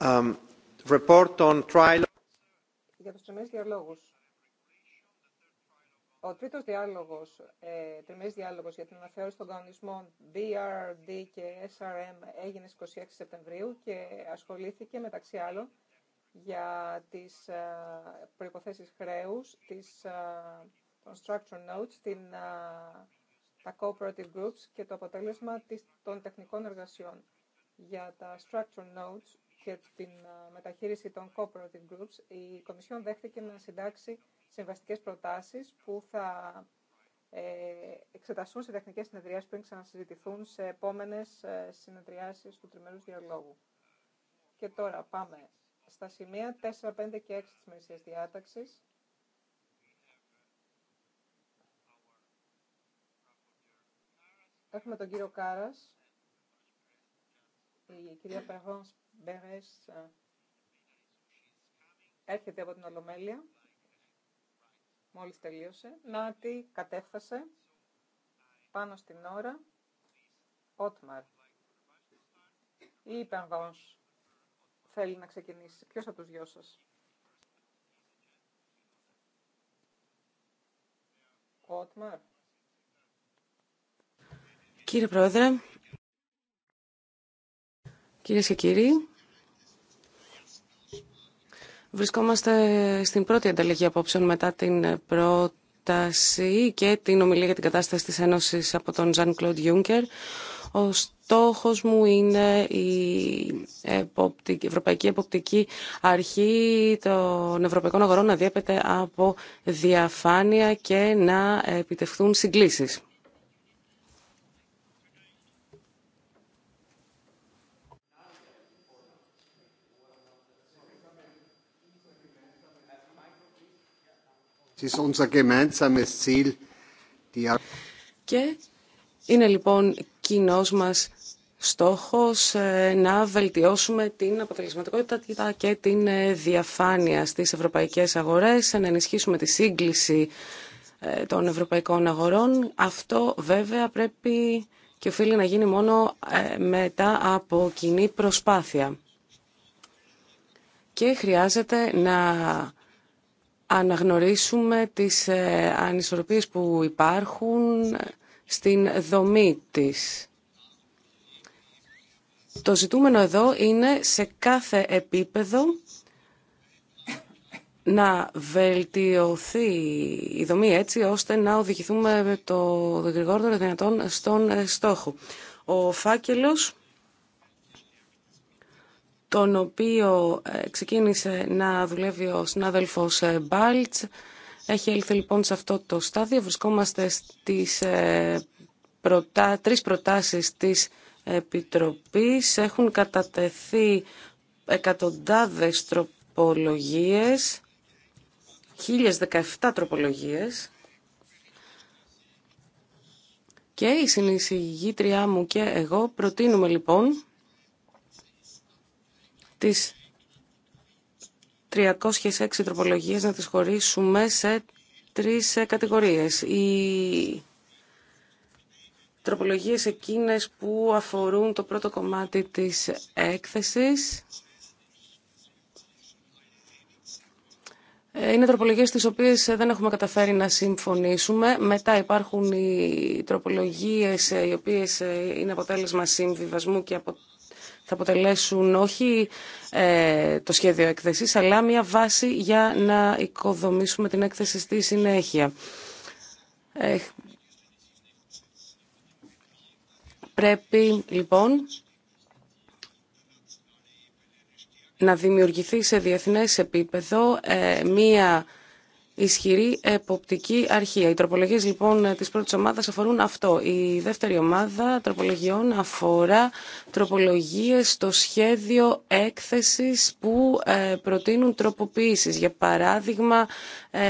Για Ο τρίτος διάλογος, ε, τριμμένος διάλογος για την αναθεώρηση των κανονισμών BRD και SRM έγινε στις 26 Σεπτεμβρίου και ασχολήθηκε μεταξύ άλλων για τις ε, προϋποθέσεις χρέους, τις, ε, των structure notes, την, ε, τα cooperative groups και το αποτέλεσμα των τεχνικών εργασιών. Για τα structure notes και την ε, μεταχείριση των cooperative groups, η Κομισιόν δέχτηκε να συντάξει συμβαστικές προτάσεις που θα ε, εξεταστούν σε τεχνικές συνεδριάσεις πριν ξανασυζητηθούν σε επόμενες ε, συνεδριάσεις του τριμερούς διαλόγου. Και τώρα πάμε στα σημεία 4, 5 και 6 της μερισίας διάταξης. Έχουμε τον κύριο Κάρας, η κυρία Περβόνς Μπέρες ε, έρχεται από την Ολομέλεια, μόλις τελείωσε. Νάτι κατέφθασε πάνω στην ώρα. Ότμαρ. Ή Πενβόνς θέλει να ξεκινήσει. Ποιος από τους δυο σας. Ότμαρ. Κύριε Πρόεδρε, κυρίες και κύριοι, Βρισκόμαστε στην πρώτη ανταλλαγή απόψεων μετά την πρόταση και την ομιλία για την κατάσταση της Ένωσης από τον Ζαν Κλοντ Γιούγκερ. Ο στόχος μου είναι η Ευρωπαϊκή Εποπτική Αρχή των Ευρωπαϊκών Αγορών να διέπεται από διαφάνεια και να επιτευχθούν συγκλήσεις. Και είναι λοιπόν κοινό μας στόχος ε, να βελτιώσουμε την αποτελεσματικότητα και την ε, διαφάνεια στις ευρωπαϊκές αγορές, να ενισχύσουμε τη σύγκληση ε, των ευρωπαϊκών αγορών. Αυτό βέβαια πρέπει και οφείλει να γίνει μόνο μετά από κοινή προσπάθεια. Και χρειάζεται να αναγνωρίσουμε τις ε, ανισορροπίες που υπάρχουν στην δομή της. Το ζητούμενο εδώ είναι σε κάθε επίπεδο να βελτιωθεί η δομή έτσι ώστε να οδηγηθούμε το γρηγόρτερο δυνατόν στον ε, στόχο. Ο φάκελος τον οποίο ε, ξεκίνησε να δουλεύει ο συνάδελφος ε, Μπάλτς. Έχει έλθει λοιπόν σε αυτό το στάδιο. Βρισκόμαστε στις ε, προτά... τρεις προτάσεις της Επιτροπής. Έχουν κατατεθεί εκατοντάδες τροπολογίες, 1017 τροπολογίες. Και η συνεισηγήτριά μου και εγώ προτείνουμε λοιπόν τις 306 τροπολογίες να τις χωρίσουμε σε τρεις ε, κατηγορίες. Οι τροπολογίες εκείνες που αφορούν το πρώτο κομμάτι της έκθεσης ε, Είναι τροπολογίες τις οποίες ε, δεν έχουμε καταφέρει να συμφωνήσουμε. Μετά υπάρχουν οι τροπολογίες οι οποίες είναι αποτέλεσμα συμβιβασμού και από θα αποτελέσουν όχι ε, το σχέδιο έκθεσης, αλλά μια βάση για να οικοδομήσουμε την έκθεση στη συνέχεια. Ε, πρέπει, λοιπόν, να δημιουργηθεί σε διεθνές επίπεδο ε, μια ισχυρή εποπτική αρχή. Οι τροπολογίες λοιπόν της πρώτης ομάδας αφορούν αυτό. Η δεύτερη ομάδα τροπολογιών αφορά τροπολογίες στο σχέδιο έκθεσης που ε, προτείνουν τροποποίησεις. Για παράδειγμα, ε,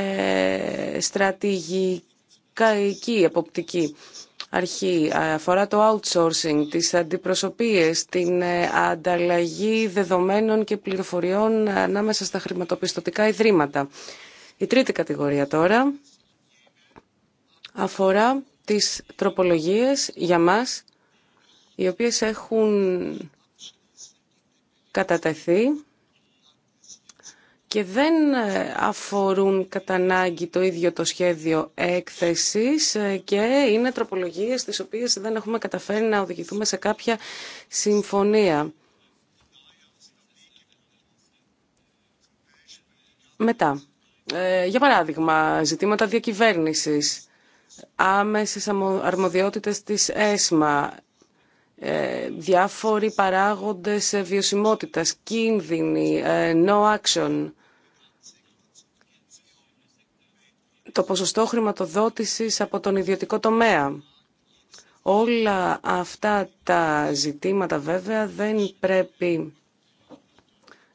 στρατηγική εποπτική αρχή αφορά το outsourcing, τις αντιπροσωπείες, την ε, ανταλλαγή δεδομένων και πληροφοριών ανάμεσα στα χρηματοπιστωτικά ιδρύματα. Η τρίτη κατηγορία τώρα αφορά τις τροπολογίες για μας οι οποίες έχουν κατατεθεί και δεν αφορούν κατά ανάγκη το ίδιο το σχέδιο έκθεσης και είναι τροπολογίες τις οποίες δεν έχουμε καταφέρει να οδηγηθούμε σε κάποια συμφωνία. Μετά, ε, για παράδειγμα, ζητήματα διακυβέρνησης, άμεσες αρμοδιότητες της ΕΣΜΑ, ε, διάφοροι παράγοντες βιωσιμότητας, κίνδυνοι, ε, no action, το ποσοστό χρηματοδότησης από τον ιδιωτικό τομέα. Όλα αυτά τα ζητήματα βέβαια δεν πρέπει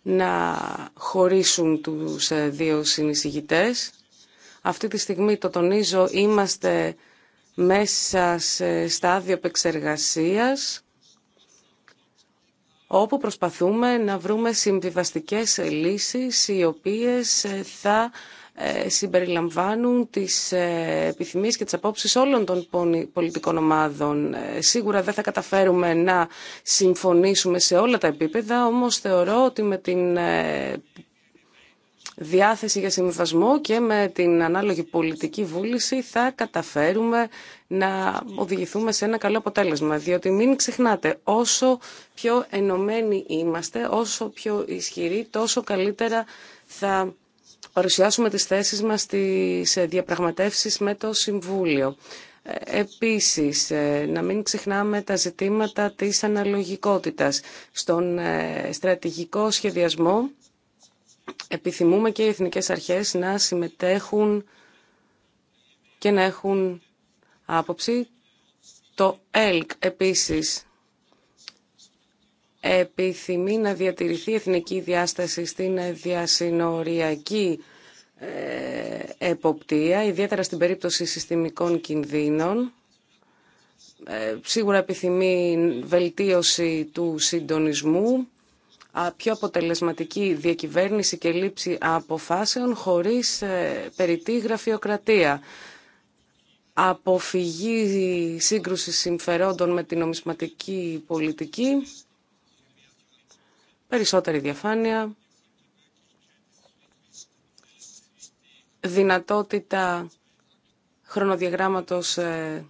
να χωρίσουν τους ε, δύο συνεισηγητές. Αυτή τη στιγμή, το τονίζω, είμαστε μέσα σε στάδιο επεξεργασίας όπου προσπαθούμε να βρούμε συμβιβαστικές λύσεις οι οποίες ε, θα ε, συμπεριλαμβάνουν τις ε, επιθυμίες και τις απόψεις όλων των πολιτικών ομάδων. Ε, σίγουρα δεν θα καταφέρουμε να συμφωνήσουμε σε όλα τα επίπεδα, όμως θεωρώ ότι με την διάθεση για συμβιβασμό και με την ανάλογη πολιτική βούληση θα καταφέρουμε να οδηγηθούμε σε ένα καλό αποτέλεσμα. Διότι μην ξεχνάτε, όσο πιο ενωμένοι είμαστε, όσο πιο ισχυροί, τόσο καλύτερα θα παρουσιάσουμε τις θέσεις μας στις ε, διαπραγματεύσεις με το Συμβούλιο. Ε, επίσης, ε, να μην ξεχνάμε τα ζητήματα της αναλογικότητας. Στον στρατηγικό σχεδιασμό επιθυμούμε και οι εθνικές αρχές να συμμετέχουν και να έχουν άποψη. Το ΕΛΚ επίσης επιθυμεί να διατηρηθεί η εθνική διάσταση στην διασυνοριακή ε, εποπτεία, ιδιαίτερα στην περίπτωση συστημικών κινδύνων. Ε, σίγουρα επιθυμεί βελτίωση του συντονισμού, πιο αποτελεσματική διακυβέρνηση και λήψη αποφάσεων χωρίς ε, περιττή γραφειοκρατία αποφυγή σύγκρουση συμφερόντων με την νομισματική πολιτική περισσότερη διαφάνεια, δυνατότητα χρονοδιαγράμματος ε,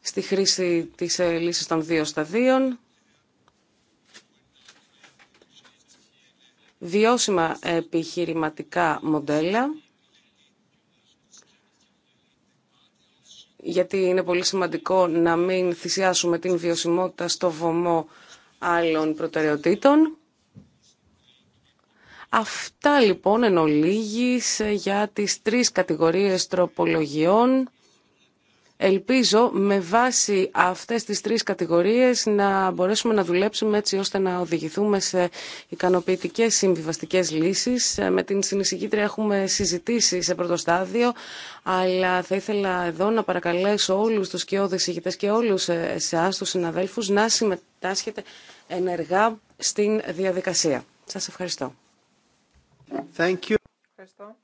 στη χρήση της ε, λύσης των δύο σταδίων, βιώσιμα επιχειρηματικά μοντέλα, γιατί είναι πολύ σημαντικό να μην θυσιάσουμε την βιωσιμότητα στο βωμό άλλων προτεραιοτήτων. Αυτά λοιπόν εν ολίγης για τις τρεις κατηγορίες τροπολογιών Ελπίζω με βάση αυτές τις τρεις κατηγορίες να μπορέσουμε να δουλέψουμε έτσι ώστε να οδηγηθούμε σε ικανοποιητικές συμβιβαστικές λύσεις. Ε, με την συνεισηγήτρια έχουμε συζητήσει σε πρώτο στάδιο, αλλά θα ήθελα εδώ να παρακαλέσω όλους τους κοιόδες ηγητές και όλους ε, εσάς τους συναδέλφους να συμμετάσχετε ενεργά στην διαδικασία. Σας ευχαριστώ. Thank you. ευχαριστώ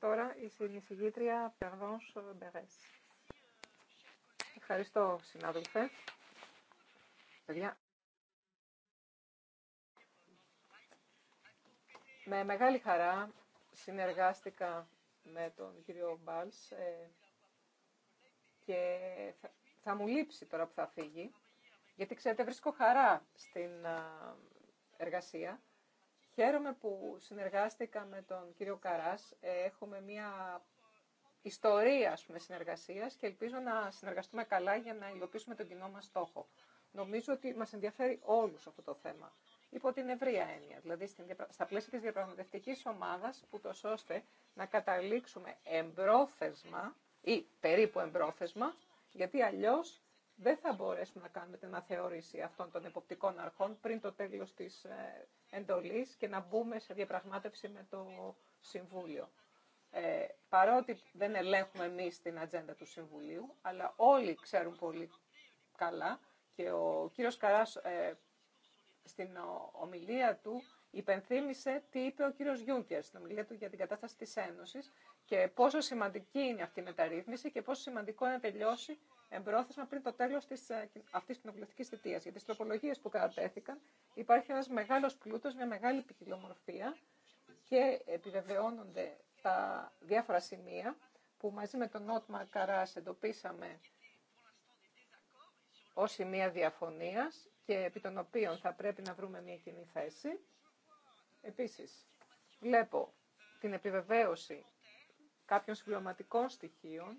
τώρα η συνεισηγήτρια Περδόνς Μπερές. Ευχαριστώ, συνάδελφε. Παιδιά. Με μεγάλη χαρά συνεργάστηκα με τον κύριο Μπάλς ε, και θα, θα, μου λείψει τώρα που θα φύγει, γιατί ξέρετε βρίσκω χαρά στην εργασία Χαίρομαι που συνεργάστηκα με τον κύριο Καράς. Έχουμε μια ιστορία ας πούμε, συνεργασίας και ελπίζω να συνεργαστούμε καλά για να υλοποιήσουμε τον κοινό μας στόχο. Νομίζω ότι μας ενδιαφέρει όλους αυτό το θέμα. Υπό την ευρία έννοια, δηλαδή στα πλαίσια της διαπραγματευτικής ομάδας, που ώστε να καταλήξουμε εμπρόθεσμα ή περίπου εμπρόθεσμα, γιατί αλλιώς δεν θα μπορέσουμε να κάνουμε την αθεωρήση αυτών των εποπτικών αρχών πριν το τέλος της ε, εντολής και να μπούμε σε διαπραγμάτευση με το Συμβούλιο. Ε, παρότι δεν ελέγχουμε εμείς την ατζέντα του Συμβουλίου, αλλά όλοι ξέρουν πολύ καλά και ο κύριος Καράς ε, στην ομιλία του υπενθύμησε τι είπε ο κύριος Γιούγκερ στην ομιλία του για την κατάσταση της Ένωσης και πόσο σημαντική είναι αυτή η μεταρρύθμιση και πόσο σημαντικό είναι να τελειώσει εμπρόθεσμα πριν το τέλος της, ε, αυτής της κοινοβουλευτικής θητείας. Για τις τροπολογίε που κατατέθηκαν υπάρχει ένας μεγάλος πλούτος, μια μεγάλη ποικιλομορφία και επιβεβαιώνονται τα διάφορα σημεία που μαζί με τον Νότμα καρά εντοπίσαμε ω σημεία διαφωνίας και επί των οποίων θα πρέπει να βρούμε μια κοινή θέση. Επίση, βλέπω την επιβεβαίωση κάποιων συμπληρωματικών στοιχείων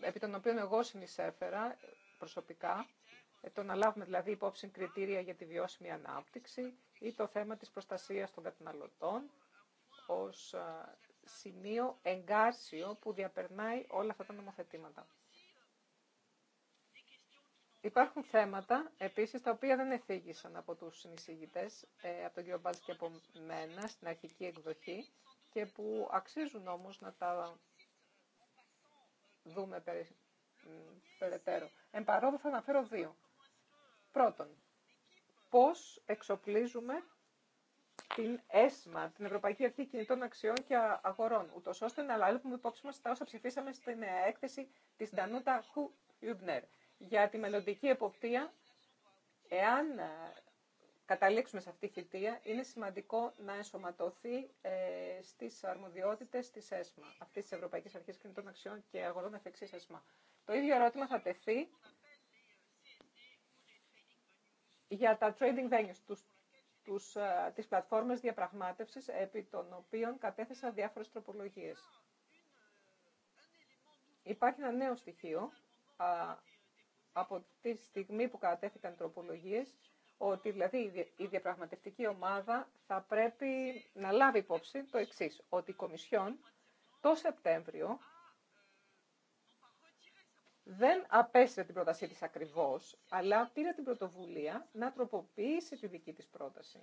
επί των οποίων εγώ συνεισέφερα προσωπικά, ε, το να λάβουμε δηλαδή υπόψη κριτήρια για τη βιώσιμη ανάπτυξη ή το θέμα της προστασίας των καταναλωτών ως σημείο εγκάρσιο που διαπερνάει όλα αυτά τα νομοθετήματα. Υπάρχουν θέματα, επίσης, τα οποία δεν εφήγησαν από τους συνεισηγητές, ε, από τον κύριο Μπάλτς και από μένα, στην αρχική εκδοχή, και που αξίζουν όμως να τα δούμε περαιτέρω. Εν παρόδο θα αναφέρω δύο. Πρώτον, πώς εξοπλίζουμε την ΕΣΜΑ, την Ευρωπαϊκή Αρχή Κινητών Αξιών και Αγορών, ούτω ώστε να λάβουμε υπόψη μα τα όσα ψηφίσαμε στην ε, έκθεση τη Ντανούτα Χου Χουμπνερ για τη μελλοντική εποπτεία, εάν ε, καταλήξουμε σε αυτή τη θητεία, είναι σημαντικό να ενσωματωθεί ε, στις αρμοδιότητες της ΕΣΜΑ, αυτής της Ευρωπαϊκής Αρχής Κινητών Αξιών και Αγορών Εφεξής ΕΣΜΑ. Το ίδιο ερώτημα θα τεθεί για τα trading venues, τους, τους, ε, τις πλατφόρμες διαπραγμάτευσης, επί των οποίων κατέθεσα διάφορες τροπολογίες. Υπάρχει ένα νέο στοιχείο, α, από τη στιγμή που κατέθηκαν τροπολογίες, ότι δηλαδή η διαπραγματευτική ομάδα θα πρέπει να λάβει υπόψη το εξή. ότι η Κομισιόν το Σεπτέμβριο δεν απέστειλε την πρότασή της ακριβώς, αλλά πήρε την πρωτοβουλία να τροποποιήσει τη δική της πρόταση.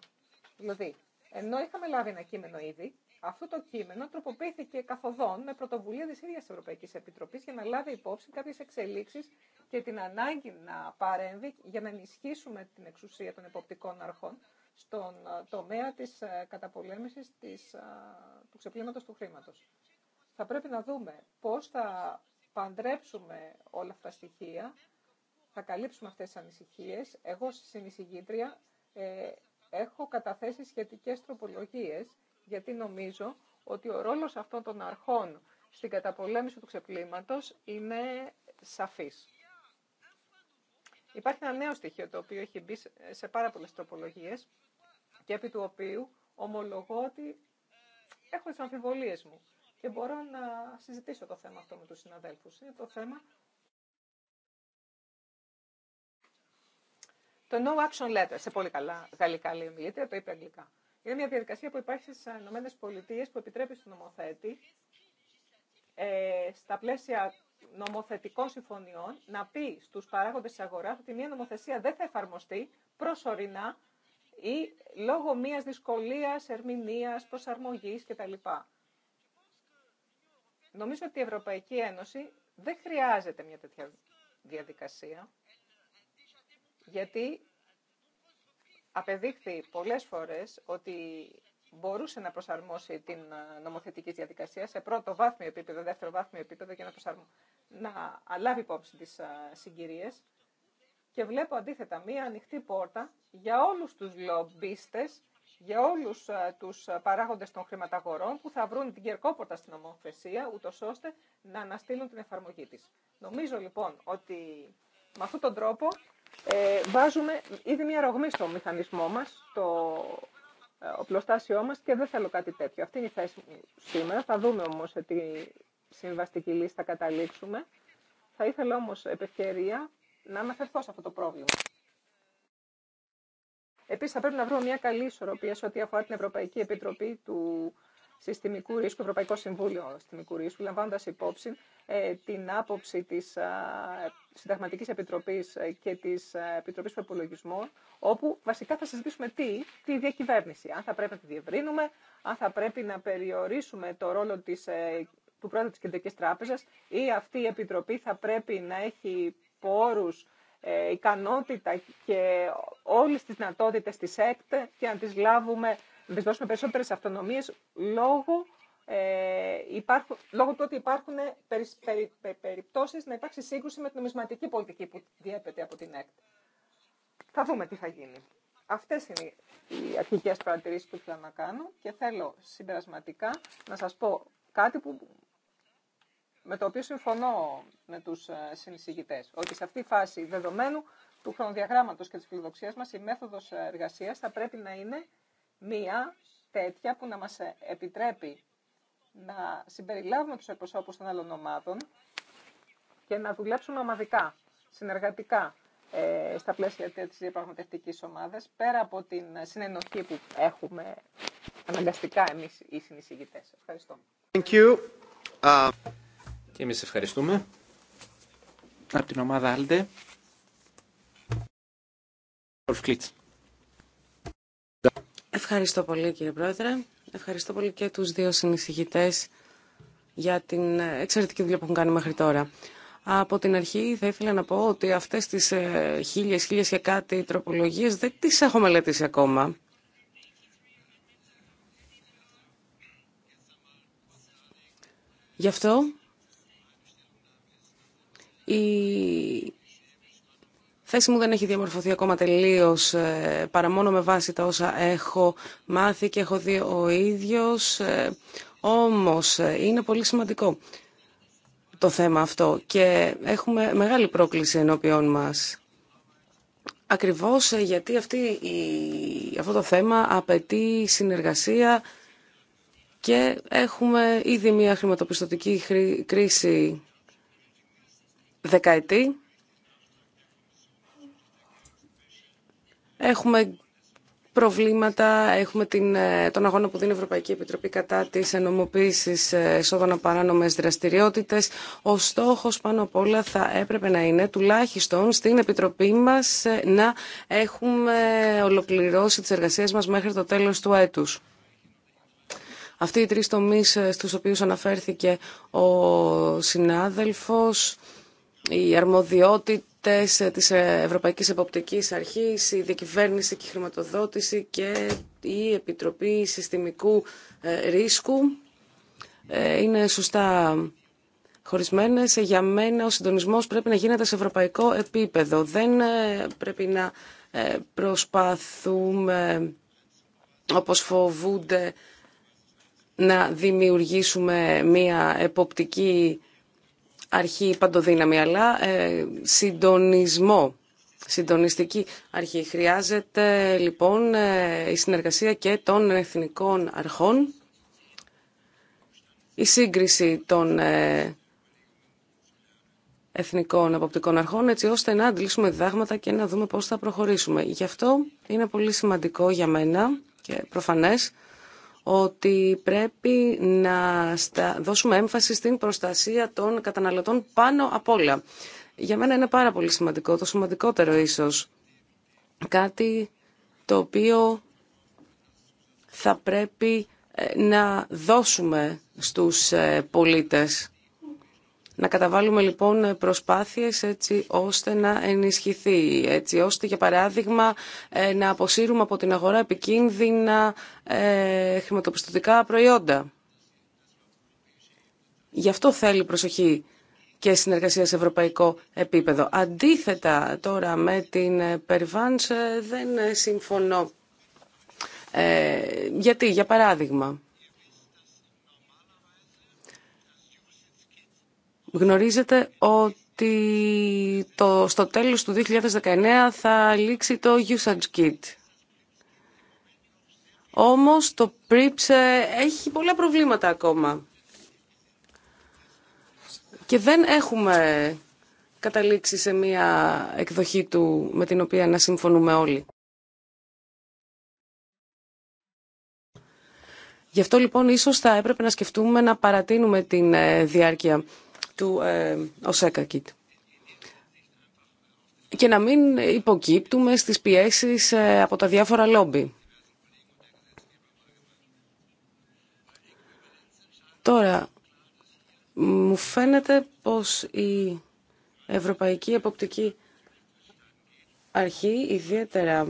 Δηλαδή, ενώ είχαμε λάβει ένα κείμενο ήδη, αυτό το κείμενο τροποποιήθηκε καθοδόν με πρωτοβουλία της ίδιας Ευρωπαϊκής Επιτροπής για να λάβει υπόψη κάποιες εξελίξεις και την ανάγκη να παρέμβει για να ενισχύσουμε την εξουσία των εποπτικών αρχών στον ε, τομέα της ε, καταπολέμησης ε, του ξεπλήματος του χρήματος. Θα πρέπει να δούμε πώς θα παντρέψουμε όλα αυτά τα στοιχεία, θα καλύψουμε αυτές τις ανησυχίες. Εγώ, συνεισηγήτρια, ε, έχω καταθέσει σχετικές τροπολογίες, γιατί νομίζω ότι ο ρόλος αυτών των αρχών στην καταπολέμηση του ξεπλήματος είναι σαφής. Υπάρχει ένα νέο στοιχείο το οποίο έχει μπει σε πάρα πολλές τροπολογίες και επί του οποίου ομολογώ ότι έχω τις αμφιβολίες μου και μπορώ να συζητήσω το θέμα αυτό με τους συναδέλφους. Είναι το θέμα Το no action letter, σε πολύ καλά γαλλικά λέει η το είπε αγγλικά. Είναι μια διαδικασία που υπάρχει στι ΗΠΑ που επιτρέπει στον νομοθέτη ε, στα πλαίσια νομοθετικών συμφωνιών να πει στους παράγοντε τη αγοράς ότι μια νομοθεσία δεν θα εφαρμοστεί προσωρινά ή λόγω μιας δυσκολίας, ερμηνείας, προσαρμογής κτλ. Νομίζω ότι η λογω μιας δυσκολιας ερμηνεια προσαρμογη κτλ Ένωση δεν χρειάζεται μια τέτοια διαδικασία, γιατί απεδείχθη πολλές φορές ότι μπορούσε να προσαρμόσει την ε, νομοθετική διαδικασία σε πρώτο βάθμιο επίπεδο, δεύτερο βάθμιο επίπεδο και να, προσαρμόσει, να λάβει υπόψη τις ε, συγκυρίες. Και βλέπω αντίθετα μία ανοιχτή πόρτα για όλους τους λομπίστες, για όλους ε, τους παράγοντες των χρηματαγορών που θα βρουν την κερκόπορτα στην νομοθεσία, ούτω ώστε να αναστείλουν την εφαρμογή της. Νομίζω λοιπόν ότι με αυτόν τον τρόπο ε, βάζουμε ήδη μια ρογμή στο μηχανισμό μας, το οπλοστάσιό μας και δεν θέλω κάτι τέτοιο. Αυτή είναι η θέση μου σήμερα. Θα δούμε όμως σε τι συμβαστική λύση θα καταλήξουμε. Θα ήθελα όμως επευκαιρία να αναφερθώ σε αυτό το πρόβλημα. Επίσης θα πρέπει να βρω μια καλή ισορροπία σε ό,τι αφορά την Ευρωπαϊκή Επιτροπή του συστημικού ρίσκου, Ευρωπαϊκό Συμβούλιο Συστημικού Ρίσκου, λαμβάνοντα υπόψη ε, την άποψη τη ε, Συνταγματική Επιτροπή ε, και τη Επιτροπή Προπολογισμών, όπου βασικά θα συζητήσουμε τι, τη διακυβέρνηση. Αν θα πρέπει να τη διευρύνουμε, αν θα πρέπει να περιορίσουμε το ρόλο της, του πρόεδρου τη Κεντρική Τράπεζα ή αυτή η Επιτροπή θα πρέπει να έχει πόρου ικανότητα και όλες τις δυνατότητες της ΕΚΤ και να τις λάβουμε να δώσουμε περισσότερες αυτονομίες λόγω, ε, υπάρχουν, λόγω του ότι υπάρχουν περι, περιπτώσεις να υπάρξει σύγκρουση με την νομισματική πολιτική που διέπεται από την ΕΚΤ. Θα δούμε τι θα γίνει. Αυτές είναι οι αρχικές παρατηρήσεις που ήθελα να κάνω και θέλω συμπερασματικά να σας πω κάτι που, με το οποίο συμφωνώ με τους ε, συνεισηγητές, ότι σε αυτή τη φάση δεδομένου του χρονοδιαγράμματος και της φιλοδοξίας μας η μέθοδος εργασίας θα πρέπει να είναι μία τέτοια που να μας επιτρέπει να συμπεριλάβουμε τους εκπροσώπους των άλλων ομάδων και να δουλέψουμε ομαδικά, συνεργατικά ε, στα πλαίσια της διαπραγματευτικής ομάδας, πέρα από την συνενοχή που έχουμε αναγκαστικά εμείς οι συνεισηγητές. Ευχαριστώ. Thank you. Και εμείς ευχαριστούμε. Από την ομάδα Άλντε. Ευχαριστώ πολύ κύριε Πρόεδρε. Ευχαριστώ πολύ και τους δύο συνεισηγητές για την εξαιρετική δουλειά που έχουν κάνει μέχρι τώρα. Από την αρχή θα ήθελα να πω ότι αυτές τις ε, χίλιες, χίλιες και κάτι τροπολογίες δεν τις έχω μελετήσει ακόμα. Γι' αυτό η θέση μου δεν έχει διαμορφωθεί ακόμα τελείω, ε, παρά μόνο με βάση τα όσα έχω μάθει και έχω δει ο ίδιος. Ε, όμως ε, είναι πολύ σημαντικό το θέμα αυτό και έχουμε μεγάλη πρόκληση ενώπιόν μας. Ακριβώς γιατί αυτή η, αυτό το θέμα απαιτεί συνεργασία και έχουμε ήδη μια χρηματοπιστωτική κρίση δεκαετή Έχουμε προβλήματα, έχουμε την, ε, τον αγώνα που δίνει η Ευρωπαϊκή Επιτροπή κατά της ενομοποίησης ε, εσόδων από παράνομες δραστηριότητες. Ο στόχος πάνω απ' όλα θα έπρεπε να είναι τουλάχιστον στην Επιτροπή μας ε, να έχουμε ολοκληρώσει τις εργασίες μας μέχρι το τέλος του έτους. Αυτοί οι τρεις τομείς στους οποίους αναφέρθηκε ο συνάδελφος, η αρμοδιότητα, αυτές ε, της ε, Ευρωπαϊκής Εποπτικής Αρχής, η διακυβέρνηση και η χρηματοδότηση και η Επιτροπή Συστημικού ε, Ρίσκου είναι σωστά χωρισμένες. Για μένα ο συντονισμός πρέπει να γίνεται σε ευρωπαϊκό επίπεδο. Δεν πρέπει να προσπαθούμε όπως φοβούνται να δημιουργήσουμε μία εποπτική αρχή παντοδύναμη, αλλά ε, συντονισμό, συντονιστική αρχή. Χρειάζεται λοιπόν ε, η συνεργασία και των εθνικών αρχών, η σύγκριση των ε, εθνικών αποπτικών αρχών, έτσι ώστε να αντλήσουμε διδάγματα και να δούμε πώς θα προχωρήσουμε. Γι' αυτό είναι πολύ σημαντικό για μένα και προφανές ότι πρέπει να δώσουμε έμφαση στην προστασία των καταναλωτών πάνω απ' όλα. Για μένα είναι πάρα πολύ σημαντικό, το σημαντικότερο ίσως. Κάτι το οποίο θα πρέπει ε, να δώσουμε στους ε, πολίτες. Να καταβάλουμε λοιπόν προσπάθειες έτσι ώστε να ενισχυθεί, έτσι ώστε για παράδειγμα ε, να αποσύρουμε από την αγορά επικίνδυνα ε, χρηματοπιστωτικά προϊόντα. Γι' αυτό θέλει προσοχή και συνεργασία σε ευρωπαϊκό επίπεδο. Αντίθετα τώρα με την Περβάνς ε, δεν ε, συμφωνώ. γιατί, για παράδειγμα, Γνωρίζετε ότι το, στο τέλος του 2019 θα λήξει το Usage Kit. Όμως το PRIPS ε, έχει πολλά προβλήματα ακόμα. Και δεν έχουμε καταλήξει σε μια εκδοχή του με την οποία να συμφωνούμε όλοι. Γι' αυτό λοιπόν ίσως θα έπρεπε να σκεφτούμε να παρατείνουμε την ε, διάρκεια του ΟΣΕΚΑΚΙΤ. Και να μην υποκύπτουμε στις πιέσεις ε, από τα διάφορα λόμπι. Τώρα, μου φαίνεται πως η Ευρωπαϊκή Εποπτική Αρχή, ιδιαίτερα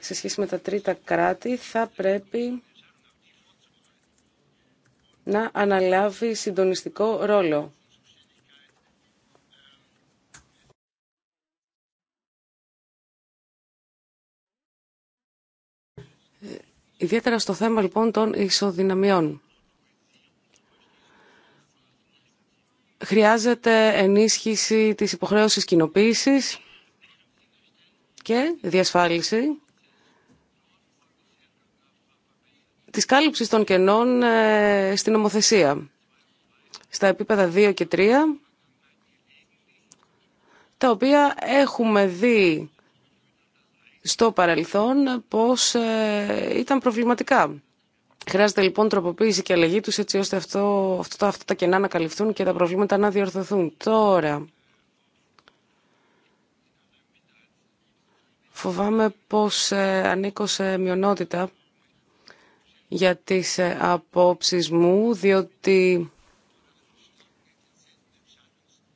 σε σχέση με τα τρίτα κράτη, θα πρέπει να αναλάβει συντονιστικό ρόλο. Ιδιαίτερα στο θέμα λοιπόν των ισοδυναμιών. Χρειάζεται ενίσχυση της υποχρέωσης κοινοποίησης και διασφάλιση της κάλυψης των κενών ε, στην νομοθεσία στα επίπεδα 2 και 3 τα οποία έχουμε δει στο παρελθόν πως ε, ήταν προβληματικά. Χρειάζεται λοιπόν τροποποίηση και αλλαγή τους έτσι ώστε αυτό, αυτό, αυτά τα κενά να καλυφθούν και τα προβλήματα να διορθωθούν. Τώρα, φοβάμαι πως ε, ανήκω σε μειονότητα για τις ε, απόψεις μου, διότι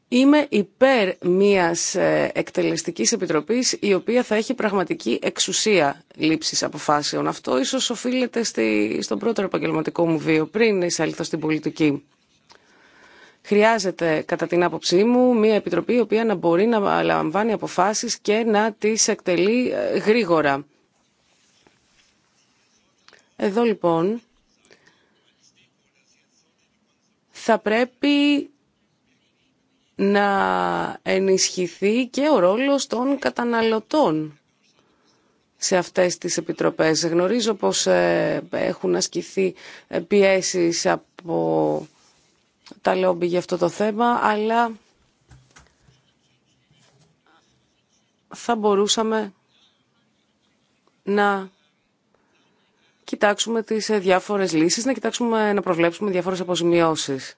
είμαι υπέρ μιας ε, εκτελεστικής επιτροπής η οποία θα έχει πραγματική εξουσία λήψης αποφάσεων. Αυτό ίσως οφείλεται στη, στον πρώτο επαγγελματικό μου βίο πριν εισέλθω στην πολιτική. Χρειάζεται, κατά την άποψή μου, μια επιτροπή η οποία να μπορεί να λαμβάνει αποφάσεις και να τις εκτελεί ε, γρήγορα. Εδώ λοιπόν θα πρέπει να ενισχυθεί και ο ρόλος των καταναλωτών σε αυτές τις επιτροπές. Γνωρίζω πως ε, έχουν ασκηθεί ε, πιέσεις από τα λόμπι για αυτό το θέμα, αλλά θα μπορούσαμε να κοιτάξουμε τις ε, διάφορες λύσεις, να κοιτάξουμε να προβλέψουμε διάφορες αποζημιώσεις.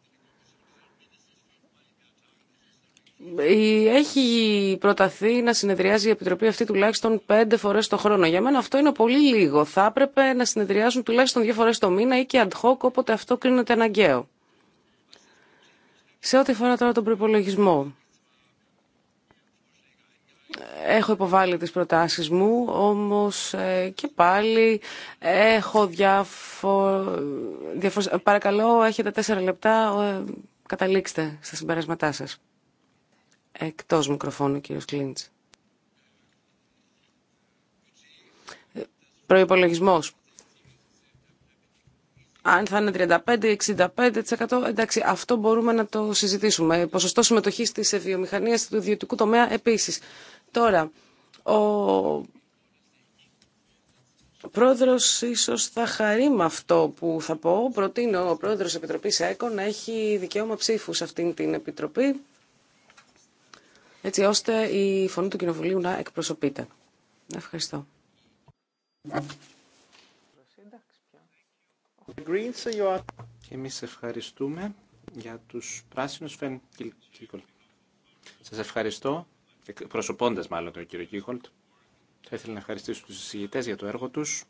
Έχει προταθεί να συνεδριάζει η Επιτροπή αυτή τουλάχιστον πέντε φορές το χρόνο. Για μένα αυτό είναι πολύ λίγο. Θα έπρεπε να συνεδριάζουν τουλάχιστον δύο φορές το μήνα ή και ad hoc όποτε αυτό κρίνεται αναγκαίο. Σε ό,τι αφορά τώρα τον προπολογισμό έχω υποβάλει τις προτάσεις μου, όμως ε, και πάλι έχω διάφο... Διαφο... Παρακαλώ, έχετε τέσσερα λεπτά, ε, καταλήξτε στα συμπεράσματά σας. Εκτός μικροφώνου, κύριος Κλίντς. Ε, προϋπολογισμός αν θα είναι 35-65% εντάξει αυτό μπορούμε να το συζητήσουμε. Ποσοστό συμμετοχή τη βιομηχανία του ιδιωτικού τομέα επίσης. Τώρα, ο πρόεδρος ίσως θα χαρεί με αυτό που θα πω. Προτείνω ο πρόεδρος Επιτροπής ΕΚΟ να έχει δικαίωμα ψήφου σε αυτήν την Επιτροπή έτσι ώστε η φωνή του Κοινοβουλίου να εκπροσωπείται. Ευχαριστώ. Εμείς ευχαριστούμε για τους πράσινους Φεν Σας ευχαριστώ, προσωπώντας μάλλον τον κύριο Κίχολτ Θα ήθελα να ευχαριστήσω τους συζητητές για το έργο τους.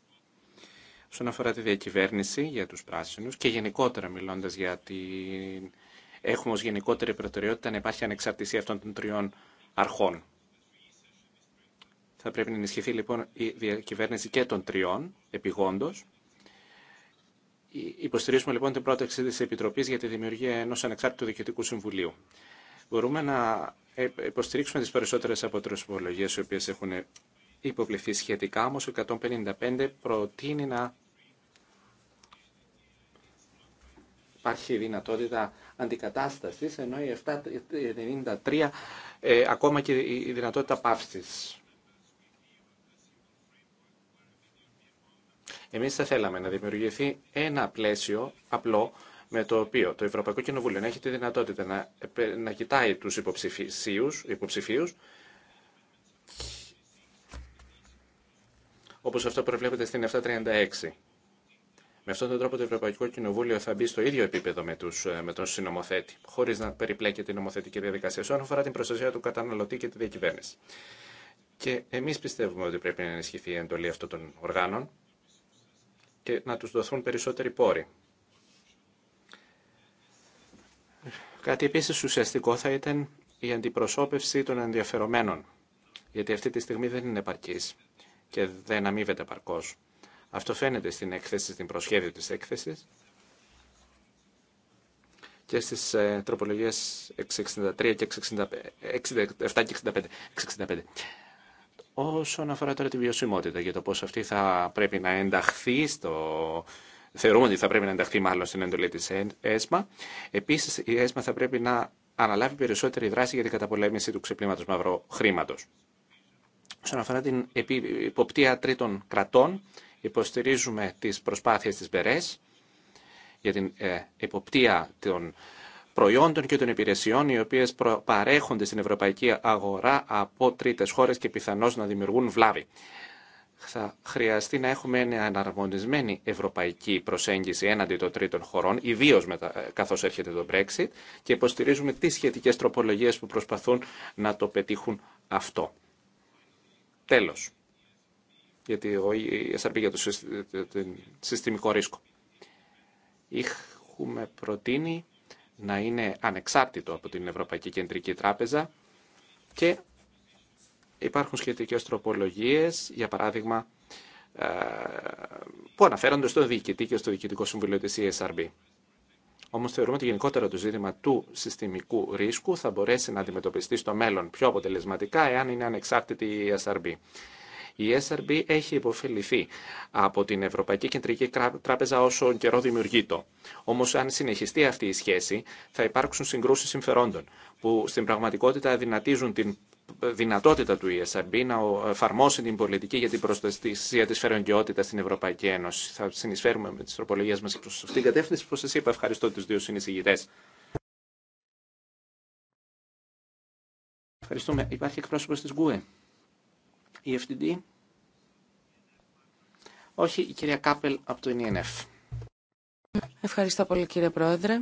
Όσον αφορά τη διακυβέρνηση για τους πράσινους και γενικότερα μιλώντας για την... Έχουμε ως γενικότερη προτεραιότητα να υπάρχει ανεξαρτησία αυτών των τριών αρχών. Θα πρέπει να ενισχυθεί λοιπόν η διακυβέρνηση και των τριών επιγόντως Υποστηρίζουμε λοιπόν την πρόταξη της Επιτροπής για τη δημιουργία ενός ανεξάρτητου διοικητικού συμβουλίου. Μπορούμε να ε, υποστηρίξουμε τις περισσότερες από οι οποίες έχουν υποβληθεί σχετικά, όμως ο 155 προτείνει να υπάρχει δυνατότητα αντικατάστασης, ενώ η 793 ε, ακόμα και η δυνατότητα πάυσης. Εμείς θα θέλαμε να δημιουργηθεί ένα πλαίσιο απλό με το οποίο το Ευρωπαϊκό Κοινοβούλιο να έχει τη δυνατότητα να, να κοιτάει τους υποψηφίους, υποψηφίους όπως αυτό προβλέπεται στην 736. Με αυτόν τον τρόπο το Ευρωπαϊκό Κοινοβούλιο θα μπει στο ίδιο επίπεδο με, τους, ε, με τον συνομοθέτη, χωρίς να περιπλέκεται η νομοθετική διαδικασία όσον αφορά την προστασία του καταναλωτή και τη διακυβέρνηση. Και εμείς πιστεύουμε ότι πρέπει να ενισχυθεί η εντολή αυτών των οργάνων και να τους δοθούν περισσότεροι πόροι. Κάτι επίσης ουσιαστικό θα ήταν η αντιπροσώπευση των ενδιαφερομένων, γιατί αυτή τη στιγμή δεν είναι επαρκής και δεν αμείβεται παρκώς. Αυτό φαίνεται στην έκθεση, στην προσχέδιο της έκθεσης και στις ε, τροπολογίες 663 και 665, 67 ε, και 65. 65. Όσον αφορά τώρα την βιωσιμότητα για το πώς αυτή θα πρέπει να ενταχθεί στο... Θεωρούμε ότι θα πρέπει να ενταχθεί μάλλον στην εντολή της ΕΣΜΑ. Επίσης η ΕΣΜΑ θα πρέπει να αναλάβει περισσότερη δράση για την καταπολέμηση του ξεπλήματος μαύρου χρήματος. Όσον αφορά την υποπτία τρίτων κρατών, υποστηρίζουμε τις προσπάθειες της ΜΠΕΡΕΣ για την ε, υποπτία των προϊόντων και των υπηρεσιών οι οποίες παρέχονται στην ευρωπαϊκή αγορά από τρίτες χώρες και πιθανώ να δημιουργούν βλάβη. Θα χρειαστεί να έχουμε μια αναρμονισμένη ευρωπαϊκή προσέγγιση έναντι των τρίτων χωρών, ιδίω καθώ έρχεται το Brexit, και υποστηρίζουμε τι σχετικέ τροπολογίε που προσπαθούν να το πετύχουν αυτό. Τέλο. Γιατί εγώ SRP για το συστημικό ρίσκο. έχουμε προτείνει να είναι ανεξάρτητο από την Ευρωπαϊκή Κεντρική Τράπεζα και υπάρχουν σχετικές τροπολογίες, για παράδειγμα, ε, που αναφέρονται στον διοικητή και στο διοικητικό συμβουλίο της ESRB. Όμω θεωρούμε ότι γενικότερα το ζήτημα του συστημικού ρίσκου θα μπορέσει να αντιμετωπιστεί στο μέλλον πιο αποτελεσματικά εάν είναι ανεξάρτητη η ESRB. Η SRB έχει υποφεληθεί από την Ευρωπαϊκή Κεντρική Τράπεζα όσο καιρό δημιουργεί το. Όμω, αν συνεχιστεί αυτή η σχέση, θα υπάρξουν συγκρούσει συμφερόντων που στην πραγματικότητα αδυνατίζουν την δυνατότητα του ESRB να εφαρμόσει την πολιτική για την προστασία τη φερονγκαιότητα στην Ευρωπαϊκή Ένωση. Θα συνεισφέρουμε με τι τροπολογίε μα προ αυτήν την κατεύθυνση. που σα είπα, ευχαριστώ του δύο συνεισηγητέ. Ευχαριστούμε. Υπάρχει εκπρόσωπο τη ΓΚΟΕ. FTD. Όχι, η κυρία Κάπελ από το ΕΝΕΦ. Ευχαριστώ πολύ κύριε Πρόεδρε.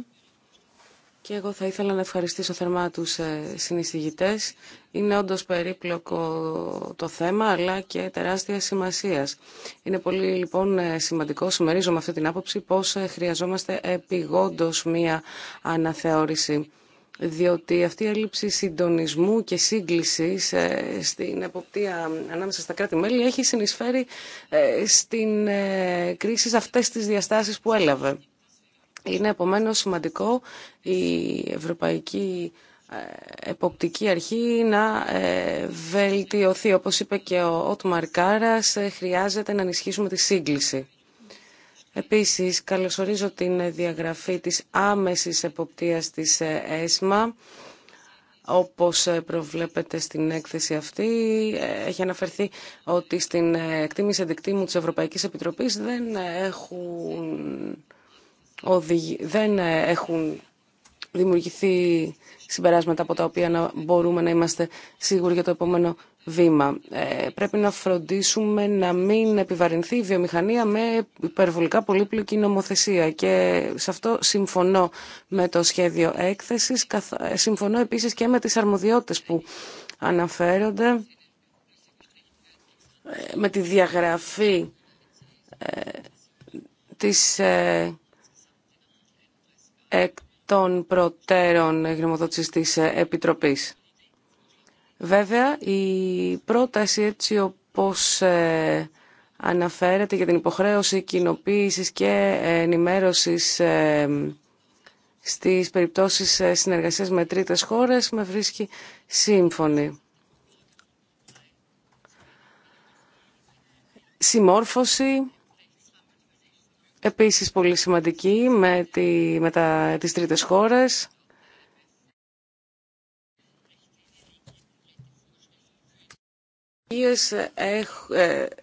Και εγώ θα ήθελα να ευχαριστήσω θερμά τους ε, συνεισηγητές. Είναι όντως περίπλοκο το θέμα, αλλά και τεράστια σημασίας. Είναι πολύ λοιπόν ε, σημαντικό, συμμερίζομαι αυτή την άποψη, πώς ε, χρειαζόμαστε επιγόντως μία αναθεώρηση διότι αυτή η έλλειψη συντονισμού και σύγκλησης ε, στην εποπτεία ανάμεσα στα κράτη-μέλη έχει συνεισφέρει ε, στην ε, κρίση σε αυτές τις διαστάσεις που έλαβε. Είναι επομένως σημαντικό η Ευρωπαϊκή Εποπτική Αρχή να βελτιωθεί. Όπως είπε και ο Ότμαρ Κάρας, χρειάζεται να ενισχύσουμε τη σύγκληση. Επίσης, καλωσορίζω την διαγραφή της άμεσης εποπτείας της ΕΣΜΑ, όπως προβλέπετε στην έκθεση αυτή. Έχει αναφερθεί ότι στην εκτίμηση αντικτήμου της Ευρωπαϊκής Επιτροπής δεν έχουν, δεν έχουν δημιουργηθεί συμπεράσματα από τα οποία μπορούμε να είμαστε σίγουροι για το επόμενο βήμα. Ε, πρέπει να φροντίσουμε να μην επιβαρυνθεί η βιομηχανία με υπερβολικά πολύπλοκη νομοθεσία και σε αυτό συμφωνώ με το σχέδιο έκθεσης. Ε, συμφωνώ επίσης και με τις αρμοδιότητες που αναφέρονται ε, με τη διαγραφή της εκ των προτέρων γνωμοδότησης της Επιτροπής. Βέβαια, η πρόταση έτσι όπως ε, αναφέρεται για την υποχρέωση κοινοποίησης και ενημέρωσης ε, στις περιπτώσεις ε, συνεργασίας με τρίτες χώρες με βρίσκει σύμφωνη. Συμμόρφωση, επίσης πολύ σημαντική με, τη, με τα, τις τρίτες χώρες.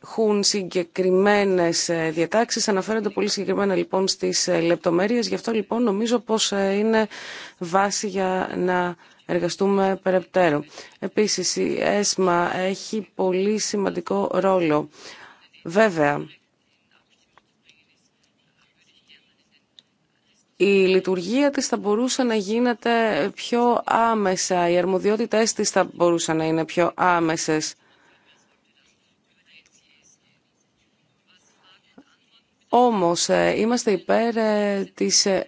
έχουν συγκεκριμένες διατάξεις, αναφέρονται πολύ συγκεκριμένα λοιπόν στις λεπτομέρειες, γι' αυτό λοιπόν νομίζω πως ε, είναι βάση για να εργαστούμε περαιτέρω. Επίσης η ΕΣΜΑ έχει πολύ σημαντικό ρόλο. Βέβαια, η λειτουργία της θα μπορούσε να γίνεται πιο άμεσα, οι αρμοδιότητες της θα μπορούσαν να είναι πιο άμεσες. Όμως ε, είμαστε υπέρ ε, της ε,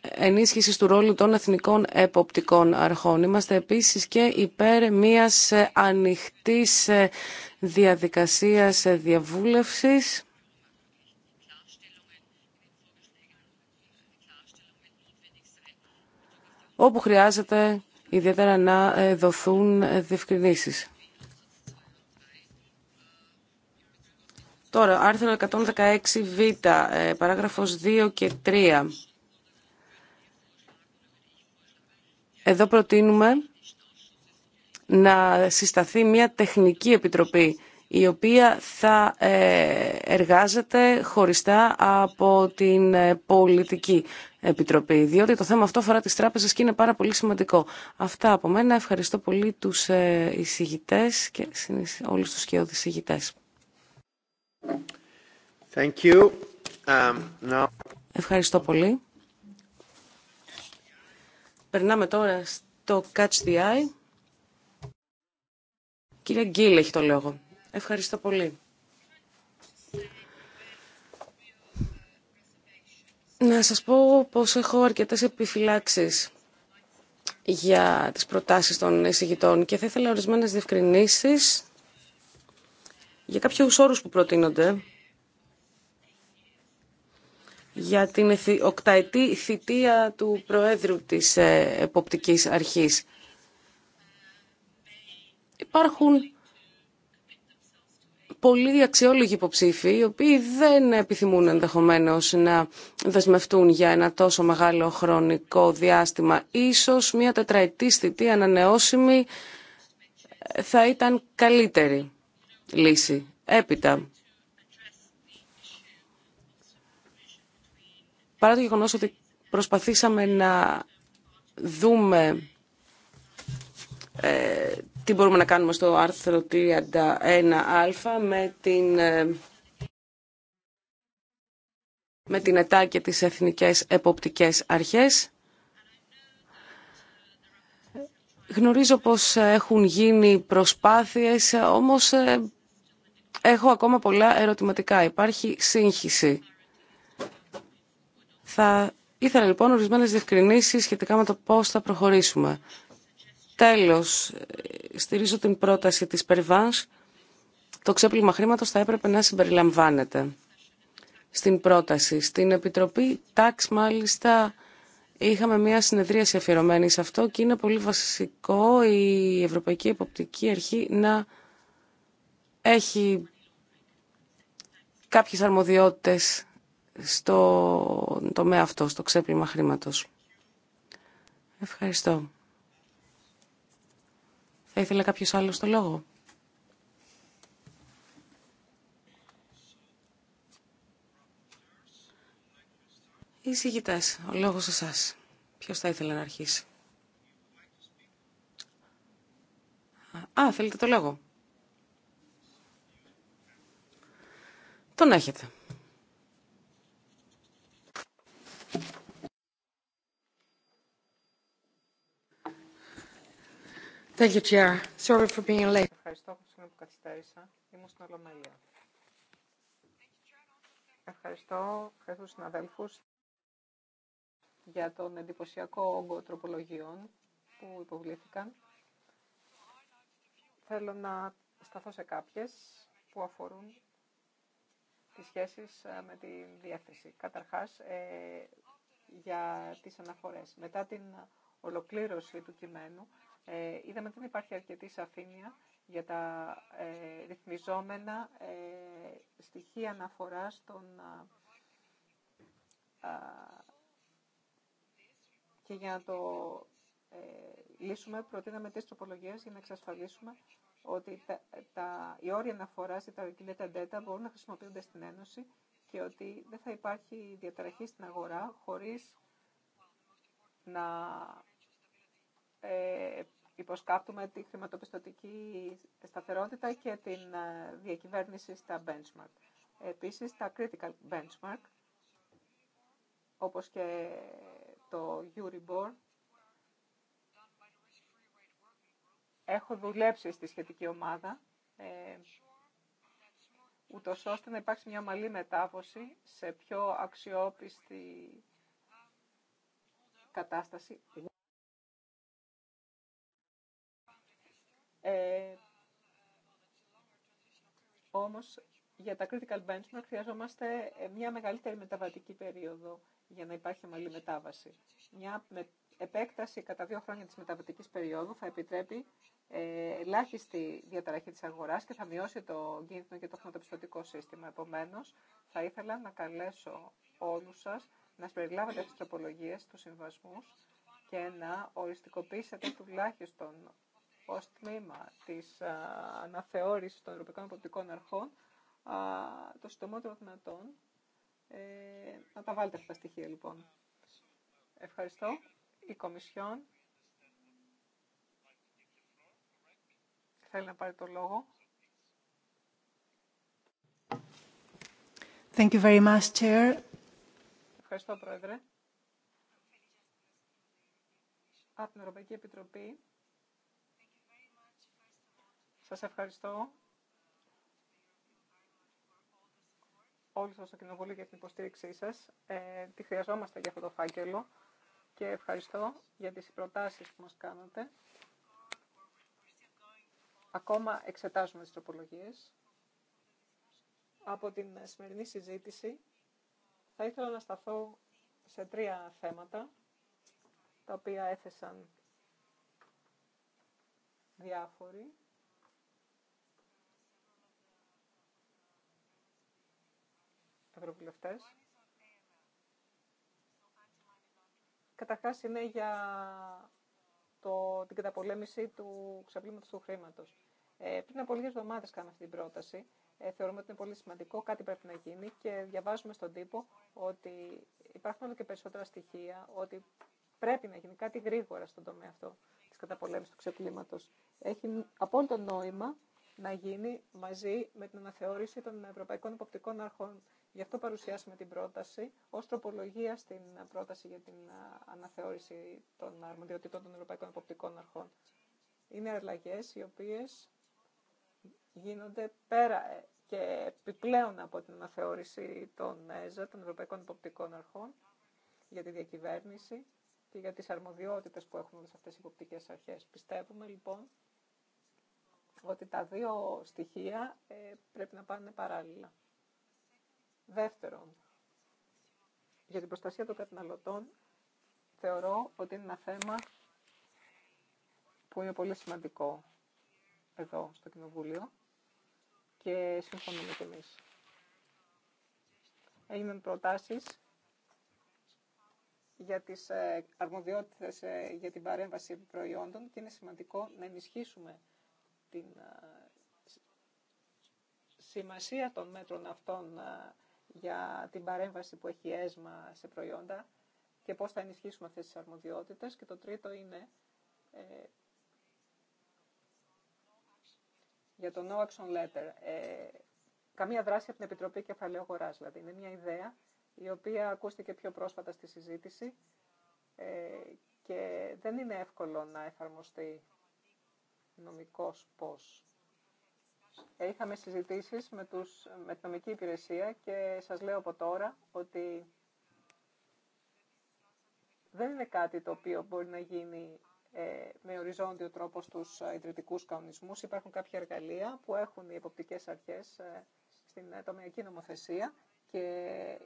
ενίσχυσης του ρόλου των εθνικών εποπτικών αρχών. Είμαστε επίσης και υπέρ μιας ανοιχτής διαδικασίας διαβούλευσης όπου χρειάζεται ιδιαίτερα να δοθούν διευκρινήσεις. Τώρα, άρθρο 116β, ε, παράγραφος 2 και 3. Εδώ προτείνουμε να συσταθεί μια τεχνική επιτροπή η οποία θα ε, εργάζεται χωριστά από την ε, πολιτική επιτροπή, διότι το θέμα αυτό αφορά τις τράπεζες και είναι πάρα πολύ σημαντικό. Αυτά από μένα. Ευχαριστώ πολύ τους εισηγητές και όλους τους σκιώδεις εισηγητές. Um, Ευχαριστώ πολύ. Περνάμε τώρα στο Catch the Eye. Κύριε Γκίλ έχει το λόγο. Ευχαριστώ πολύ. Να σας πω πως έχω αρκετές επιφυλάξεις για τις προτάσεις των εισηγητών και θα ήθελα ορισμένες διευκρινήσεις για κάποιους όρου που προτείνονται για την οκταετή θητεία του Προέδρου της ε, Εποπτικής Αρχής. Υπάρχουν πολλοί αξιόλογοι υποψήφοι, οι οποίοι δεν επιθυμούν ενδεχομένως να δεσμευτούν για ένα τόσο μεγάλο χρονικό διάστημα. Ίσως μια τετραετή θητεία ανανεώσιμη ε, θα ήταν καλύτερη λύση. Έπειτα, παρά το γεγονός ότι προσπαθήσαμε να δούμε ε, τι μπορούμε να κάνουμε στο άρθρο 31α με την, ε, με την ΕΤΑ και τις Εθνικές Εποπτικές Αρχές. Γνωρίζω πως ε, έχουν γίνει προσπάθειες, ε, όμως ε, έχω ακόμα πολλά ερωτηματικά. Υπάρχει σύγχυση. Θα ήθελα λοιπόν ορισμένες διευκρινήσεις σχετικά με το πώς θα προχωρήσουμε. Τέλος, στηρίζω την πρόταση της Περβάνς. Το ξέπλυμα χρήματος θα έπρεπε να συμπεριλαμβάνεται στην πρόταση. Στην Επιτροπή Τάξ, μάλιστα, Είχαμε μια συνεδρίαση αφιερωμένη σε αυτό και είναι πολύ βασικό η Ευρωπαϊκή Εποπτική Αρχή να έχει κάποιες αρμοδιότητες στο τομέα αυτό, στο ξέπλυμα χρήματος. Ευχαριστώ. Θα ήθελα κάποιος άλλος το λόγο. Οι συγκητέ, ο λόγος εσά. Ποιος θα ήθελε να αρχίσει. Α, θέλετε το λόγο. Τον έχετε. Thank you, Chair. Sorry for being late. Ευχαριστώ που καθυστέρησα. Ήμουν στην Ολομέλεια. Ευχαριστώ, ευχαριστώ τους συναδέλφους για τον εντυπωσιακό όγκο τροπολογιών που υποβλήθηκαν. Θέλω να σταθώ σε κάποιες που αφορούν τις σχέσεις ε, με τη διεύθυνση. Καταρχάς, ε, για τις αναφορές. Μετά την ολοκλήρωση του κειμένου, ε, είδαμε ότι δεν υπάρχει αρκετή σαφήνεια για τα ε, ρυθμιζόμενα ε, στοιχεία αναφοράς των και για να το ε, λύσουμε, προτείναμε τρει τροπολογίε για να εξασφαλίσουμε ότι τα, τα, οι όροι αναφορά ή τα κινητά data μπορούν να χρησιμοποιούνται στην Ένωση και ότι δεν θα υπάρχει διαταραχή στην αγορά χωρίς να ε, υποσκάπτουμε τη χρηματοπιστωτική σταθερότητα και την ε, διακυβέρνηση στα benchmark. Επίσης, τα critical benchmark, όπως και το Euribor. Έχω δουλέψει στη σχετική ομάδα, ε, ούτως ώστε να υπάρξει μια ομαλή μετάβωση σε πιο αξιόπιστη κατάσταση. Ε, όμως, για τα critical benchmark χρειαζόμαστε ε, μια μεγαλύτερη μεταβατική περίοδο για να υπάρχει ομαλή μετάβαση. Μια επέκταση κατά δύο χρόνια της μεταβατικής περίοδου θα επιτρέπει ε, ελάχιστη διαταραχή της αγοράς και θα μειώσει το κίνδυνο για το χρηματοπιστωτικό σύστημα. Επομένως, θα ήθελα να καλέσω όλους σας να συμπεριλάβετε τις τροπολογίες, του συμβασμού και να οριστικοποιήσετε τουλάχιστον ω τμήμα της α, αναθεώρησης των Ευρωπαϊκών Αποπτικών Αρχών το συντομότερο δυνατόν ε, να τα βάλετε αυτά τα στοιχεία λοιπόν. Ευχαριστώ. Η Κομισιόν θέλει να πάρει το λόγο. Thank you very much, Chair. Ευχαριστώ, Πρόεδρε. Από την Ευρωπαϊκή Επιτροπή. Σας ευχαριστώ όλους σας στο Κοινοβούλιο για την υποστήριξή σας. Ε, τη χρειαζόμαστε για αυτό το φάκελο και ευχαριστώ για τις προτάσεις που μας κάνατε. Ακόμα εξετάζουμε τις τροπολογίες. Από την σημερινή συζήτηση θα ήθελα να σταθώ σε τρία θέματα τα οποία έθεσαν διάφοροι. Καταρχά Καταρχάς είναι για το, την καταπολέμηση του ξαπλήματος του χρήματος. Ε, πριν από λίγες εβδομάδες κάναμε αυτή την πρόταση. Ε, θεωρούμε ότι είναι πολύ σημαντικό, κάτι πρέπει να γίνει και διαβάζουμε στον τύπο ότι υπάρχουν όλο και περισσότερα στοιχεία, ότι πρέπει να γίνει κάτι γρήγορα στον τομέα αυτό της καταπολέμησης του ξεπλήματος. Έχει απόλυτο νόημα να γίνει μαζί με την αναθεώρηση των Ευρωπαϊκών Υποπτικών Αρχών Γι' αυτό παρουσιάσαμε την πρόταση ω τροπολογία στην πρόταση για την αναθεώρηση των αρμοδιοτήτων των Ευρωπαϊκών Εποπτικών Αρχών. Είναι αλλαγέ οι οποίε γίνονται πέρα ε, και επιπλέον από την αναθεώρηση των ΕΖΑ, των Ευρωπαϊκών Υποπτικών Αρχών, για τη διακυβέρνηση και για τις αρμοδιότητες που έχουν όλες αυτές οι υποπτικές αρχές. Πιστεύουμε λοιπόν ότι τα δύο στοιχεία ε, πρέπει να πάνε παράλληλα. Δεύτερον, για την προστασία των καταναλωτών θεωρώ ότι είναι ένα θέμα που είναι πολύ σημαντικό εδώ στο Κοινοβούλιο και συμφωνούμε κι εμείς. Έγιναν προτάσεις για τις ε, αρμοδιότητες ε, για την παρέμβαση προϊόντων και είναι σημαντικό να ενισχύσουμε την ε, σημασία των μέτρων αυτών για την παρέμβαση που έχει έσμα σε προϊόντα και πώς θα ενισχύσουμε αυτές τις αρμοδιότητες. Και το τρίτο είναι ε, για το No Action Letter. Ε, καμία δράση από την Επιτροπή Κεφαλαίου Αγοράς, δηλαδή. Είναι μια ιδέα η οποία ακούστηκε πιο πρόσφατα στη συζήτηση ε, και δεν είναι εύκολο να εφαρμοστεί νομικός πώς. Ε, είχαμε συζητήσεις με, τους, με την νομική υπηρεσία και σας λέω από τώρα ότι δεν είναι κάτι το οποίο μπορεί να γίνει ε, με οριζόντιο τρόπο στους ε, ιδρυτικούς κανονισμούς. Υπάρχουν κάποια εργαλεία που έχουν οι εποπτικές αρχές στην τομεακή νομοθεσία και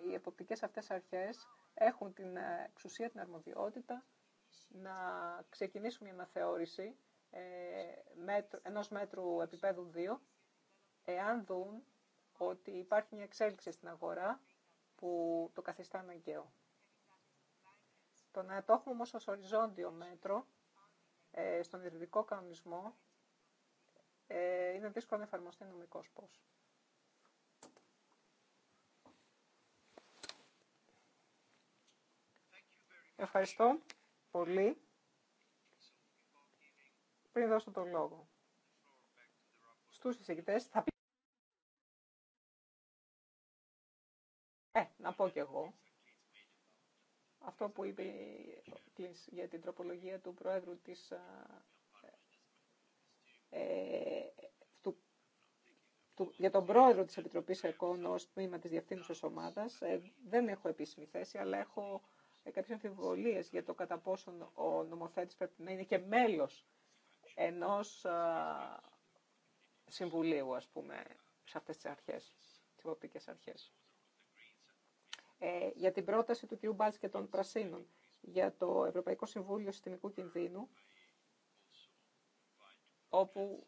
οι εποπτικές αυτές αρχές έχουν την εξουσία, την αρμοδιότητα να ξεκινήσουν μια αναθεώρηση ενός μέτρου επίπεδου 2 εάν δουν ότι υπάρχει μια εξέλιξη στην αγορά που το καθιστά αναγκαίο. Το να το έχουμε όμως ως οριζόντιο μέτρο ε, στον ιδρυτικό κανονισμό ε, είναι δύσκολο να εφαρμοστεί νομικός πώς. Ευχαριστώ πολύ. Πριν δώσω τον λόγο στους εισηγητές θα Ε, να πω κι εγώ. Αυτό που είπε για την τροπολογία του Προέδρου της, ε, ε για τον Πρόεδρο της Επιτροπής ΕΚΟΝ ως τμήμα της Διευθύνουσας Ομάδας, ε, δεν έχω επίσημη θέση, αλλά έχω ε, κάποιες αμφιβολίες για το κατά πόσον ο νομοθέτης πρέπει να είναι και μέλος ενός συμβουλίου, ας πούμε, σε αυτές τις αρχές, τις υποπτικές αρχές. Ε, για την πρόταση του κ. Μπάλτ και των Πρασίνων για το Ευρωπαϊκό Συμβούλιο Συστημικού Κινδύνου, όπου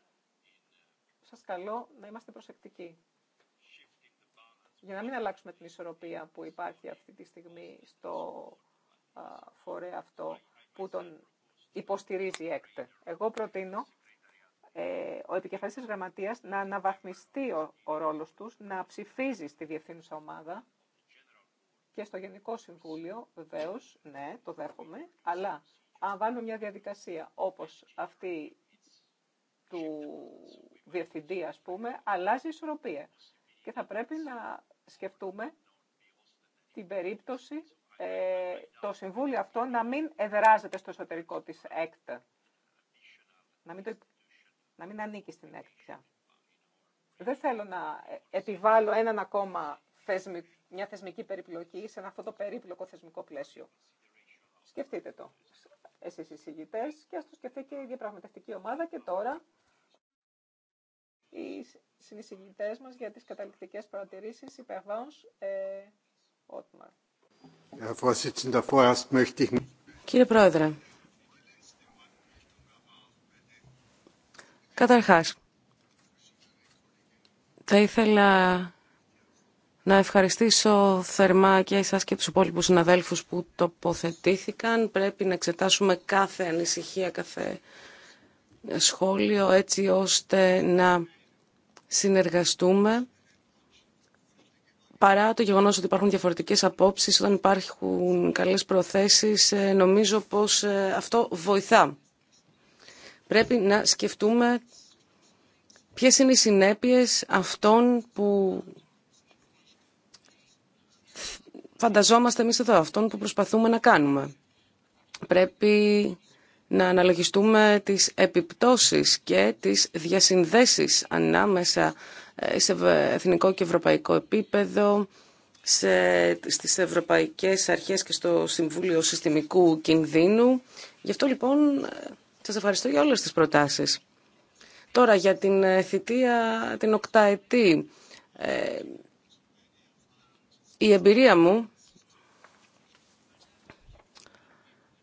σας καλώ να είμαστε προσεκτικοί για να μην αλλάξουμε την ισορροπία που υπάρχει αυτή τη στιγμή στο φορέα αυτό που τον υποστηρίζει η Εγώ προτείνω ε, ο επικεφαλής της γραμματείας να αναβαθμιστεί ο, ο ρόλος τους, να ψηφίζει στη διευθύνουσα ομάδα και στο Γενικό Συμβούλιο, βεβαίω, ναι, το δέχομαι, αλλά αν βάλουμε μια διαδικασία όπως αυτή του διευθυντή, ας πούμε, αλλάζει η ισορροπία. Και θα πρέπει να σκεφτούμε την περίπτωση ε, το Συμβούλιο αυτό να μην εδράζεται στο εσωτερικό της ΕΚΤ. Να μην, να μην ανήκει στην ΕΚΤ πια. Δεν θέλω να ε, επιβάλλω έναν ακόμα θεσμικό μια θεσμική περιπλοκή σε αυτό το περίπλοκο θεσμικό πλαίσιο. Σκεφτείτε το. Εσείς οι συγητές και ας το σκεφτεί και η διαπραγματευτική ομάδα και τώρα οι συνεισηγητές μας για τις καταληκτικέ παρατηρήσεις υπερβάνς ε, Κύριε Πρόεδρε, καταρχάς, θα ήθελα να ευχαριστήσω θερμά και εσάς και τους υπόλοιπους συναδέλφους που τοποθετήθηκαν. Πρέπει να εξετάσουμε κάθε ανησυχία, κάθε σχόλιο έτσι ώστε να συνεργαστούμε παρά το γεγονός ότι υπάρχουν διαφορετικές απόψεις, όταν υπάρχουν καλές προθέσεις, ε, νομίζω πως ε, αυτό βοηθά. Πρέπει να σκεφτούμε ποιες είναι οι συνέπειες αυτών που φανταζόμαστε εμείς εδώ, αυτόν που προσπαθούμε να κάνουμε. Πρέπει να αναλογιστούμε τις επιπτώσεις και τις διασυνδέσεις ανάμεσα ε, σε εθνικό και ευρωπαϊκό επίπεδο, σε, στις ευρωπαϊκές αρχές και στο Συμβούλιο Συστημικού Κινδύνου. Γι' αυτό λοιπόν ε, σας ευχαριστώ για όλες τις προτάσεις. Τώρα για την ε, θητεία την οκταετή. Η εμπειρία μου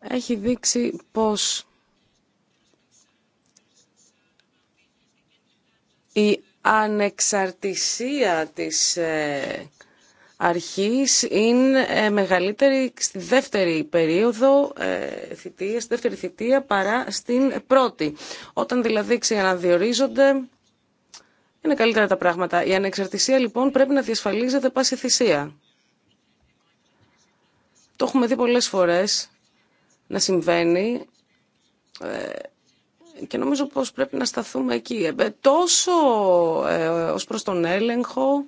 έχει δείξει πως η ανεξαρτησία της ε, αρχής είναι ε, μεγαλύτερη στη δεύτερη περίοδο ε, θητεία, στη δεύτερη θητεία παρά στην πρώτη. Όταν δηλαδή ξαναδιορίζονται είναι καλύτερα τα πράγματα. Η ανεξαρτησία λοιπόν πρέπει να διασφαλίζεται πάση θυσία. Το έχουμε δει πολλές φορές να συμβαίνει ε, και νομίζω πως πρέπει να σταθούμε εκεί. Ε, ε, τόσο ως προς τον έλεγχο,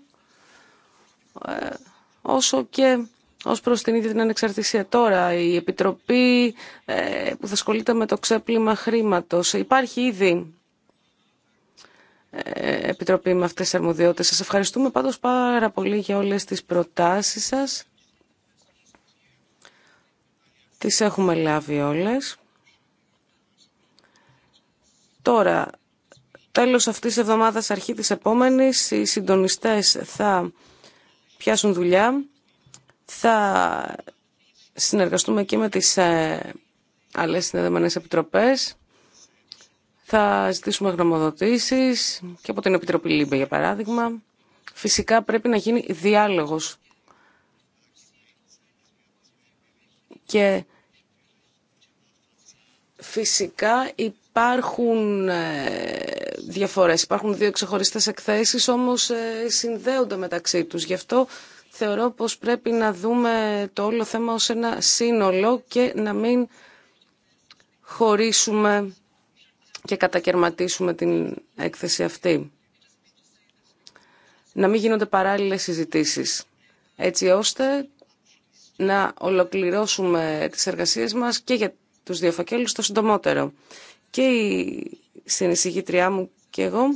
όσο και ως προς την ίδια την ανεξαρτησία τώρα. Η Επιτροπή που θα ασχολείται με το ξέπλυμα χρήματος. Υπάρχει ήδη Επιτροπή με αυτές τις αρμοδιότητες. Σας ευχαριστούμε πάντως πάρα πολύ για όλες τις προτάσεις σας. Τις έχουμε λάβει όλες. Τώρα, τέλος αυτής της εβδομάδας, αρχή της επόμενης, οι συντονιστές θα πιάσουν δουλειά. Θα συνεργαστούμε και με τις ε, άλλες συνδεδεμένες επιτροπές. Θα ζητήσουμε γνωμοδοτήσεις και από την Επιτροπή Λίμπε, για παράδειγμα. Φυσικά πρέπει να γίνει διάλογος Και φυσικά υπάρχουν ε, διαφορές, υπάρχουν δύο ξεχωριστές εκθέσεις, όμως ε, συνδέονται μεταξύ τους. Γι' αυτό θεωρώ πως πρέπει να δούμε το όλο θέμα ως ένα σύνολο και να μην χωρίσουμε και κατακαιρματίσουμε την έκθεση αυτή. Να μην γίνονται παράλληλες συζητήσεις, έτσι ώστε να ολοκληρώσουμε τις εργασίες μας και για τους δύο φακέλους το συντομότερο. Και η συνεισηγήτριά μου και εγώ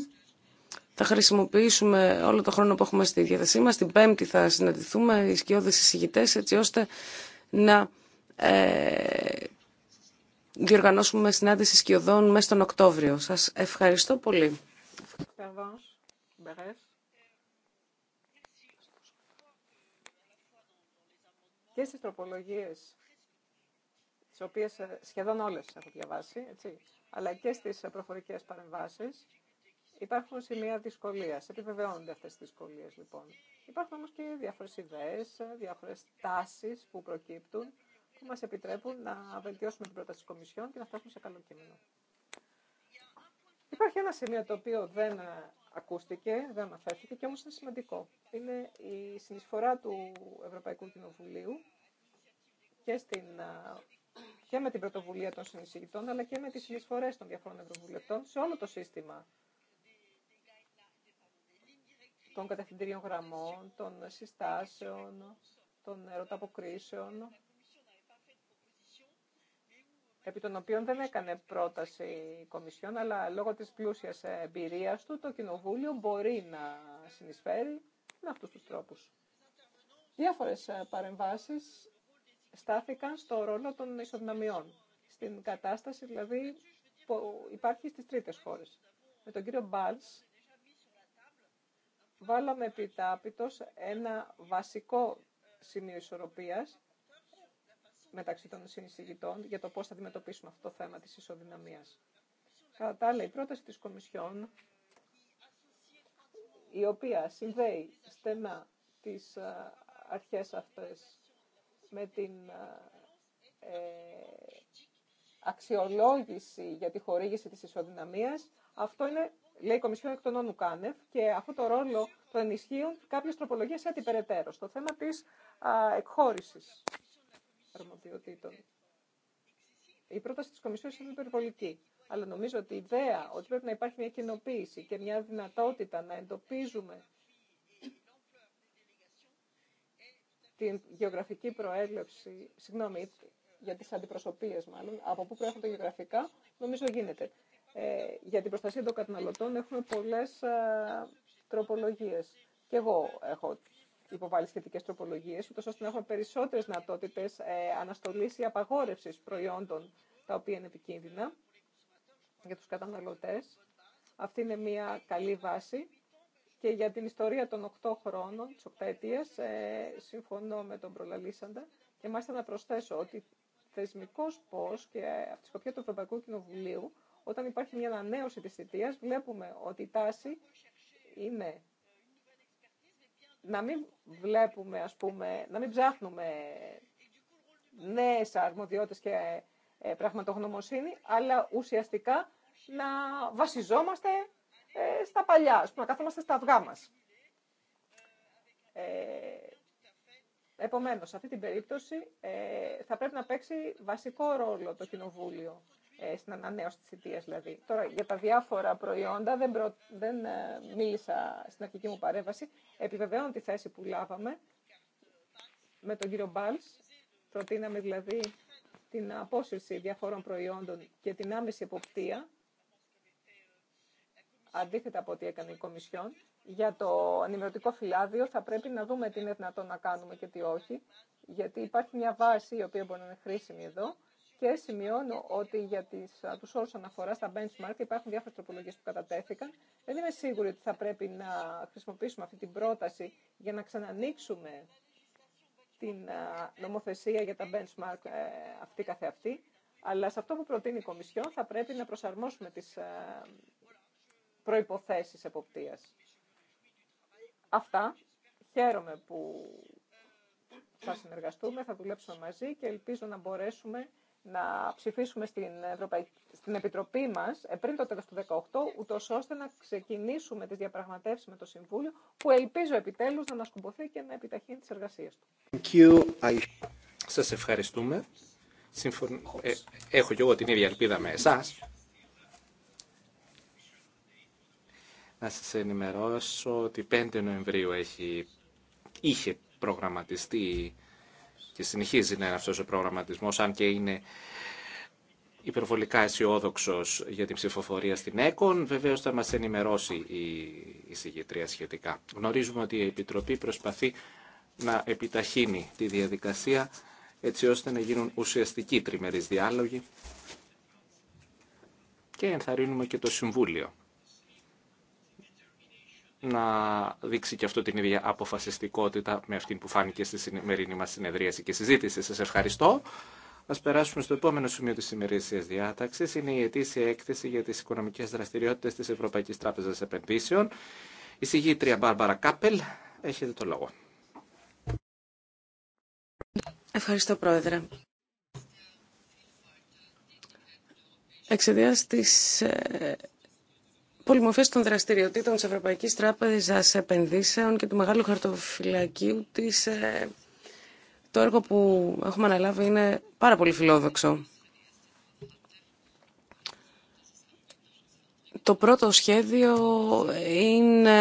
θα χρησιμοποιήσουμε όλο το χρόνο που έχουμε στη διάθεσή μας. Την Πέμπτη θα συναντηθούμε, οι σκιώδες εισηγητές, έτσι ώστε να ε, διοργανώσουμε συνάντηση σκιωδών μέσα στον Οκτώβριο. Σας ευχαριστώ πολύ. και στις τροπολογίες, τις οποίες ε, σχεδόν όλες έχω διαβάσει, έτσι, αλλά και στις ε, προφορικές παρεμβάσεις, υπάρχουν σημεία δυσκολίας. Επιβεβαιώνονται αυτές τις δυσκολίες, λοιπόν. Υπάρχουν όμως και διάφορες ιδέες, ε, διάφορες τάσεις που προκύπτουν, που μας επιτρέπουν να βελτιώσουμε την πρόταση της Κομισιόν και να φτάσουμε σε καλό κείμενο. Υπάρχει ένα σημείο το οποίο δεν ακούστηκε, δεν αναφέρθηκε και όμως είναι σημαντικό. Είναι η συνεισφορά του Ευρωπαϊκού Κοινοβουλίου και, στην, και με την πρωτοβουλία των συνεισηγητών, αλλά και με τις συνεισφορές των διαφόρων ευρωβουλευτών σε όλο το σύστημα των κατευθυντήριων γραμμών, των συστάσεων, των ερωταποκρίσεων, επί των οποίων δεν έκανε πρόταση η Κομισιόν, αλλά λόγω της πλούσιας εμπειρίας του, το Κοινοβούλιο μπορεί να συνεισφέρει με αυτούς τους τρόπους. Διάφορες ε, παρεμβάσεις στάθηκαν στο ρόλο των ισοδυναμιών, στην κατάσταση δηλαδή που υπάρχει στις τρίτες χώρες. Με τον κύριο Μπάλς βάλαμε επιτάπητος ένα βασικό σημείο ισορροπίας μεταξύ των συνεισηγητών για το πώς θα αντιμετωπίσουμε αυτό το θέμα της ισοδυναμίας. Κατά τα άλλα, η πρόταση της Κομισιόν, η οποία συνδέει στενά τις αρχές αυτές με την ε, αξιολόγηση για τη χορήγηση της ισοδυναμίας, αυτό είναι, λέει η Κομισιόν εκ των Όνου και αυτό το ρόλο το ενισχύουν κάποιες τροπολογίες έτσι στο θέμα της α, εκχώρησης αρμοδιοτήτων. Η πρόταση τη Κομισιόν είναι υπερβολική. Αλλά νομίζω ότι η ιδέα ότι πρέπει να υπάρχει μια κοινοποίηση και μια δυνατότητα να εντοπίζουμε την γεωγραφική προέλευση, συγγνώμη, για τις αντιπροσωπείες μάλλον, από πού προέρχονται γεωγραφικά, νομίζω γίνεται. Ε, για την προστασία των καταναλωτών έχουμε πολλές α, ε, τροπολογίες. Και εγώ έχω υποβάλει σχετικέ τροπολογίε, ούτω ώστε να έχουμε περισσότερε δυνατότητε ε, αναστολή ή απαγόρευση προϊόντων τα οποία είναι επικίνδυνα για του καταναλωτέ. Αυτή είναι μια καλή βάση. Και για την ιστορία των 8 χρόνων, τη 8 ε, συμφωνώ με τον προλαλήσαντα. Και μάλιστα να προσθέσω ότι θεσμικός πώς και από τη σκοπιά του Ευρωπαϊκού Κοινοβουλίου, όταν υπάρχει μια ανανέωση της θητεία, βλέπουμε ότι η τάση είναι να μην βλέπουμε, ας πούμε, να μην ψάχνουμε νέες αρμοδιότητες και ε, πραγματογνωμοσύνη, αλλά ουσιαστικά να βασιζόμαστε ε, στα παλιά, ας πούμε, να κάθομαστε στα αυγά μας. Ε, επομένως, σε αυτή την περίπτωση ε, θα πρέπει να παίξει βασικό ρόλο το Κοινοβούλιο ε, στην ανανέωση της θητείας δηλαδή. Τώρα, για τα διάφορα προϊόντα δεν, προ... δεν ε, μίλησα στην αρχική μου παρέμβαση. Επιβεβαιώνω τη θέση που λάβαμε με τον κύριο Μπάλς. Προτείναμε δηλαδή την απόσυρση διαφόρων προϊόντων και την άμεση εποπτεία, αντίθετα από ό,τι έκανε η Κομισιόν. Για το ανημερωτικό φυλάδιο θα πρέπει να δούμε τι είναι δυνατόν να κάνουμε και τι όχι, γιατί υπάρχει μια βάση η οποία μπορεί να είναι χρήσιμη εδώ και σημειώνω ότι για τις, τους όρους αναφορά στα benchmark υπάρχουν διάφορες τροπολογίες που κατατέθηκαν. Δεν είμαι σίγουρη ότι θα πρέπει να χρησιμοποιήσουμε αυτή την πρόταση για να ξανανοίξουμε την νομοθεσία για τα benchmark ε, αυτή καθεαυτή. Αλλά σε αυτό που προτείνει η Κομισιόν θα πρέπει να προσαρμόσουμε τις προϋποθέσεις εποπτείας. Αυτά. Χαίρομαι που θα συνεργαστούμε, θα δουλέψουμε μαζί και ελπίζω να μπορέσουμε να ψηφίσουμε στην, Ευρωπαϊκή, Επιτροπή μας ε, πριν το τέλο του 2018, ούτω ώστε να ξεκινήσουμε τις διαπραγματεύσεις με το Συμβούλιο, που ελπίζω επιτέλους να ανασκουμποθεί και να επιταχύνει τι εργασίες του. Σα Σας ευχαριστούμε. Συμφων... Ε, έχω και εγώ την ίδια ελπίδα με εσά. Να σας ενημερώσω ότι 5 Νοεμβρίου έχει... είχε προγραμματιστεί και συνεχίζει να είναι αυτός ο προγραμματισμός, αν και είναι υπερβολικά αισιόδοξο για την ψηφοφορία στην ΕΚΟΝ. Βεβαίω θα μας ενημερώσει η συγγετρία σχετικά. Γνωρίζουμε ότι η Επιτροπή προσπαθεί να επιταχύνει τη διαδικασία έτσι ώστε να γίνουν ουσιαστικοί τριμερείς διάλογοι και ενθαρρύνουμε και το Συμβούλιο να δείξει και αυτό την ίδια αποφασιστικότητα με αυτή που φάνηκε στη σημερινή μα συνεδρίαση και συζήτηση. Σα ευχαριστώ. Α περάσουμε στο επόμενο σημείο της ημερήσιας διάταξη. Είναι η ετήσια έκθεση για τι οικονομικές δραστηριότητες της Ευρωπαϊκής Τράπεζας Επενδύσεων. Η συγγήτρια Μπάρμπαρα Κάπελ, έχετε το λόγο. Ευχαριστώ, Πρόεδρε. Εξαιτία της ε, πολυμορφίες των δραστηριοτήτων τη Ευρωπαϊκή Τράπεζας Επενδύσεων και του μεγάλου χαρτοφυλακίου της, ε, το έργο που έχουμε αναλάβει είναι πάρα πολύ φιλόδοξο. Το πρώτο σχέδιο είναι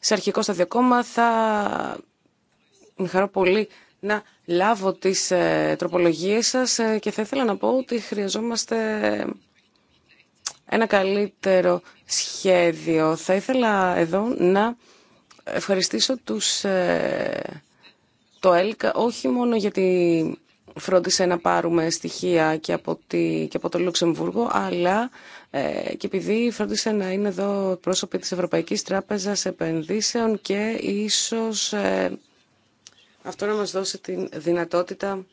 σε αρχικό στάδιο κόμμα. Θα με χαρώ πολύ να λάβω τις ε, τροπολογίες σας ε, και θα ήθελα να πω ότι χρειαζόμαστε ένα καλύτερο σχέδιο. Θα ήθελα εδώ να ευχαριστήσω τους, ε, το ΕΛΚΑ όχι μόνο γιατί φρόντισε να πάρουμε στοιχεία και από, και από το Λουξεμβούργο, αλλά ε, και επειδή φρόντισε να είναι εδώ πρόσωποι της Ευρωπαϊκής Τράπεζας Επενδύσεων και ίσως ε, αυτό να μας δώσει τη δυνατότητα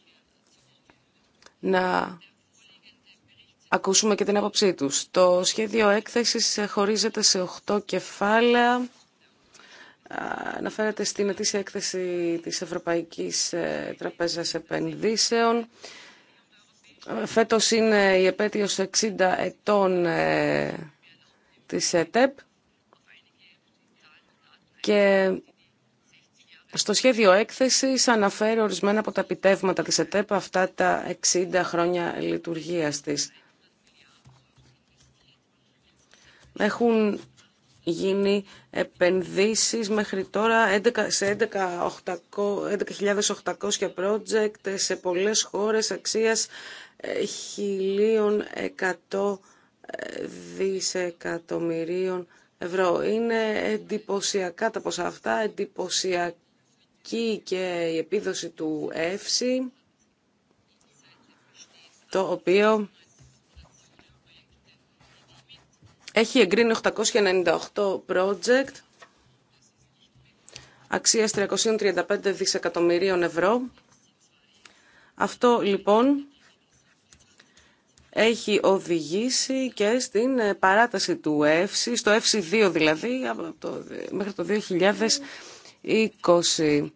να ακούσουμε και την άποψή τους. Το σχέδιο έκθεσης χωρίζεται σε 8 κεφάλαια. Αναφέρεται στην ετήσια έκθεση της Ευρωπαϊκής ε, Τραπέζας Επενδύσεων. Φέτος είναι η επέτειος 60 ετών ε, της ΕΤΕΠ και στο σχέδιο έκθεσης αναφέρει ορισμένα από τα επιτεύγματα της ΕΤΕΠ αυτά τα 60 χρόνια λειτουργίας της. Έχουν γίνει επενδύσεις μέχρι τώρα 11, σε 11.800 11, project σε πολλές χώρες αξίας 1.100 ε, ε, δισεκατομμυρίων ευρώ. Είναι εντυπωσιακά τα ποσά αυτά, εντυπωσιακή και η επίδοση του ΕΦΣΥ, το οποίο Έχει εγκρίνει 898 project αξίας 335 δισεκατομμυρίων ευρώ. Αυτό λοιπόν έχει οδηγήσει και στην ε, παράταση του ΕΦΣΙ, στο ΕΦΣΙ 2 δηλαδή, μέχρι το 2020.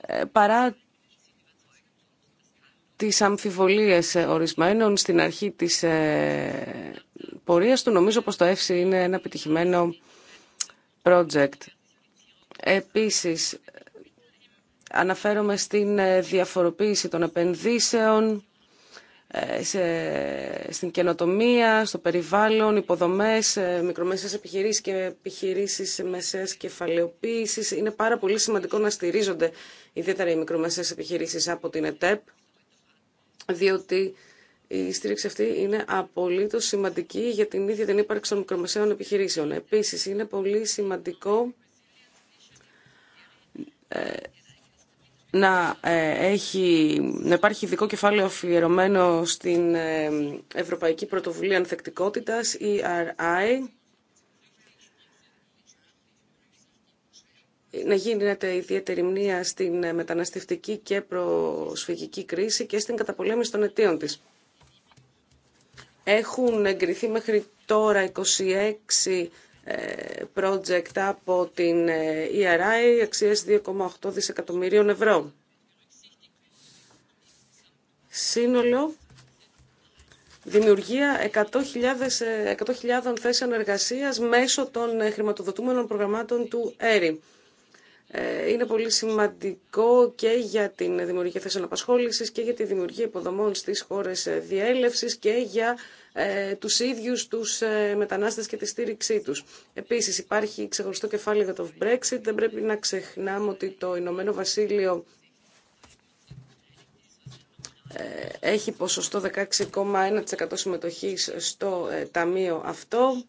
Ε, παρά τις αμφιβολίες ε, ορισμένων στην αρχή της ε, πορείας του. Νομίζω πως το ΕΦΣΙ είναι ένα επιτυχημένο project. Επίσης, αναφέρομαι στην ε, διαφοροποίηση των επενδύσεων, σε, στην καινοτομία, στο περιβάλλον, υποδομές, μικρομεσαίες επιχειρήσεις και επιχειρήσεις μεσαίας κεφαλαιοποίησης. Είναι πάρα πολύ σημαντικό να στηρίζονται ιδιαίτερα οι μικρομεσαίες επιχειρήσεις από την ΕΤΕΠ διότι η στήριξη αυτή είναι απολύτω σημαντική για την ίδια την ύπαρξη των μικρομεσαίων επιχειρήσεων. Επίση, είναι πολύ σημαντικό ε, να, ε, έχει, να υπάρχει ειδικό κεφάλαιο αφιερωμένο στην ε, Ευρωπαϊκή Πρωτοβουλία Ανθεκτικότητας, ERI, να γίνεται ιδιαίτερη μνήμα στην μεταναστευτική και προσφυγική κρίση και στην καταπολέμηση των αιτίων της. Έχουν εγκριθεί μέχρι τώρα 26 ε, project από την ERI αξίας 2,8 δισεκατομμυρίων ευρώ. Σύνολο δημιουργία 100.000 100.000 ε, θέσεων εργασίας μέσω των ε, χρηματοδοτούμενων προγραμμάτων του ΕΡΙ. Ε, είναι πολύ σημαντικό και για την δημιουργία θέσεων απασχόλησης και για τη δημιουργία υποδομών στις χώρες ε, διέλευσης και για ε, τους ίδιους τους ε, μετανάστες και τη στήριξή τους. Επίσης υπάρχει ξεχωριστό κεφάλαιο για το Brexit. Δεν πρέπει να ξεχνάμε ότι το Ηνωμένο Βασίλειο έχει ποσοστό 16,1% συμμετοχής στο ταμείο αυτό.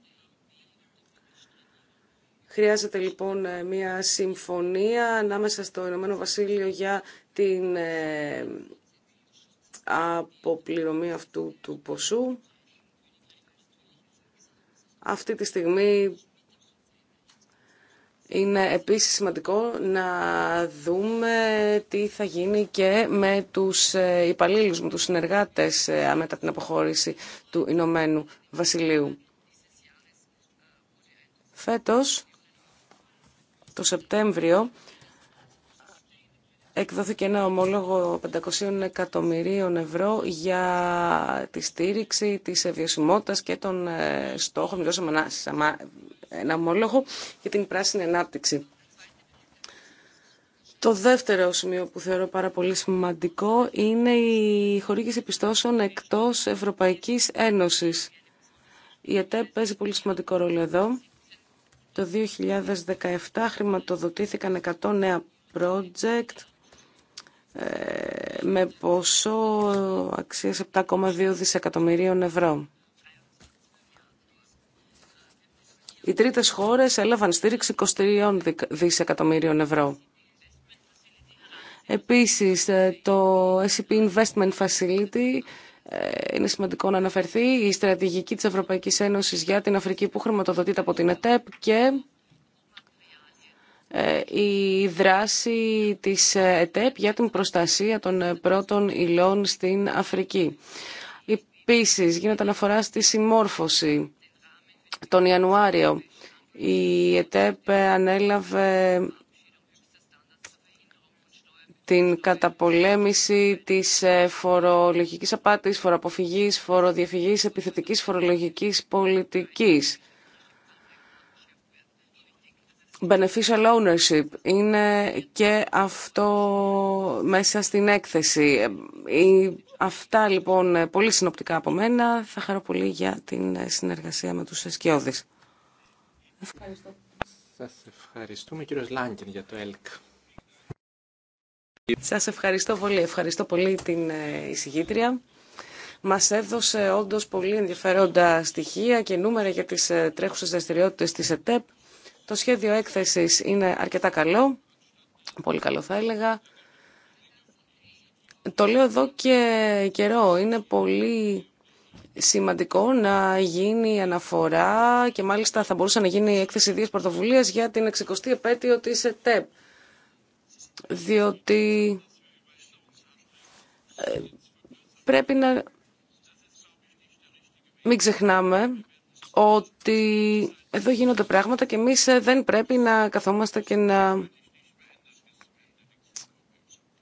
Χρειάζεται λοιπόν ε, μια συμφωνία ανάμεσα στο Ηνωμένο Βασίλειο για την ε, αποπληρωμή αυτού του ποσού. Αυτή τη στιγμή είναι επίσης σημαντικό να δούμε τι θα γίνει και με τους ε, υπαλλήλους, με τους συνεργάτες μετά την αποχώρηση του Ηνωμένου Βασιλείου. Φέτος το Σεπτέμβριο εκδόθηκε ένα ομόλογο 500 εκατομμυρίων ευρώ για τη στήριξη της ευγεσιμότητας και των ε, στόχων. Μιλώσαμε ένα, ένα ομόλογο για την πράσινη ανάπτυξη. Το δεύτερο σημείο που θεωρώ πάρα πολύ σημαντικό είναι η χορήγηση πιστώσεων εκτός Ευρωπαϊκής Ένωσης. Η ΕΤΕ παίζει πολύ σημαντικό ρόλο εδώ το 2017 χρηματοδοτήθηκαν 100 νέα project ε, με ποσό αξίας 7,2 δισεκατομμυρίων ευρώ. Οι τρίτες χώρες έλαβαν στήριξη 23 δισεκατομμυρίων ευρώ. Επίσης, ε, το SCP Investment Facility ε, είναι σημαντικό να αναφερθεί η στρατηγική της Ευρωπαϊκής Ένωσης για την Αφρική που χρηματοδοτείται από την ΕΤΕΠ και ε, η δράση της ΕΤΕΠ για την προστασία των πρώτων υλών στην Αφρική. Επίση, γίνεται αναφορά στη συμμόρφωση τον Ιανουάριο. Η ΕΤΕΠ ανέλαβε την καταπολέμηση της ε, φορολογικής απάτης, φοροαποφυγής, φοροδιαφυγής, επιθετικής φορολογικής πολιτικής. Beneficial ownership είναι και αυτό μέσα στην έκθεση. Αυτά λοιπόν πολύ συνοπτικά από μένα. Θα χαρώ πολύ για την συνεργασία με τους εσκιώδεις. Ευχαριστώ. Σας ευχαριστούμε κύριος Λάγκεν για το ΕΛΚ. Σας ευχαριστώ πολύ. Ευχαριστώ πολύ την ε, εισηγήτρια. Μας έδωσε όντως πολύ ενδιαφέροντα στοιχεία και νούμερα για τις ε, τρέχουσες δραστηριότητε της ΕΤΕΠ. Το σχέδιο έκθεσης είναι αρκετά καλό, πολύ καλό θα έλεγα. Το λέω εδώ και καιρό. Είναι πολύ σημαντικό να γίνει αναφορά και μάλιστα θα μπορούσε να γίνει η έκθεση δύο πρωτοβουλία για την 60η επέτειο της ΕΤΕΠ διότι ε, πρέπει να μην ξεχνάμε ότι εδώ γίνονται πράγματα και εμείς ε, δεν πρέπει να καθόμαστε και να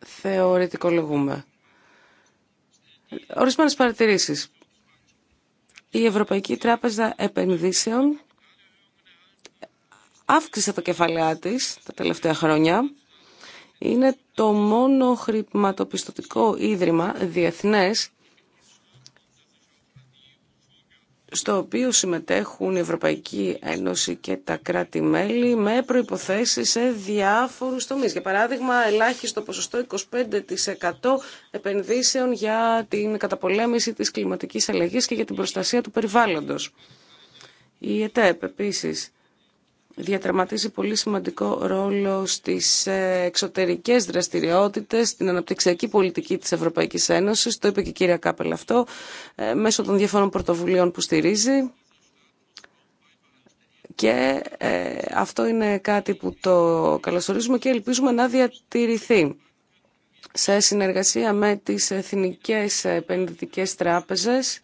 θεωρητικολογούμε. Ορισμένες παρατηρήσεις. Η Ευρωπαϊκή Τράπεζα Επενδύσεων ε, αύξησε το κεφαλαιά της τα τελευταία χρόνια είναι το μόνο χρηματοπιστωτικό ίδρυμα διεθνές στο οποίο συμμετέχουν η Ευρωπαϊκή Ένωση και τα κράτη-μέλη με προϋποθέσεις σε διάφορους τομείς. Για παράδειγμα, ελάχιστο ποσοστό 25% επενδύσεων για την καταπολέμηση της κλιματικής αλλαγής και για την προστασία του περιβάλλοντος. Η ΕΤΕΠ επίσης Διατραματίζει πολύ σημαντικό ρόλο στις ε, εξωτερικές δραστηριότητες, στην αναπτυξιακή πολιτική της Ευρωπαϊκής Ένωσης, το είπε και η κυρία Κάπελ αυτό, ε, μέσω των διαφόρων πρωτοβουλίων που στηρίζει. Και ε, αυτό είναι κάτι που το καλωσορίζουμε και ελπίζουμε να διατηρηθεί σε συνεργασία με τις εθνικές επενδυτικές τράπεζες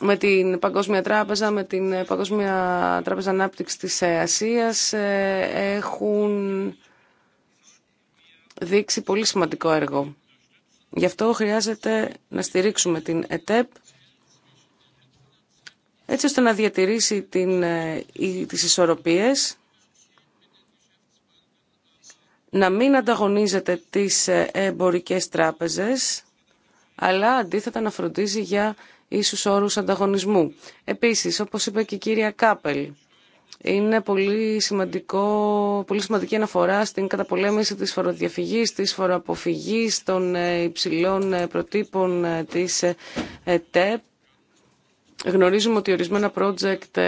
με την Παγκόσμια Τράπεζα, με την Παγκόσμια Τράπεζα Ανάπτυξη της Ασίας ε, έχουν δείξει πολύ σημαντικό έργο. Γι' αυτό χρειάζεται να στηρίξουμε την ΕΤΕΠ έτσι ώστε να διατηρήσει την, ε, τις ισορροπίες, να μην ανταγωνίζεται τις ε, εμπορικές τράπεζες, αλλά αντίθετα να φροντίζει για ίσους όρους ανταγωνισμού. Επίσης, όπως είπε και η κυρία Κάπελ, είναι πολύ, σημαντικό, πολύ σημαντική αναφορά στην καταπολέμηση της φοροδιαφυγής, της φοροαποφυγής, των ε, υψηλών ε, προτύπων ε, της ΕΤΕΠ. Γνωρίζουμε ότι ορισμένα project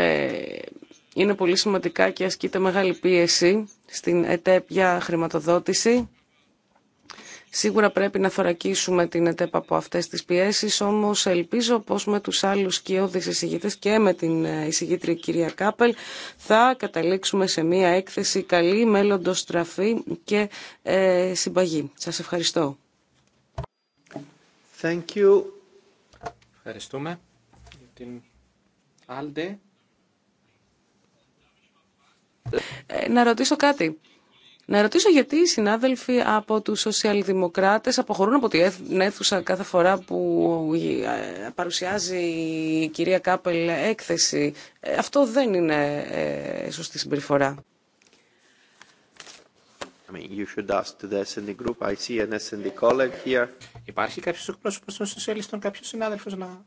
είναι πολύ σημαντικά και ασκείται μεγάλη πίεση στην ΕΤΕΠ για χρηματοδότηση. Σίγουρα πρέπει να θωρακίσουμε την ΕΤΕΠ από αυτέ τι πιέσει, όμως ελπίζω πως με τους άλλους σκιώδει εισηγητέ και με την ε, εισηγήτρια κυρία Κάπελ θα καταλήξουμε σε μια έκθεση καλή, μέλλοντο στραφή και ε, συμπαγή. Σας ευχαριστώ. Thank you. Ευχαριστούμε για την Άλντε. Ε, να ρωτήσω κάτι. Να ρωτήσω γιατί οι συνάδελφοι από τους σοσιαλδημοκράτες αποχωρούν από την αίθουσα κάθε φορά που ε, παρουσιάζει η κυρία Κάπελ έκθεση. Ε, αυτό δεν είναι ε, σωστή συμπεριφορά. Υπάρχει κάποιος εκπρόσωπος των σοσιαλιστών, κάποιος συνάδελφος να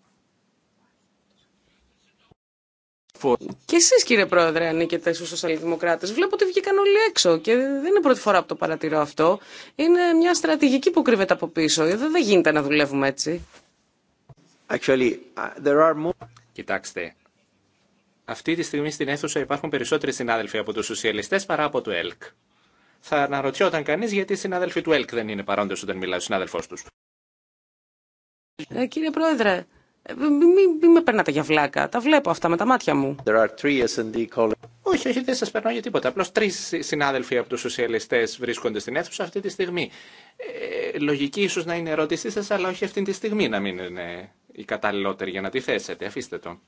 Και εσεί, κύριε Πρόεδρε ανήκετε στου σοσιαλδημοκράτε. Βλέπω ότι βγήκαν όλοι έξω και δεν είναι πρώτη φορά που το παρατηρώ αυτό. Είναι μια στρατηγική που κρύβεται από πίσω. Δεν, δεν γίνεται να δουλεύουμε έτσι. Actually, uh, there are more... Κοιτάξτε, αυτή τη στιγμή στην αίθουσα υπάρχουν περισσότεροι συνάδελφοι από του σοσιαλιστέ, παρά από το ΕΛΚ. Θα αναρωτιόταν κανεί γιατί οι συνάδελφοι του ΕΛΚ δεν είναι παρόντες όταν μιλάει ο συνάδελφο του. Ε, κύριε Πρόεδρε, μην μη με περνάτε για βλάκα. Τα βλέπω αυτά με τα μάτια μου. There are three όχι, όχι, δεν σα περνάω για τίποτα. Απλώ τρει συνάδελφοι από του σοσιαλιστέ βρίσκονται στην αίθουσα αυτή τη στιγμή. Ε, λογική ίσω να είναι ερώτησή σα, αλλά όχι αυτή τη στιγμή να μην είναι η καταλληλότερη για να τη θέσετε. Αφήστε το.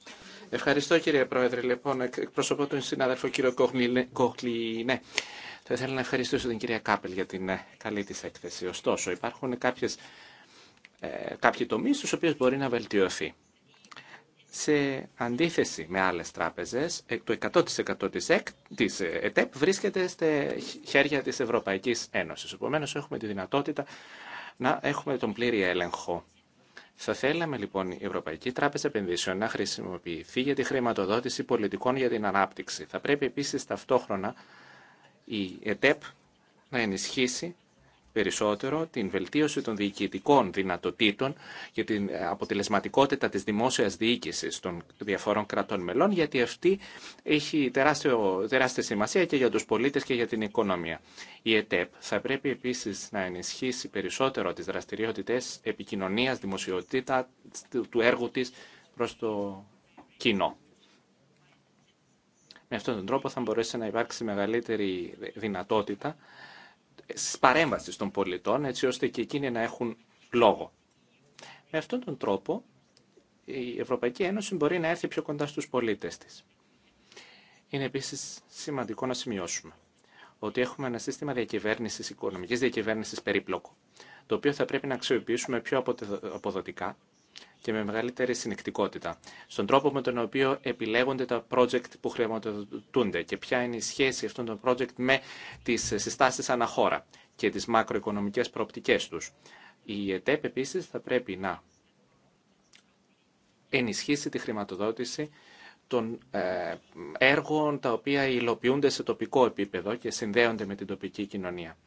Ευχαριστώ κύριε Πρόεδρε. Λοιπόν, εκπροσωπώ τον συνάδελφο κύριο Κόχλι. Ναι. Θα ήθελα να ευχαριστήσω την κυρία Κάπελ για την ε, καλή τη έκθεση. Ωστόσο, υπάρχουν κάποιε. Ε, κάποιοι τομείς στους οποίους μπορεί να βελτιωθεί. Σε αντίθεση με άλλες τράπεζες, το 100% της, ΕΚ, της ΕΤΕΠ βρίσκεται στα χέρια της Ευρωπαϊκής Ένωσης. Επομένως, έχουμε τη δυνατότητα να έχουμε τον πλήρη έλεγχο. Θα θέλαμε λοιπόν η Ευρωπαϊκή Τράπεζα Επενδύσεων να χρησιμοποιηθεί για τη χρηματοδότηση πολιτικών για την ανάπτυξη. Θα πρέπει επίσης ταυτόχρονα η ΕΤΕΠ να ενισχύσει περισσότερο την βελτίωση των διοικητικών δυνατοτήτων και την ε, αποτελεσματικότητα της δημόσιας διοίκησης των διαφορών κρατών μελών, γιατί αυτή έχει τεράστιο, τεράστια σημασία και για τους πολίτες και για την οικονομία. Η ΕΤΕΠ θα πρέπει επίσης να ενισχύσει περισσότερο τις δραστηριότητες επικοινωνίας, δημοσιοτήτα του έργου της προς το κοινό. Με αυτόν τον τρόπο θα μπορέσει να υπάρξει μεγαλύτερη δυνατότητα παρέμβαση των πολιτών, έτσι ώστε και εκείνοι να έχουν λόγο. Με αυτόν τον τρόπο, η Ευρωπαϊκή Ένωση μπορεί να έρθει πιο κοντά στους πολίτες της. Είναι επίσης σημαντικό να σημειώσουμε ότι έχουμε ένα σύστημα διακυβέρνησης, οικονομική, διακυβέρνησης περίπλοκο, το οποίο θα πρέπει να αξιοποιήσουμε πιο αποδοτικά και με μεγαλύτερη συνεκτικότητα στον τρόπο με τον οποίο επιλέγονται τα project που χρηματοδοτούνται και ποια είναι η σχέση αυτών των project με τις συστάσεις αναχώρα και τις μακροοικονομικές προοπτικές τους. Η ΕΤΕΠ επίσης θα πρέπει να ενισχύσει τη χρηματοδότηση των ε, έργων τα οποία υλοποιούνται σε τοπικό επίπεδο και συνδέονται με την τοπική κοινωνία.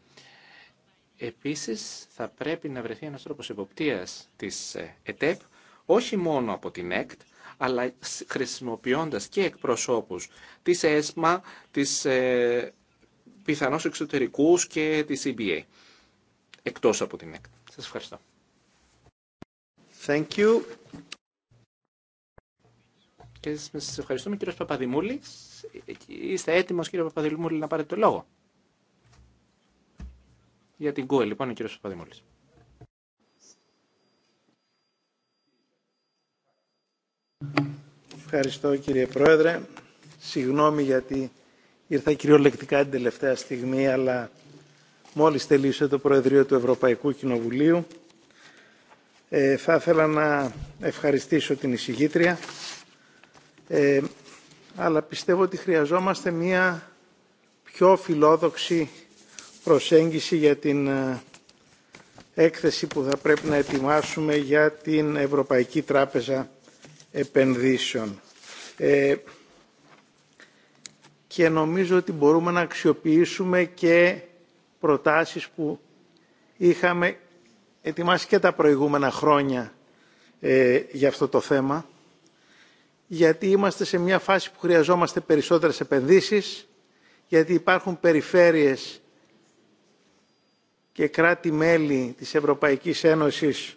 Επίσης θα πρέπει να βρεθεί ένας τρόπος εποπτείας της ε, ΕΤΕΠ, όχι μόνο από την ΕΚΤ, αλλά χρησιμοποιώντας και εκπροσώπους της ΕΣΜΑ, της ε, πιθανώς εξωτερικούς και της EBA, εκτός από την ΕΚΤ. Σας ευχαριστώ. Thank you. Και σας ευχαριστούμε κύριος Παπαδημούλης. Ε, ε, είστε έτοιμος κύριε Παπαδημούλη να πάρετε το λόγο. Για την ΚΟΕ, λοιπόν, ο κύριος Παδημόλης. Ευχαριστώ κύριε Πρόεδρε. Συγγνώμη γιατί ήρθα κυριολεκτικά την τελευταία στιγμή, αλλά μόλις τελείωσε το Προεδρείο του Ευρωπαϊκού Κοινοβουλίου. Ε, θα ήθελα να ευχαριστήσω την εισηγήτρια, ε, αλλά πιστεύω ότι χρειαζόμαστε μια πιο φιλόδοξη προσέγγιση για την ε, έκθεση που θα πρέπει να ετοιμάσουμε για την Ευρωπαϊκή Τράπεζα Επενδύσεων. Ε, και νομίζω ότι μπορούμε να αξιοποιήσουμε και προτάσεις που είχαμε ετοιμάσει και τα προηγούμενα χρόνια ε, για αυτό το θέμα γιατί είμαστε σε μια φάση που χρειαζόμαστε περισσότερες επενδύσεις γιατί υπάρχουν περιφέρειες και κράτη-μέλη της Ευρωπαϊκής Ένωσης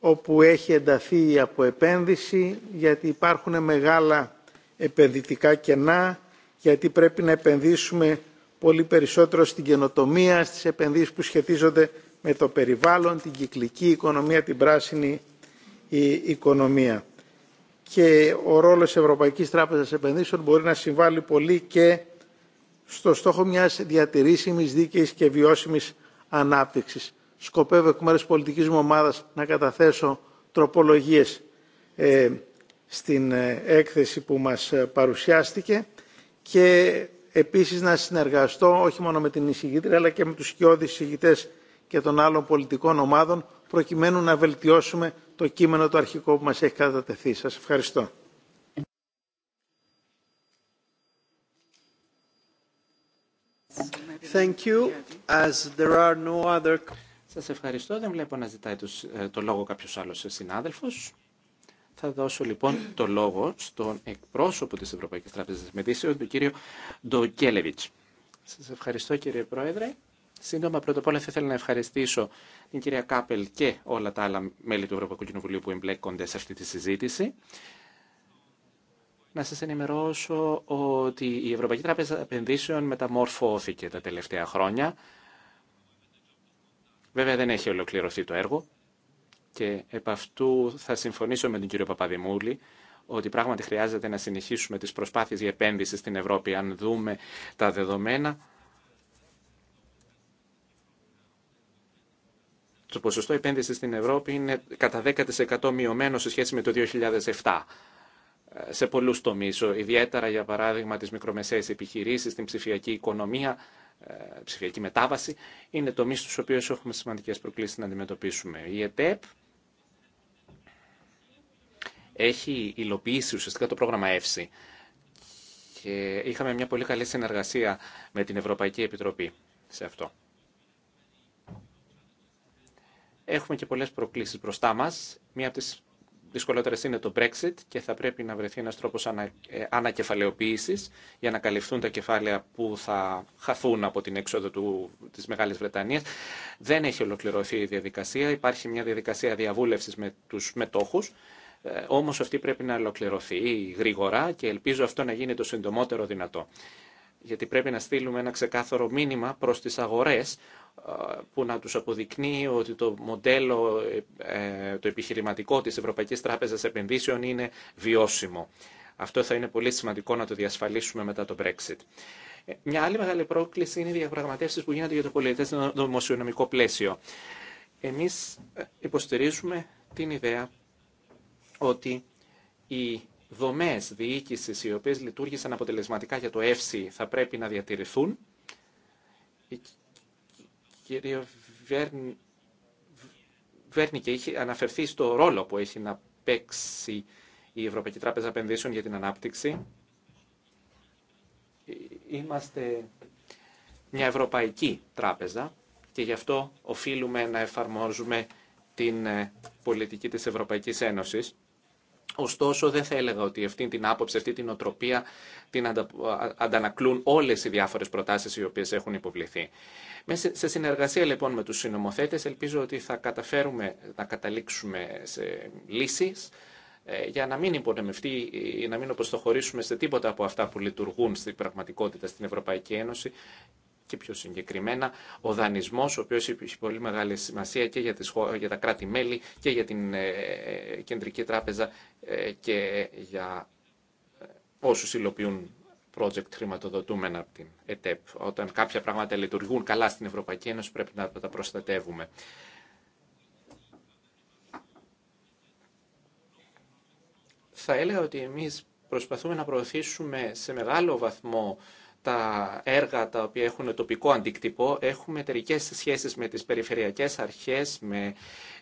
όπου έχει ενταθεί η αποεπένδυση, γιατί υπάρχουν μεγάλα επενδυτικά κενά, γιατί πρέπει να επενδύσουμε πολύ περισσότερο στην καινοτομία, στις επενδύσεις που σχετίζονται με το περιβάλλον, την κυκλική οικονομία, την πράσινη οικονομία. Και ο ρόλος Ευρωπαϊκής Τράπεζας Επενδύσεων μπορεί να συμβάλλει πολύ και στο στόχο μιας διατηρήσιμης, δίκαιης και βιώσιμης ανάπτυξης. Σκοπεύω εκ μέρους πολιτική μου ομάδας να καταθέσω τροπολογίες ε, στην ε, έκθεση που μας ε, παρουσιάστηκε και επίσης να συνεργαστώ όχι μόνο με την εισηγήτρια αλλά και με τους σκιώδεις εισηγητές και των άλλων πολιτικών ομάδων προκειμένου να βελτιώσουμε το κείμενο το αρχικό που μας έχει κατατεθεί. Σας ευχαριστώ. thank you. As there are no other... Σας ευχαριστώ. Δεν βλέπω να ζητάει ε, το λόγο κάποιος άλλος συνάδελφος. Θα δώσω λοιπόν το λόγο στον εκπρόσωπο της Ευρωπαϊκής Τράπεζας Μετήσεων, τον κύριο Ντοκέλεβιτς. Σας ευχαριστώ κύριε Πρόεδρε. Σύντομα, πρώτα απ' όλα θα ήθελα να ευχαριστήσω την κυρία Κάπελ και όλα τα άλλα μέλη του Ευρωπαϊκού Κοινοβουλίου που εμπλέκονται σε αυτή τη συζήτηση να σας ενημερώσω ότι η Ευρωπαϊκή Τράπεζα Επενδύσεων μεταμορφώθηκε τα τελευταία χρόνια. Βέβαια δεν έχει ολοκληρωθεί το έργο και επ' αυτού θα συμφωνήσω με τον κύριο Παπαδημούλη ότι πράγματι χρειάζεται να συνεχίσουμε τις προσπάθειες για επένδυση στην Ευρώπη αν δούμε τα δεδομένα. Το ποσοστό επένδυσης στην Ευρώπη είναι κατά 10% μειωμένο σε σχέση με το 2007 σε πολλούς τομείς, ιδιαίτερα για παράδειγμα τις μικρομεσαίες επιχειρήσεις, την ψηφιακή οικονομία, ε, ψηφιακή μετάβαση, είναι τομείς στους οποίους έχουμε σημαντικές προκλήσεις να αντιμετωπίσουμε. Η ΕΤΕΠ έχει υλοποιήσει ουσιαστικά το πρόγραμμα ΕΦΣΥ και είχαμε μια πολύ καλή συνεργασία με την Ευρωπαϊκή Επιτροπή σε αυτό. Έχουμε και πολλές προκλήσεις μπροστά μας. Μία από τις δυσκολότερε είναι το Brexit και θα πρέπει να βρεθεί ένα τρόπο ανα, ε, ανακεφαλαιοποίηση για να καλυφθούν τα κεφάλαια που θα χαθούν από την έξοδο τη Μεγάλη Βρετανία. Δεν έχει ολοκληρωθεί η διαδικασία. Υπάρχει μια διαδικασία διαβούλευση με του μετόχου. Ε, Όμω αυτή πρέπει να ολοκληρωθεί γρήγορα και ελπίζω αυτό να γίνει το συντομότερο δυνατό γιατί πρέπει να στείλουμε ένα ξεκάθαρο μήνυμα προς τις αγορές ε, που να τους αποδεικνύει ότι το μοντέλο, ε, το επιχειρηματικό της Ευρωπαϊκής Τράπεζας Επενδύσεων είναι βιώσιμο. Αυτό θα είναι πολύ σημαντικό να το διασφαλίσουμε μετά το Brexit. Ε, μια άλλη μεγάλη πρόκληση είναι οι διαπραγματεύσεις που γίνονται για το πολιτικό δημοσιονομικό πλαίσιο. Εμείς υποστηρίζουμε την ιδέα ότι η δομές διοίκηση, οι οποίες λειτουργήσαν αποτελεσματικά για το ΕΦΣΥ θα πρέπει να διατηρηθούν. Η κυρία Βέρν... Βέρνικε είχε αναφερθεί στο ρόλο που έχει να παίξει η Ευρωπαϊκή Τράπεζα Επενδύσεων για την Ανάπτυξη. Ε, είμαστε μια ευρωπαϊκή τράπεζα και γι' αυτό οφείλουμε να εφαρμόζουμε την ε, πολιτική της Ευρωπαϊκής Ένωσης. Ωστόσο, δεν θα έλεγα ότι αυτή την άποψη, αυτή την οτροπία την αντανακλούν όλε οι διάφορε προτάσει οι οποίε έχουν υποβληθεί. Σε συνεργασία λοιπόν με του συνομοθέτε, ελπίζω ότι θα καταφέρουμε να καταλήξουμε σε λύσει ε, για να μην υπονεμευτεί ή να μην αποστοχωρήσουμε σε τίποτα από αυτά που λειτουργούν στην πραγματικότητα στην Ευρωπαϊκή Ένωση και πιο συγκεκριμένα ο δανεισμός, ο οποίος έχει πολύ μεγάλη σημασία και για, τις, για τα κράτη-μέλη και για την ε, ε, Κεντρική Τράπεζα ε, και για όσου υλοποιούν project χρηματοδοτούμενα από την ΕΤΕΠ. Όταν κάποια πράγματα λειτουργούν καλά στην Ευρωπαϊκή Ένωση πρέπει να τα προστατεύουμε. Θα έλεγα ότι εμείς προσπαθούμε να προωθήσουμε σε μεγάλο βαθμό τα έργα τα οποία έχουν τοπικό αντίκτυπο, έχουμε εταιρικέ σχέσεις με τις περιφερειακές αρχές, με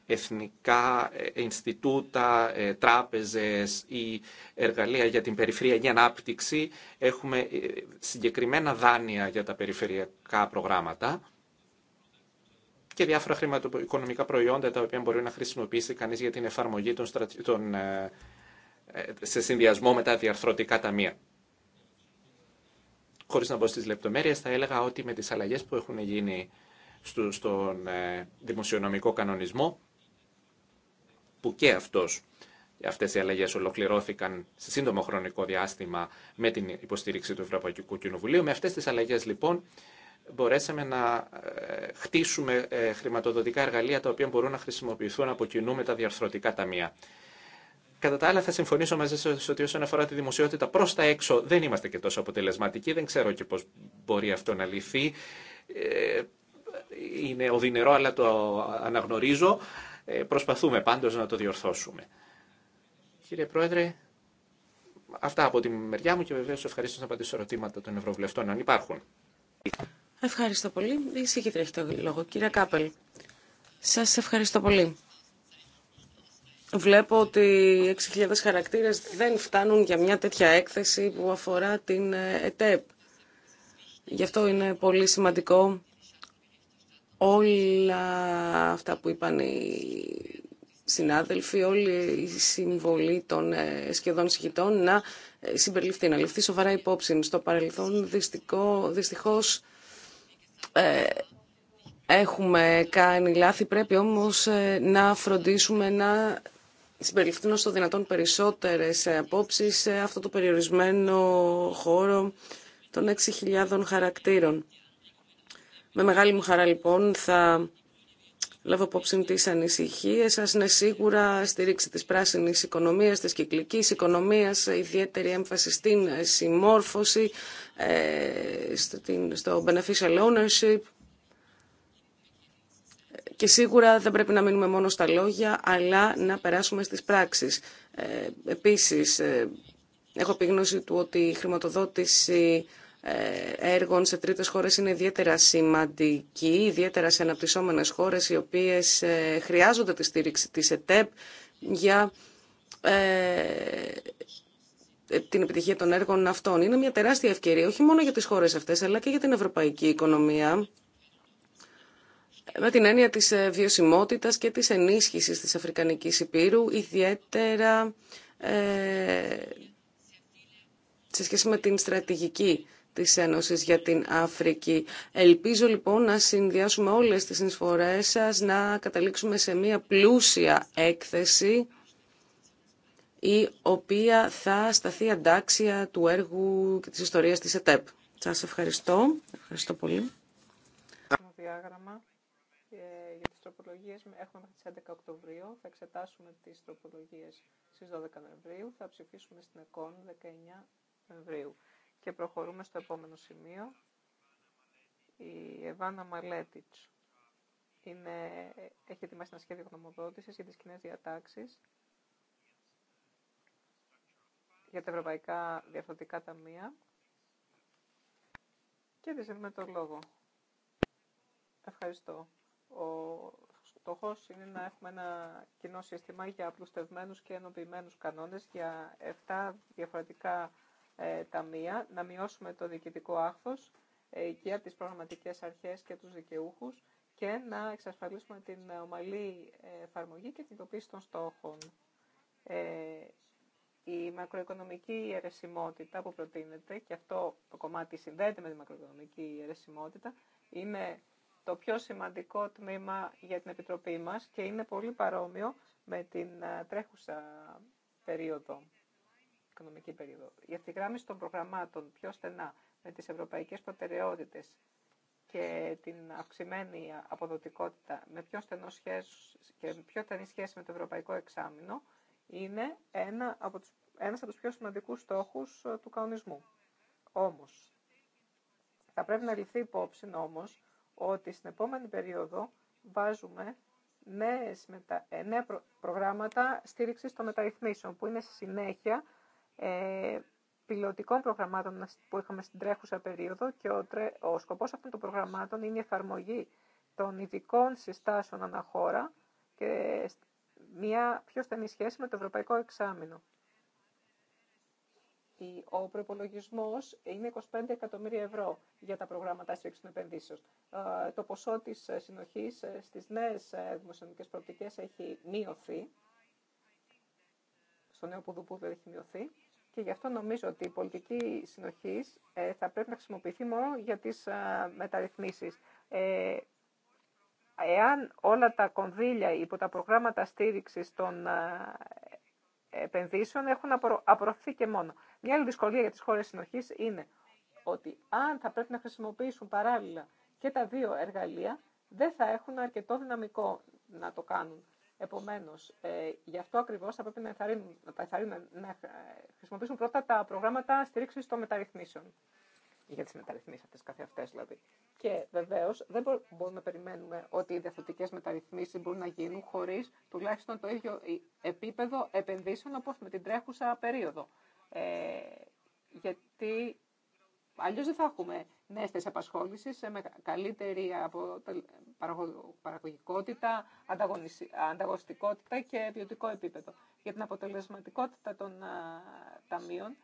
εθνικά ε, Ινστιτούτα, ε, τράπεζες ή εργαλεία για την περιφερειακή ανάπτυξη. Έχουμε ε, συγκεκριμένα δάνεια για τα περιφερειακά προγράμματα και διάφορα χρηματοοικονομικά προϊόντα τα οποία μπορεί να χρησιμοποιήσει κανείς για την εφαρμογή των, σε συνδυασμό με τα διαρθρωτικά ταμεία. Χωρίς να μπω στις λεπτομέρειες, θα έλεγα ότι με τις αλλαγές που έχουν γίνει στο, στον ε, δημοσιονομικό κανονισμό, που και αυτός Αυτέ οι αλλαγέ ολοκληρώθηκαν σε σύντομο χρονικό διάστημα με την υποστήριξη του Ευρωπαϊκού Κοινοβουλίου. Με αυτέ τι αλλαγέ, λοιπόν, μπορέσαμε να ε, χτίσουμε ε, χρηματοδοτικά εργαλεία τα οποία μπορούν να χρησιμοποιηθούν από κοινού με τα διαρθρωτικά ταμεία. Κατά τα άλλα, θα συμφωνήσω μαζί σα ότι όσον αφορά τη δημοσιότητα προ τα έξω δεν είμαστε και τόσο αποτελεσματικοί. Δεν ξέρω και πώ μπορεί αυτό να λυθεί. Ε, είναι οδυνερό, αλλά το αναγνωρίζω. Ε, προσπαθούμε πάντω να το διορθώσουμε. Κύριε Πρόεδρε, αυτά από τη μεριά μου και βεβαίω ευχαρίστω να απαντήσω ερωτήματα των Ευρωβουλευτών, αν υπάρχουν. Ευχαριστώ πολύ. Η συγκεκριμένη έχει το λόγο. Κύριε Κάπελ, σα ευχαριστώ πολύ. Βλέπω ότι 6.000 χαρακτήρες δεν φτάνουν για μια τέτοια έκθεση που αφορά την ε, ΕΤΕΠ. Γι' αυτό είναι πολύ σημαντικό όλα αυτά που είπαν οι συνάδελφοι, όλη η συμβολή των ε, σχεδόν συγχυτών να ε, συμπεριληφθεί, να ληφθεί σοβαρά υπόψη. Στο παρελθόν δυστυχώ, δυστυχώς έχουμε κάνει λάθη, πρέπει όμως να φροντίσουμε να συμπεριληφθούν όσο δυνατόν περισσότερες απόψεις σε αυτό το περιορισμένο χώρο των 6.000 χαρακτήρων. Με μεγάλη μου χαρά λοιπόν θα λάβω απόψη τις ανησυχίες σας. Είναι σίγουρα στήριξη της πράσινης οικονομίας, της κυκλικής οικονομίας, ιδιαίτερη έμφαση στην συμμόρφωση, ε, στο beneficial ownership και σίγουρα δεν πρέπει να μείνουμε μόνο στα λόγια, αλλά να περάσουμε στις πράξεις. Ε, επίσης, ε, έχω γνώση του ότι η χρηματοδότηση ε, έργων σε τρίτες χώρες είναι ιδιαίτερα σημαντική, ιδιαίτερα σε αναπτυσσόμενες χώρες οι οποίες ε, χρειάζονται τη στήριξη της ΕΤΕΠ για ε, την επιτυχία των έργων αυτών. Είναι μια τεράστια ευκαιρία όχι μόνο για τις χώρες αυτές αλλά και για την ευρωπαϊκή οικονομία με την έννοια της ε, βιωσιμότητας και της ενίσχυσης της Αφρικανικής Υπήρου, ιδιαίτερα ε, σε σχέση με την στρατηγική της Ένωσης για την Αφρική. Ελπίζω λοιπόν να συνδυάσουμε όλες τις συνσφορές σας, να καταλήξουμε σε μια πλούσια έκθεση η οποία θα σταθεί αντάξια του έργου και της ιστορίας της ΕΤΕΠ. Σας ευχαριστώ. Ευχαριστώ πολύ τροπολογίες έχουμε μέχρι τι 11 Οκτωβρίου, θα εξετάσουμε τις τροπολογίες στις 12 Νοεμβρίου, θα ψηφίσουμε στην ΕΚΟΝ 19 Νοεμβρίου. Και προχωρούμε στο επόμενο σημείο. Η Εβάνα Μαλέτιτς έχει ετοιμάσει ένα σχέδιο γνωμοδότηση για τι κοινέ διατάξει. για τα ευρωπαϊκά διαφορετικά ταμεία και τη δίνουμε το λόγο. Ευχαριστώ. Ο στόχος είναι να έχουμε ένα κοινό σύστημα για απλουστευμένους και ενοποιημένους κανόνες για 7 διαφορετικά ε, ταμεία, να μειώσουμε το διοικητικό άχθος ε, για και από τις προγραμματικές αρχές και τους δικαιούχους και να εξασφαλίσουμε την ομαλή ε, εφαρμογή και την τοποίηση των στόχων. Ε, η μακροοικονομική αιρεσιμότητα που προτείνεται, και αυτό το κομμάτι συνδέεται με τη μακροοικονομική αιρεσιμότητα, είναι το πιο σημαντικό τμήμα για την Επιτροπή μας και είναι πολύ παρόμοιο με την ε, τρέχουσα περίοδο, οικονομική περίοδο. Η ευθυγράμμιση των προγραμμάτων πιο στενά με τις ευρωπαϊκές προτεραιότητες και την αυξημένη αποδοτικότητα με πιο στενό σχέση και πιο στενή σχέση με το ευρωπαϊκό εξάμεινο είναι ένα από τους, ένας από τους πιο σημαντικούς στόχους ε, του κανονισμού. Όμως, θα πρέπει να ληφθεί υπόψη όμως ότι στην επόμενη περίοδο βάζουμε νέες μετα... Ε, νέα προγράμματα στήριξης των μεταρρυθμίσεων, που είναι στη συνέχεια ε, πιλωτικών προγραμμάτων που είχαμε στην τρέχουσα περίοδο και ο, τρε... ο σκοπός αυτών των προγραμμάτων είναι η εφαρμογή των ειδικών συστάσεων αναχώρα και μια πιο στενή σχέση με το Ευρωπαϊκό Εξάμεινο ο προπολογισμό είναι 25 εκατομμύρια ευρώ για τα προγράμματα στήριξη των επενδύσεων. Ε, το ποσό τη ε, συνοχή ε, στι νέε δημοσιονομικέ προοπτικέ έχει μειωθεί. Στο νέο δεν έχει μειωθεί. Και γι' αυτό νομίζω ότι η πολιτική συνοχή θα πρέπει να χρησιμοποιηθεί μόνο για τι μεταρρυθμίσει. Εάν όλα τα κονδύλια υπό τα προγράμματα στήριξη των επενδύσεων έχουν απορροφθεί και μόνο. Μια άλλη δυσκολία για τι χώρε συνοχή είναι ότι αν θα πρέπει να χρησιμοποιήσουν παράλληλα και τα δύο εργαλεία, δεν θα έχουν αρκετό δυναμικό να το κάνουν. Επομένω, ε, γι' αυτό ακριβώ θα πρέπει να, να, να ε, χρησιμοποιήσουν πρώτα τα προγράμματα στήριξη των μεταρρυθμίσεων. Για τι μεταρρυθμίσει αυτέ καθεαυτέ δηλαδή. Και βεβαίω δεν μπορούμε να περιμένουμε ότι οι διαφορετικέ μεταρρυθμίσει μπορούν να γίνουν χωρί τουλάχιστον το ίδιο ε, επίπεδο επενδύσεων όπω με την τρέχουσα περίοδο. Ε, γιατί αλλιώς δεν θα έχουμε νέες θέσεις απασχόλησης, ε, με καλύτερη από παραγωγικότητα, ανταγωνιστικότητα και ποιοτικό επίπεδο. Για την αποτελεσματικότητα των ε, ταμείων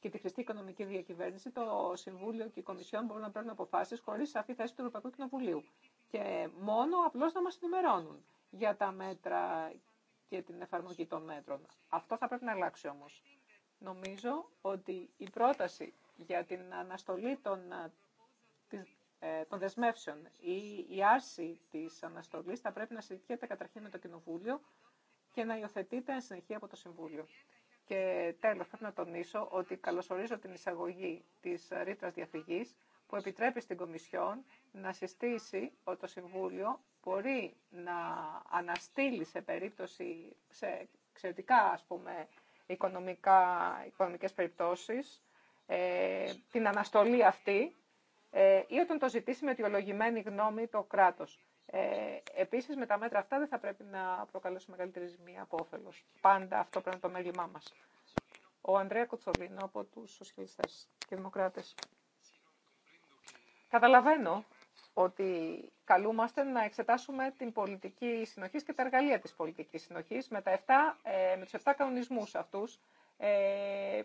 και τη χρηστή οικονομική διακυβέρνηση, το Συμβούλιο και η Κομισιόν μπορούν να παίρνουν αποφάσεις χωρίς σαφή θέση του Ευρωπαϊκού Κοινοβουλίου. Και μόνο απλώ να μας ενημερώνουν για τα μέτρα και την εφαρμογή των μέτρων. Αυτό θα πρέπει να αλλάξει όμω. Νομίζω ότι η πρόταση για την αναστολή των, ε, ε, των δεσμεύσεων ή η άρση της αναστολής θα πρέπει να συζητιέται καταρχήν με το Κοινοβούλιο και να υιοθετείται συνεχεία από το Συμβούλιο. Και τέλος, πρέπει να τονίσω ότι καλωσορίζω την εισαγωγή της ρήτρα διαφυγής που επιτρέπει στην Κομισιόν να συστήσει ότι το Συμβούλιο μπορεί να αναστείλει σε περίπτωση, σε εξαιρετικά ας πούμε, οικονομικά, οικονομικές περιπτώσεις, ε, την αναστολή αυτή ε, ή όταν το ζητήσει με αιτιολογημένη γνώμη το κράτος. Ε, επίσης με τα μέτρα αυτά δεν θα πρέπει να προκαλέσουμε μεγαλύτερη ζημία από όφελος. Πάντα αυτό πρέπει να το μέλημά μας. Ο Ανδρέα Κουτσολίνο από τους Σοσιαλιστές και Δημοκράτες. Καταλαβαίνω ότι καλούμαστε να εξετάσουμε την πολιτική συνοχής και τα εργαλεία της πολιτικής συνοχής με, τα 7, ε, με τους 7 κανονισμούς αυτούς ε,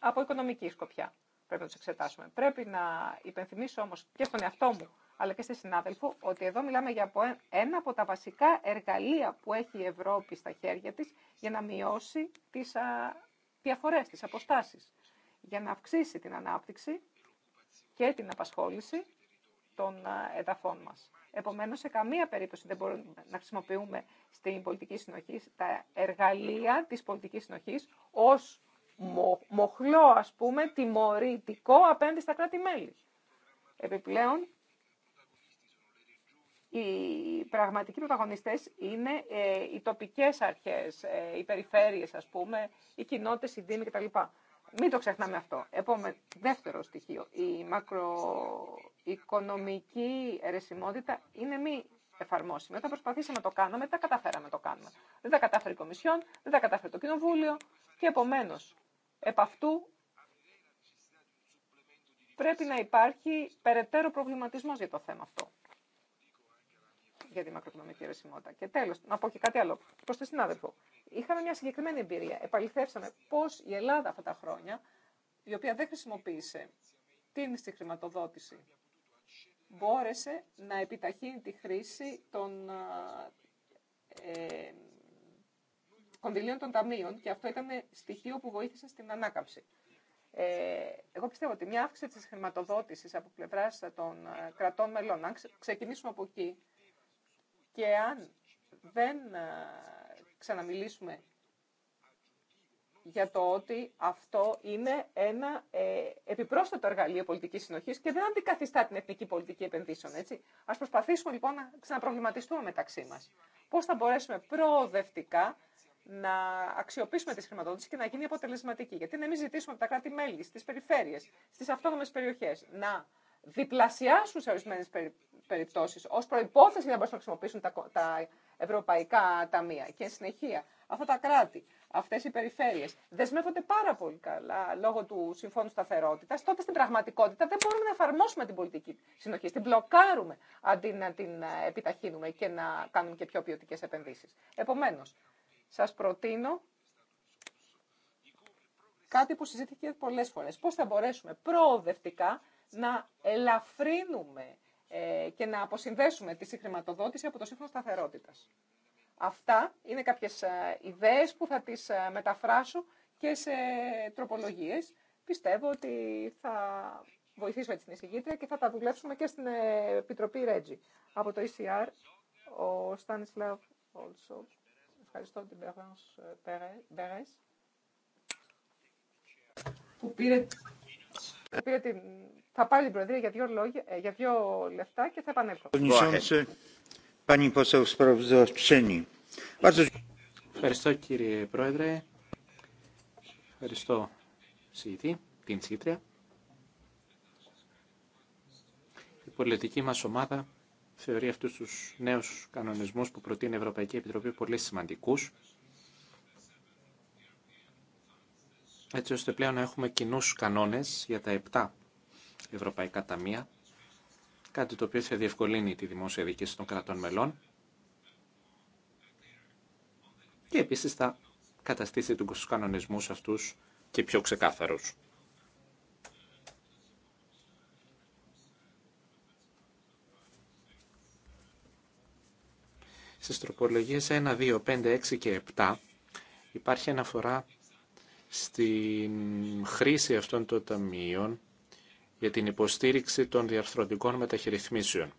από οικονομική σκοπιά. Πρέπει να τους εξετάσουμε. Πρέπει να υπενθυμίσω όμως και στον εαυτό μου αλλά και στη συνάδελφο ότι εδώ μιλάμε για ένα από τα βασικά εργαλεία που έχει η Ευρώπη στα χέρια της για να μειώσει τις διαφορές, τις αποστάσεις, για να αυξήσει την ανάπτυξη και την απασχόληση των εδαφών μας. Επομένως, σε καμία περίπτωση δεν μπορούμε να χρησιμοποιούμε στην πολιτική συνοχή τα εργαλεία της πολιτικής συνοχής ως μοχλό, ας πούμε, τιμωρητικό απέναντι στα κράτη-μέλη. Επιπλέον, οι πραγματικοί πρωταγωνιστές είναι ε, οι τοπικές αρχές, ε, οι περιφέρειες, ας πούμε, οι κοινότητες, οι δήμοι κτλ. Μην το ξεχνάμε αυτό. Επόμενο, δεύτερο στοιχείο. Η μακροοικονομική αιρεσιμότητα είναι μη εφαρμόσιμη. Όταν προσπαθήσαμε να το κάνουμε, τα καταφέραμε να το κάνουμε. Δεν τα κατάφερε η Κομισιόν, δεν τα κατάφερε το Κοινοβούλιο και επομένω επ' αυτού πρέπει να υπάρχει περαιτέρω προβληματισμό για το θέμα αυτό. Για τη μακροοικονομική αιρεσιμότητα. Και τέλο, να πω και κάτι άλλο προ τη συνάδελφο. Είχαμε μια συγκεκριμένη εμπειρία. Επαληθεύσαμε πώ η Ελλάδα αυτά τα χρόνια, η οποία δεν χρησιμοποίησε την στη χρηματοδότηση, μπόρεσε να επιταχύνει τη χρήση των ε, κονδυλίων των ταμείων και αυτό ήταν στοιχείο που βοήθησε στην ανάκαμψη. Ε, εγώ πιστεύω ότι μια αύξηση της χρηματοδότησης από πλευρά των ε, κρατών μελών, αν ξεκινήσουμε από εκεί και αν δεν ε, ξαναμιλήσουμε για το ότι αυτό είναι ένα ε, επιπρόσθετο εργαλείο πολιτικής συνοχής και δεν αντικαθιστά την εθνική πολιτική επενδύσεων. Έτσι. Ας προσπαθήσουμε λοιπόν να ξαναπροβληματιστούμε μεταξύ μας. Πώς θα μπορέσουμε προοδευτικά να αξιοποιήσουμε τις χρηματοδότηση και να γίνει αποτελεσματική. Γιατί να μην ζητήσουμε από τα κράτη-μέλη, στις περιφέρειες, στις αυτόνομες περιοχές, να διπλασιάσουν σε ορισμένε περιπτώσει ω προπόθεση για να μπορέσουν να χρησιμοποιήσουν τα, τα ευρωπαϊκά ταμεία. Και συνεχεία, αυτά τα κράτη, αυτέ οι περιφέρειες δεσμεύονται πάρα πολύ καλά λόγω του Συμφώνου Σταθερότητα. Τότε στην πραγματικότητα δεν μπορούμε να εφαρμόσουμε την πολιτική συνοχή. Την μπλοκάρουμε αντί να την ε, επιταχύνουμε και να κάνουμε και πιο ποιοτικέ επενδύσει. Επομένω, σα προτείνω κάτι που συζήτηκε πολλές φορές. Πώς θα μπορέσουμε προοδευτικά να ελαφρύνουμε ε, και να αποσυνδέσουμε τη συγχρηματοδότηση από το σύμφωνο σταθερότητα. Αυτά είναι κάποιες ε, ιδέες που θα τις ε, μεταφράσω και σε τροπολογίες. Πιστεύω ότι θα βοηθήσουμε την εισηγήτρια και θα τα δουλέψουμε και στην Επιτροπή Ρέτζι. Από το ECR, ο Στάνισλαβ Όλσο. Ευχαριστώ την Πέρε. που πήρε ότι θα πάρει την Προεδρία για δύο, λόγια, ε, για δύο λεφτά και θα επανέλθω. Ευχαριστώ κύριε Πρόεδρε. Ευχαριστώ συγητή, την Τσίτρια. Η πολιτική μας ομάδα θεωρεί αυτούς τους νέους κανονισμούς που προτείνει η Ευρωπαϊκή Επιτροπή πολύ σημαντικούς έτσι ώστε πλέον να έχουμε κοινού κανόνε για τα 7 ευρωπαϊκά ταμεία, κάτι το οποίο θα διευκολύνει τη δημόσια διοίκηση των κρατών μελών και επίσης θα καταστήσει τους κανονισμούς αυτούς και πιο ξεκάθαρους. Στις τροπολογίες 1, 2, 5, 6 και 7 υπάρχει αναφορά στην χρήση αυτών των ταμείων για την υποστήριξη των διαρθρωτικών μεταχειριθμίσεων.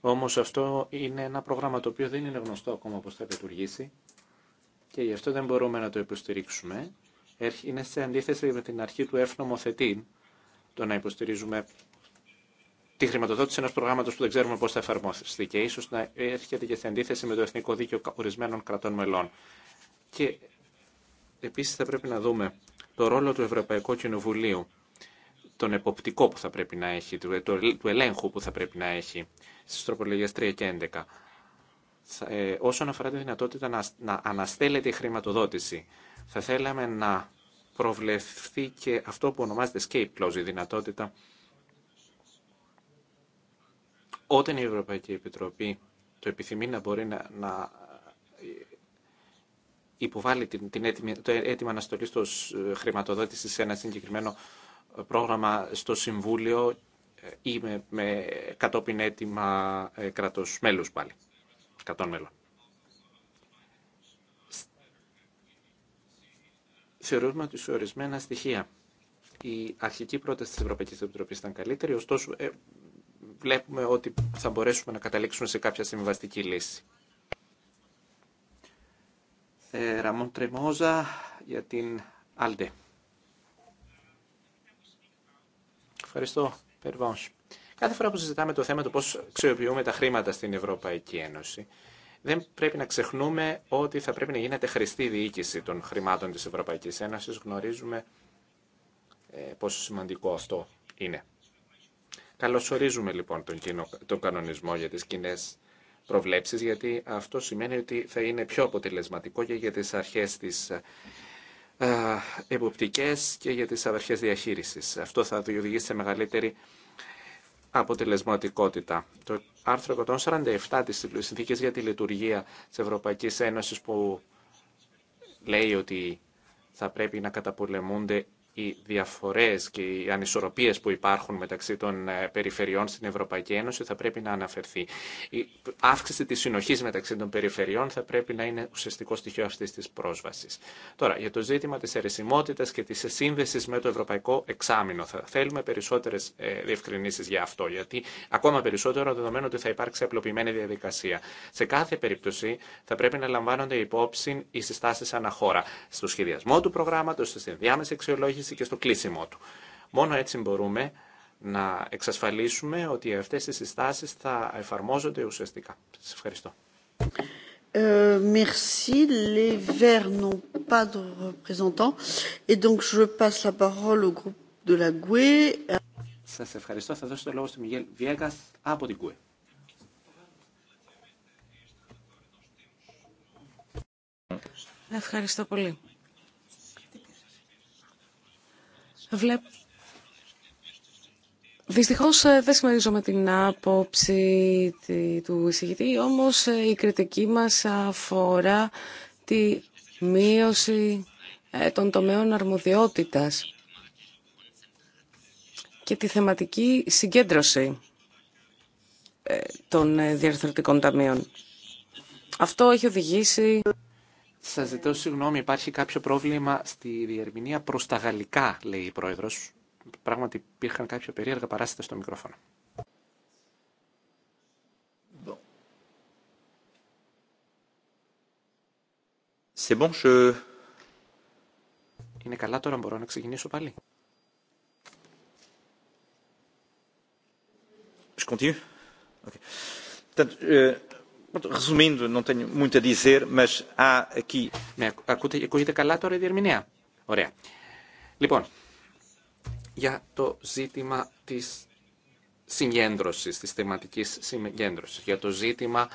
Όμως αυτό είναι ένα πρόγραμμα το οποίο δεν είναι γνωστό ακόμα πώς θα λειτουργήσει και γι' αυτό δεν μπορούμε να το υποστηρίξουμε. Είναι σε αντίθεση με την αρχή του εύνομοθετή το να υποστηρίζουμε τη χρηματοδότηση ενό προγράμματο που δεν ξέρουμε πώ θα εφαρμόστηκε. και ίσω να έρχεται και σε αντίθεση με το εθνικό δίκαιο ορισμένων κρατών μελών. Και Επίσης θα πρέπει να δούμε το ρόλο του Ευρωπαϊκού Κοινοβουλίου, τον εποπτικό που θα πρέπει να έχει, του ελέγχου που θα πρέπει να έχει στις τροπολογίες 3 και 11 ε, όσον αφορά τη δυνατότητα να, να αναστέλλεται η χρηματοδότηση, θα θέλαμε να προβλεφθεί και αυτό που ονομάζεται escape clause, η δυνατότητα όταν η Ευρωπαϊκή Επιτροπή το επιθυμεί να μπορεί να, να υποβάλει την, την έτοιμη, το αίτημα αναστολή στο ε, χρηματοδότηση σε ένα συγκεκριμένο ε, πρόγραμμα στο Συμβούλιο ε, ή με, με κατόπιν αίτημα ε, μέλους πάλι, μέλων. Θεωρούμε ότι σε ορισμένα στοιχεία η αρχική πρόταση της Ευρωπαϊκής Επιτροπής ήταν καλύτερη, ωστόσο βλέπουμε ότι θα μπορέσουμε να καταλήξουμε σε κάποια συμβαστική λύση. Ε, Ραμόν Τρεμόζα για την ΑΛΤΕ. Ευχαριστώ, Περβόνς. Κάθε φορά που συζητάμε το θέμα του πώς αξιοποιούμε τα χρήματα στην Ευρωπαϊκή Ένωση, δεν πρέπει να ξεχνούμε ότι θα πρέπει να γίνεται χρηστή διοίκηση των χρημάτων της Ευρωπαϊκής Ένωσης. Γνωρίζουμε ε, πόσο σημαντικό αυτό είναι. Καλωσορίζουμε λοιπόν τον, κανονισμό για τις κοινέ προβλέψεις, γιατί αυτό σημαίνει ότι θα είναι πιο αποτελεσματικό και για τις αρχές της ε, ε, εποπτικές και για τις αρχές διαχείρισης. Αυτό θα οδηγήσει σε μεγαλύτερη αποτελεσματικότητα. Το άρθρο 147 της Συνθήκης για τη Λειτουργία της Ευρωπαϊκής Ένωσης που λέει ότι θα πρέπει να καταπολεμούνται οι διαφορές και οι ανισορροπίες που υπάρχουν μεταξύ των ε, περιφερειών στην Ευρωπαϊκή Ένωση θα πρέπει να αναφερθεί. Η αύξηση της συνοχής μεταξύ των περιφερειών θα πρέπει να είναι ουσιαστικό στοιχείο αυτής της πρόσβασης. Τώρα, για το ζήτημα της αιρεσιμότητας και της σύνδεσης με το Ευρωπαϊκό Εξάμεινο. Θα θέλουμε περισσότερες ε, διευκρινήσεις για αυτό, γιατί ακόμα περισσότερο δεδομένου ότι θα υπάρξει απλοποιημένη διαδικασία. Σε κάθε περίπτωση θα πρέπει να λαμβάνονται υπόψη οι συστάσεις αναχώρα. Στο σχεδιασμό του προγράμματος, στη διάμεση αξιολόγηση και στο κλείσιμο του. Μόνο έτσι μπορούμε να εξασφαλίσουμε ότι αυτές οι συστάσεις θα εφαρμόζονται ουσιαστικά. Σας ευχαριστώ. Euh, merci. Les Verts n'ont pas de représentant. Et donc, je passe la parole au groupe de la GUE. Σας ευχαριστώ. Θα δώσω το λόγο στον Μιγέλ Βιέγκας από την ΚΟΕ. E. Ευχαριστώ πολύ. Βλέπω. Δυστυχώς ε, δεν συμμερίζομαι την άποψη του εισηγητή, όμως ε, η κριτική μας αφορά τη μείωση ε, των τομέων αρμοδιότητας και τη θεματική συγκέντρωση των διαρθρωτικών ταμείων. Αυτό έχει οδηγήσει Σα ζητώ συγγνώμη, υπάρχει κάποιο πρόβλημα στη διερμηνία προ τα γαλλικά, λέει η Πρόεδρος. Πράγματι υπήρχαν κάποια περίεργα παράσιτα στο μικρόφωνο. bon, je... Είναι καλά τώρα, μπορώ να ξεκινήσω πάλι. Je ε, Resumindo, não tenho muito a dizer, mas há ακούγεται καλά τώρα η διερμηνία. Ωραία. Λοιπόν, για το ζήτημα της συγκέντρωσης, της θεματικής συγκέντρωσης, για το ζήτημα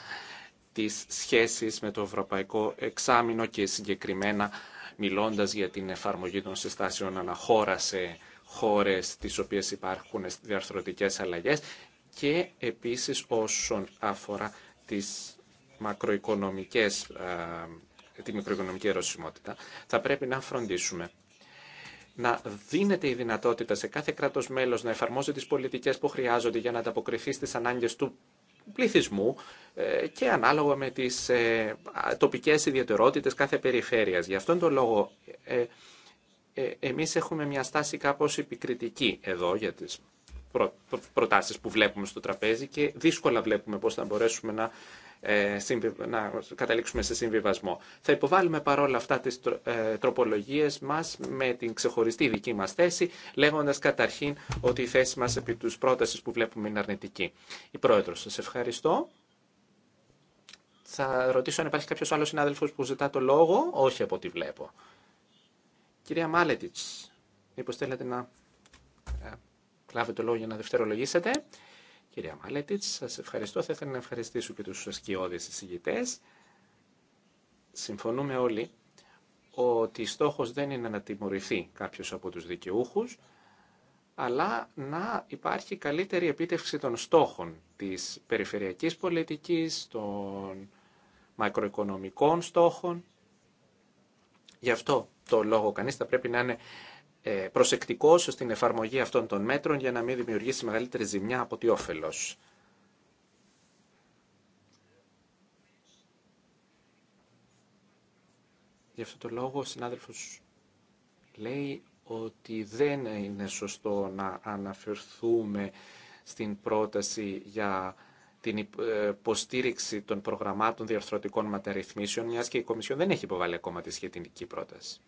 της σχέσης με το Ευρωπαϊκό Εξάμεινο και συγκεκριμένα μιλώντας για την εφαρμογή των συστάσεων αναχώρα σε χώρες τις οποίες υπάρχουν διαρθρωτικές αλλαγές και επίσης όσον αφορά τις μακροοικονομικές, ε, τη μικροοικονομική ερωσιμότητα, θα πρέπει να φροντίσουμε να δίνεται η δυνατότητα σε κάθε κράτος μέλος να εφαρμόζει τις πολιτικές που χρειάζονται για να ανταποκριθεί στις ανάγκες του πληθυσμού ε, και ανάλογα με τις ε, τοπικές ιδιαιτερότητες κάθε περιφέρειας. Γι' αυτόν τον λόγο εμείς έχουμε μια στάση κάπως επικριτική εδώ για τις προτάσεις που βλέπουμε στο τραπέζι και δύσκολα βλέπουμε πώς θα μπορέσουμε να, ε, να καταλήξουμε σε συμβιβασμό. Θα υποβάλουμε παρόλα αυτά τις τρο, ε, τροπολογίες μας με την ξεχωριστή δική μας θέση, λέγοντας καταρχήν ότι η θέση μας επί τους πρότασης που βλέπουμε είναι αρνητική. Η Πρόεδρος, σας ευχαριστώ. Θα ρωτήσω αν υπάρχει κάποιος άλλος συνάδελφος που ζητά το λόγο. Όχι από ό,τι βλέπω. Κυρία Μάλετιτς, μήπως θέλετε να Λάβετε το λόγο για να δευτερολογήσετε. Κυρία Μαλέτιτς, σας ευχαριστώ. Θα ήθελα να ευχαριστήσω και τους σκιώδει εισηγητέ. Συμφωνούμε όλοι ότι στόχος δεν είναι να τιμωρηθεί κάποιος από τους δικαιούχους, αλλά να υπάρχει καλύτερη επίτευξη των στόχων της περιφερειακής πολιτικής, των μακροοικονομικών στόχων. Γι' αυτό το λόγο κανείς θα πρέπει να είναι ε, προσεκτικός στην εφαρμογή αυτών των μέτρων για να μην δημιουργήσει μεγαλύτερη ζημιά από τι όφελο. Γι' αυτό το λόγο ο συνάδελφος λέει ότι δεν είναι σωστό να αναφερθούμε στην πρόταση για την ε, υποστήριξη των προγραμμάτων διαρθρωτικών μεταρρυθμίσεων, μιας και η Κομισιόν δεν έχει υποβάλει ακόμα τη σχετική πρόταση.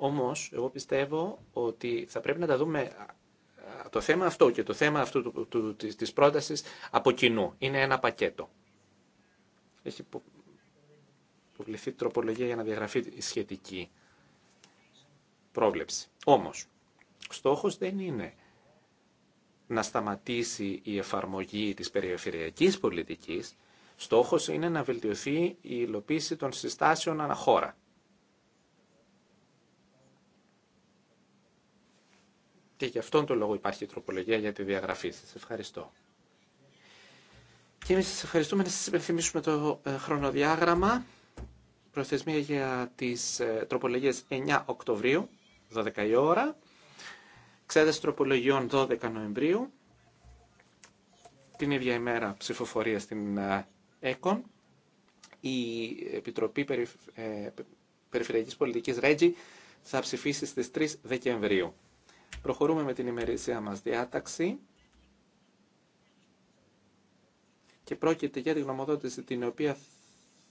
Όμως, εγώ πιστεύω ότι θα πρέπει να τα δούμε το θέμα αυτό και το θέμα αυτού του, του, της, της πρότασης από κοινού. Είναι ένα πακέτο. Έχει υποβληθεί τροπολογία για να διαγραφεί η σχετική πρόβλεψη. Όμως, στόχος δεν είναι να σταματήσει η εφαρμογή της περιφερειακής πολιτικής, στόχος είναι να βελτιωθεί η υλοποίηση των συστάσεων αναχώρα. και γι' αυτόν τον λόγο υπάρχει τροπολογία για τη διαγραφή. σα. ευχαριστώ. Και εμεί σα ευχαριστούμε να σα υπενθυμίσουμε το ε, χρονοδιάγραμμα. Προθεσμία για τις ε, τροπολογίες 9 Οκτωβρίου, 12 η ώρα. Ξέδεση τροπολογιών 12 Νοεμβρίου. Την ίδια ημέρα ψηφοφορία στην ε, ΕΚΟΝ. Η Επιτροπή Περιφερειακής Πολιτικής ΡΕΤΖΙ θα ψηφίσει στις 3 Δεκεμβρίου. Προχωρούμε με την ημερήσια μας διάταξη και πρόκειται για τη γνωμοδότηση την οποία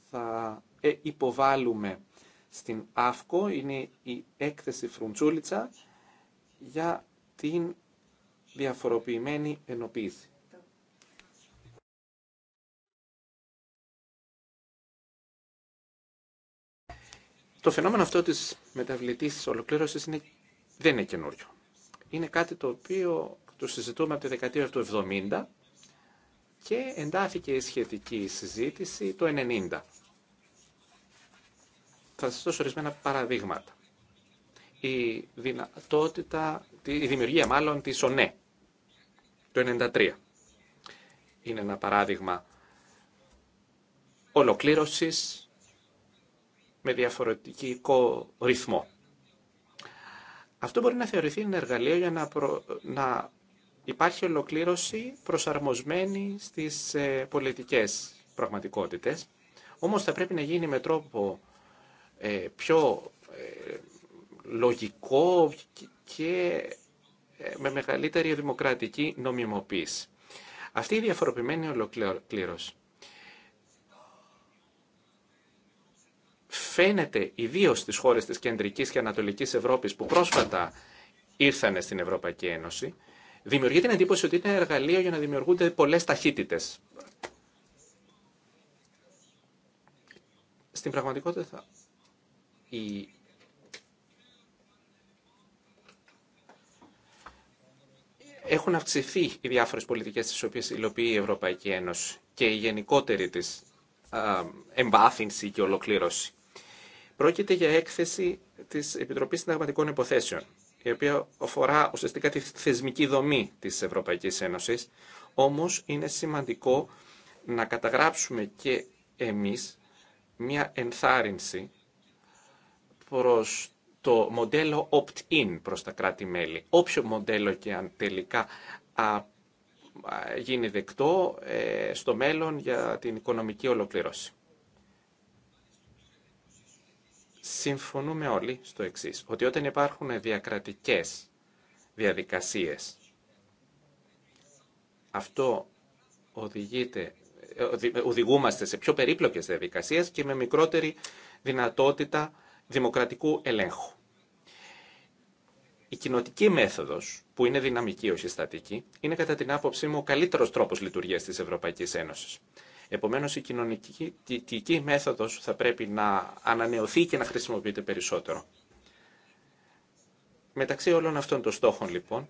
θα ε, υποβάλουμε στην ΑΦΚΟ, είναι η έκθεση Φρουντσούλιτσα για την διαφοροποιημένη ενοποίηση. Το φαινόμενο αυτό της μεταβλητής ολοκλήρωσης δεν είναι καινούριο είναι κάτι το οποίο το συζητούμε από τη δεκαετία του 70 και εντάθηκε η σχετική συζήτηση το 90. Θα σας δώσω ορισμένα παραδείγματα. Η δυνατότητα, η δημιουργία μάλλον της ΟΝΕ το 1993. Είναι ένα παράδειγμα ολοκλήρωσης με διαφορετικό ρυθμό. Αυτό μπορεί να θεωρηθεί ένα εργαλείο για να, να υπάρχει ολοκλήρωση προσαρμοσμένη στις ε, πολιτικές πραγματικότητες. Όμως θα πρέπει να γίνει με τρόπο ε, πιο ε, λογικό και με μεγαλύτερη δημοκρατική νομιμοποίηση. Αυτή η διαφοροποιημένη ολοκλήρωση φαίνεται ιδίω στι χώρες της Κεντρικής και Ανατολικής Ευρώπης που πρόσφατα ήρθαν στην Ευρωπαϊκή Ένωση, δημιουργεί την εντύπωση ότι είναι εργαλείο για να δημιουργούνται πολλέ ταχύτητε. Στην πραγματικότητα, η... έχουν αυξηθεί οι διάφορες πολιτικές τις οποίες υλοποιεί η Ευρωπαϊκή Ένωση και η γενικότερη της εμπάθυνση και ολοκλήρωση. Πρόκειται για έκθεση της Επιτροπής Συνταγματικών Υποθέσεων, η οποία αφορά ουσιαστικά τη θεσμική δομή της Ευρωπαϊκής Ένωσης, όμως είναι σημαντικό να καταγράψουμε και εμείς μια ενθάρρυνση προς το μοντέλο opt-in προς τα κράτη-μέλη. Όποιο μοντέλο και αν τελικά γίνει δεκτό ε, στο μέλλον για την οικονομική ολοκληρώση. συμφωνούμε όλοι στο εξή ότι όταν υπάρχουν διακρατικές διαδικασίες, αυτό ε, ε, οδηγούμαστε σε πιο περίπλοκες διαδικασίες και με μικρότερη δυνατότητα δημοκρατικού ελέγχου. Η κοινοτική μέθοδος, που είναι δυναμική όχι στατική, είναι κατά την άποψή μου ο καλύτερος τρόπος λειτουργίας της Ευρωπαϊκής Ένωσης. Επομένως η κοινωνική μέθοδος θα πρέπει να ανανεωθεί και να χρησιμοποιείται περισσότερο. Μεταξύ όλων αυτών των στόχων λοιπόν,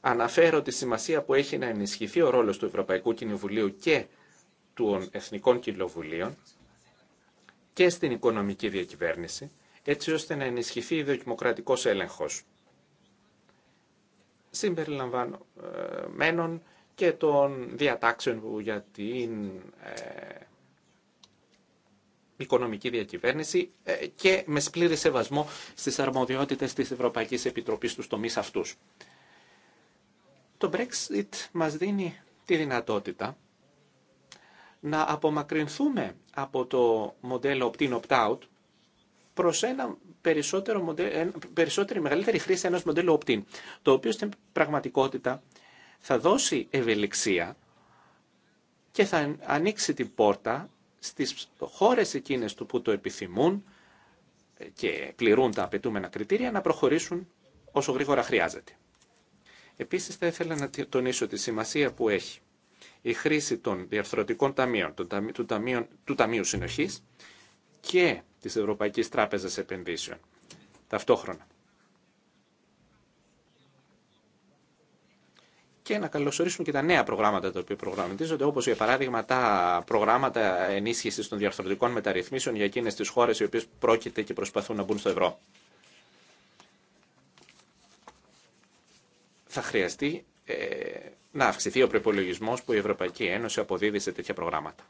αναφέρω τη σημασία που έχει να ενισχυθεί ο ρόλος του Ευρωπαϊκού Κοινοβουλίου και των Εθνικών Κοινοβουλίων και στην οικονομική διακυβέρνηση, έτσι ώστε να ενισχυθεί ο δημοκρατικός έλεγχος και των διατάξεων για την ε, οικονομική διακυβέρνηση ε, και με πλήρη σεβασμό στις αρμοδιότητες της Ευρωπαϊκής Επιτροπής στους τομείς αυτούς. Το Brexit μας δίνει τη δυνατότητα να απομακρυνθούμε από το μοντέλο opt-in, opt-out προς ένα περισσότερο μοντέλο, περισσότερη, μεγαλύτερη χρήση ενός μοντέλου opt-in, το οποίο στην πραγματικότητα θα δώσει ευελιξία και θα ανοίξει την πόρτα στις χώρες εκείνες του που το επιθυμούν και πληρούν τα απαιτούμενα κριτήρια να προχωρήσουν όσο γρήγορα χρειάζεται. Επίσης θα ήθελα να τονίσω τη σημασία που έχει η χρήση των διαρθρωτικών ταμείων, του, ταμείου, του Ταμείου Συνοχής και της Ευρωπαϊκής Τράπεζας Επενδύσεων ταυτόχρονα. και να καλωσορίσουν και τα νέα προγράμματα τα οποία προγραμματίζονται, όπω για παράδειγμα τα προγράμματα ενίσχυση των διαρθρωτικών μεταρρυθμίσεων για εκείνε τι χώρε οι οποίε πρόκειται και προσπαθούν να μπουν στο ευρώ. Θα χρειαστεί ε, να αυξηθεί ο προπολογισμό που η Ευρωπαϊκή Ένωση αποδίδει σε τέτοια προγράμματα.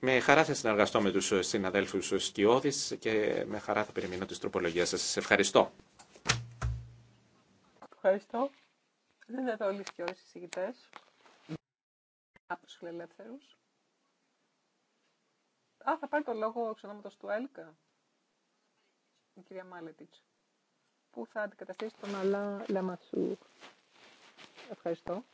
Με χαρά θα συνεργαστώ με τους συναδέλφους Σκιώδης και με χαρά θα περιμένω τις τροπολογίες σας. Σας ευχαριστώ. Ευχαριστώ. Δεν είναι εδώ όλοι και όλοι οι συζητητές. Από τους φιλελεύθερους. Α, θα πάρει το λόγο ο ξενόματος του ΕΛΚΑ. Η κυρία Μάλετιτς. Που θα αντικαταστήσει τον Αλά Λαματσού. Ευχαριστώ.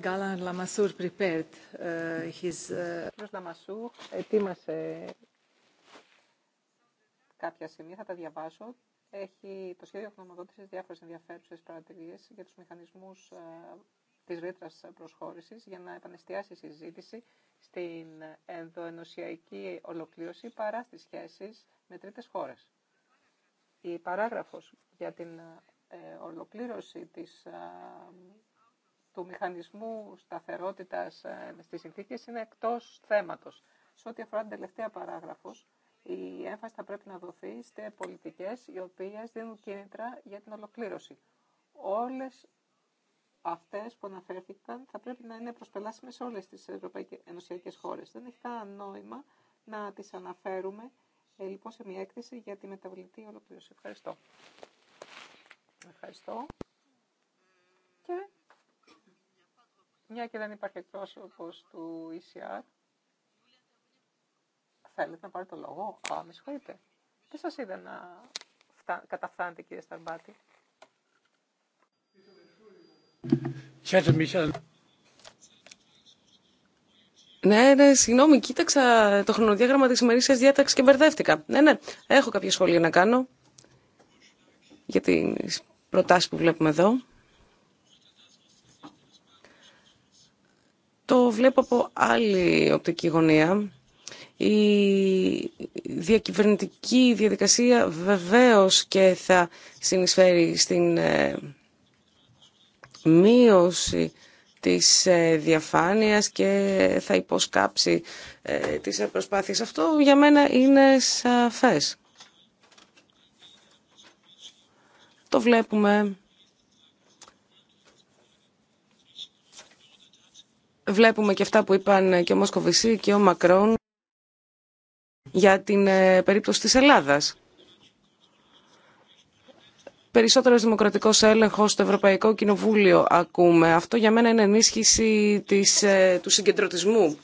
Γκάλαν Λαμασούρ prepared uh, uh Λαμασούρ ετοίμασε κάποια σημεία, θα τα διαβάσω έχει το σχέδιο γνωμοδότηση διάφορε ενδιαφέρουσε παρατηρίε για του μηχανισμού ε, τη ρήτρα προσχώρηση για να επανεστιάσει η συζήτηση στην ενδοενωσιακή ολοκλήρωση παρά στι σχέσει με τρίτε χώρε. Η παράγραφος για την ε, ολοκλήρωση της, ε, του μηχανισμού σταθερότητας στις συνθήκες είναι εκτός θέματος. Σε ό,τι αφορά την τελευταία παράγραφος, η έμφαση θα πρέπει να δοθεί σε πολιτικές οι οποίες δίνουν κίνητρα για την ολοκλήρωση. Όλες αυτές που αναφέρθηκαν θα πρέπει να είναι προσπελάσιμες σε όλες τις ευρωπαϊκές ενωσιακές χώρες. Δεν έχει κανένα νόημα να τις αναφέρουμε ε, λοιπόν σε μια έκθεση για τη μεταβλητή ολοκλήρωση. Ευχαριστώ. Ευχαριστώ. Και μια και δεν υπάρχει εκπρόσωπος του ECR, Θέλετε να πάρετε το λόγο. Α, με συγχωρείτε. Δεν σα είδα να φτα... καταφθάνετε, κύριε Σταρμπάτη. Ναι, ναι, συγγνώμη, κοίταξα το χρονοδιάγραμμα τη ημερήσια διάταξη και μπερδεύτηκα. Ναι, ναι, έχω κάποια σχόλια να κάνω για τι προτάσει που βλέπουμε εδώ. Το βλέπω από άλλη οπτική γωνία. Η διακυβερνητική διαδικασία βεβαίως και θα συνεισφέρει στην ε, μείωση της ε, διαφάνειας και θα υποσκάψει ε, τις προσπάθειες. Αυτό για μένα είναι σαφές. Το βλέπουμε. Βλέπουμε και αυτά που είπαν και ο Μοσκοβισή και ο Μακρόν για την ε, περίπτωση της Ελλάδας. Περισσότερος δημοκρατικός έλεγχος στο Ευρωπαϊκό Κοινοβούλιο ακούμε. Αυτό για μένα είναι ενίσχυση της, ε, του συγκεντρωτισμού.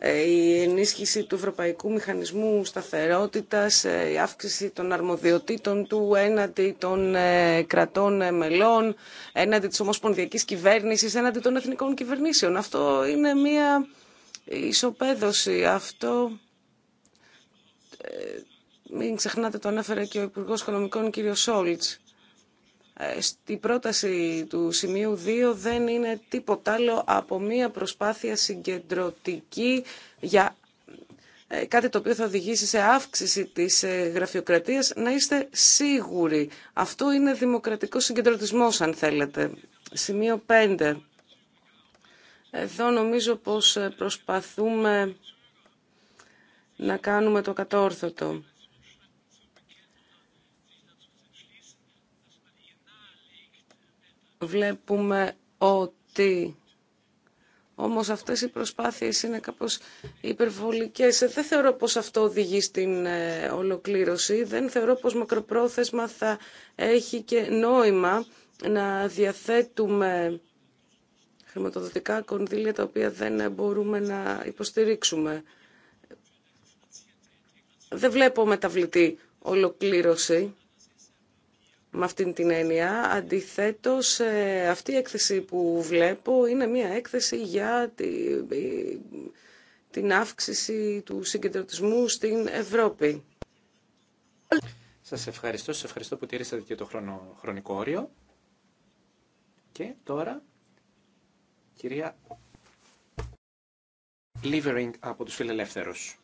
Ε, η ενίσχυση του Ευρωπαϊκού Μηχανισμού Σταθερότητας, η αύξηση των αρμοδιοτήτων του έναντι των κρατών μελών, έναντι της Ομοσπονδιακής Κυβέρνησης, έναντι των εθνικών κυβερνήσεων. Αυτό είναι μια ισοπαίδωση. Αυτό μην ξεχνάτε, το ανέφερε και ο Υπουργό Οικονομικών κ. Σόλτ. Ε, Η πρόταση του σημείου 2 δεν είναι τίποτα άλλο από μία προσπάθεια συγκεντρωτική για ε, κάτι το οποίο θα οδηγήσει σε αύξηση της ε, γραφειοκρατίας, να είστε σίγουροι. Αυτό είναι δημοκρατικός συγκεντρωτισμός, αν θέλετε. Σημείο 5. Εδώ νομίζω πως προσπαθούμε να κάνουμε το κατόρθωτο. Βλέπουμε ότι όμως αυτές οι προσπάθειες είναι κάπως υπερβολικές. Ε, δεν θεωρώ πως αυτό οδηγεί στην ε, ολοκλήρωση. Δεν θεωρώ πως μακροπρόθεσμα θα έχει και νόημα να διαθέτουμε χρηματοδοτικά κονδύλια τα οποία δεν μπορούμε να υποστηρίξουμε δεν βλέπω μεταβλητή ολοκλήρωση με αυτήν την έννοια. Αντιθέτως, ε, αυτή η έκθεση που βλέπω είναι μια έκθεση για την αύξηση του συγκεντρωτισμού στην Ευρώπη. Σας ευχαριστώ. Σας ευχαριστώ που τηρήσατε και το χρονο, χρονικό όριο. Και τώρα, κυρία Λίβερινγκ από τους φιλελεύθερους.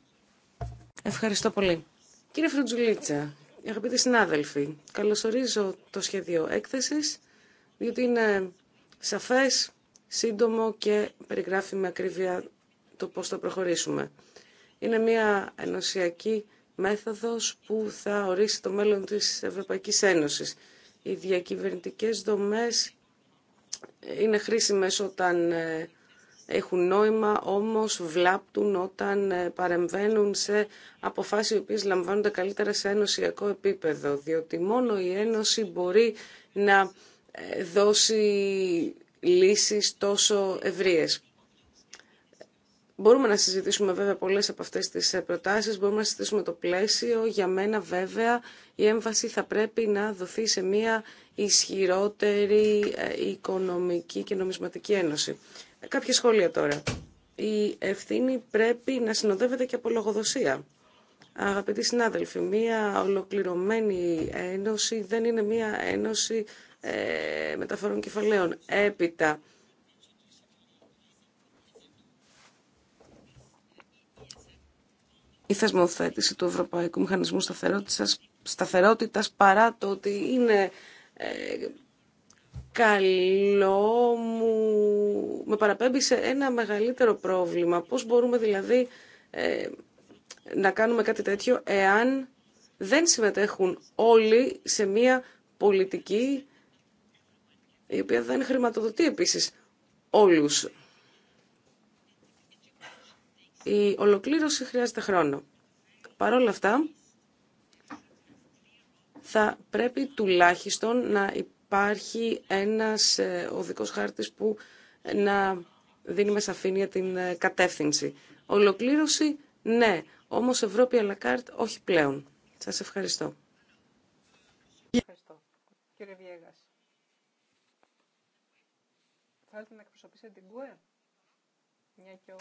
Ευχαριστώ πολύ. Κύριε Φρουτζουλίτσα, αγαπητοί συνάδελφοι, καλωσορίζω το σχέδιο έκθεσης, διότι είναι σαφές, σύντομο και περιγράφει με ακρίβεια το πώς θα προχωρήσουμε. Είναι μια ενωσιακή μέθοδος που θα ορίσει το μέλλον της Ευρωπαϊκής Ένωσης. Οι διακυβερνητικές δομές είναι χρήσιμες όταν ε, έχουν νόημα, όμως βλάπτουν όταν ε, παρεμβαίνουν σε αποφάσεις οι οποίες λαμβάνονται καλύτερα σε ενωσιακό επίπεδο, διότι μόνο η Ένωση μπορεί να ε, δώσει λύσεις τόσο ευρείες. Μπορούμε να συζητήσουμε βέβαια πολλές από αυτές τις ε, προτάσεις, μπορούμε να συζητήσουμε το πλαίσιο. Για μένα βέβαια η έμφαση θα πρέπει να δοθεί σε μια ισχυρότερη οικονομική και νομισματική ένωση. Κάποια σχόλια τώρα. Η ευθύνη πρέπει να συνοδεύεται και από λογοδοσία. Αγαπητοί συνάδελφοι, μία ολοκληρωμένη ένωση δεν είναι μία ένωση ε, μεταφορών κεφαλαίων. Έπειτα, η θεσμοθέτηση του Ευρωπαϊκού Μηχανισμού Σταθερότητας, σταθερότητας παρά το ότι είναι ε, καλό μου με παραπέμπει σε ένα μεγαλύτερο πρόβλημα. Πώς μπορούμε δηλαδή ε, να κάνουμε κάτι τέτοιο εάν δεν συμμετέχουν όλοι σε μια πολιτική η οποία δεν χρηματοδοτεί επίσης όλους. Η ολοκλήρωση χρειάζεται χρόνο. Παρ' όλα αυτά, θα πρέπει τουλάχιστον να υπάρχει ένας ε, οδικός χάρτης που ε, να δίνει με σαφήνεια την ε, κατεύθυνση. Ολοκλήρωση, ναι. Όμως Ευρώπη Αλακάρτ, όχι πλέον. Σας ευχαριστώ. Ευχαριστώ. Κύριε Βιέγας. Θέλετε να εκπροσωπήσετε την ΚΟΕ, μια και ο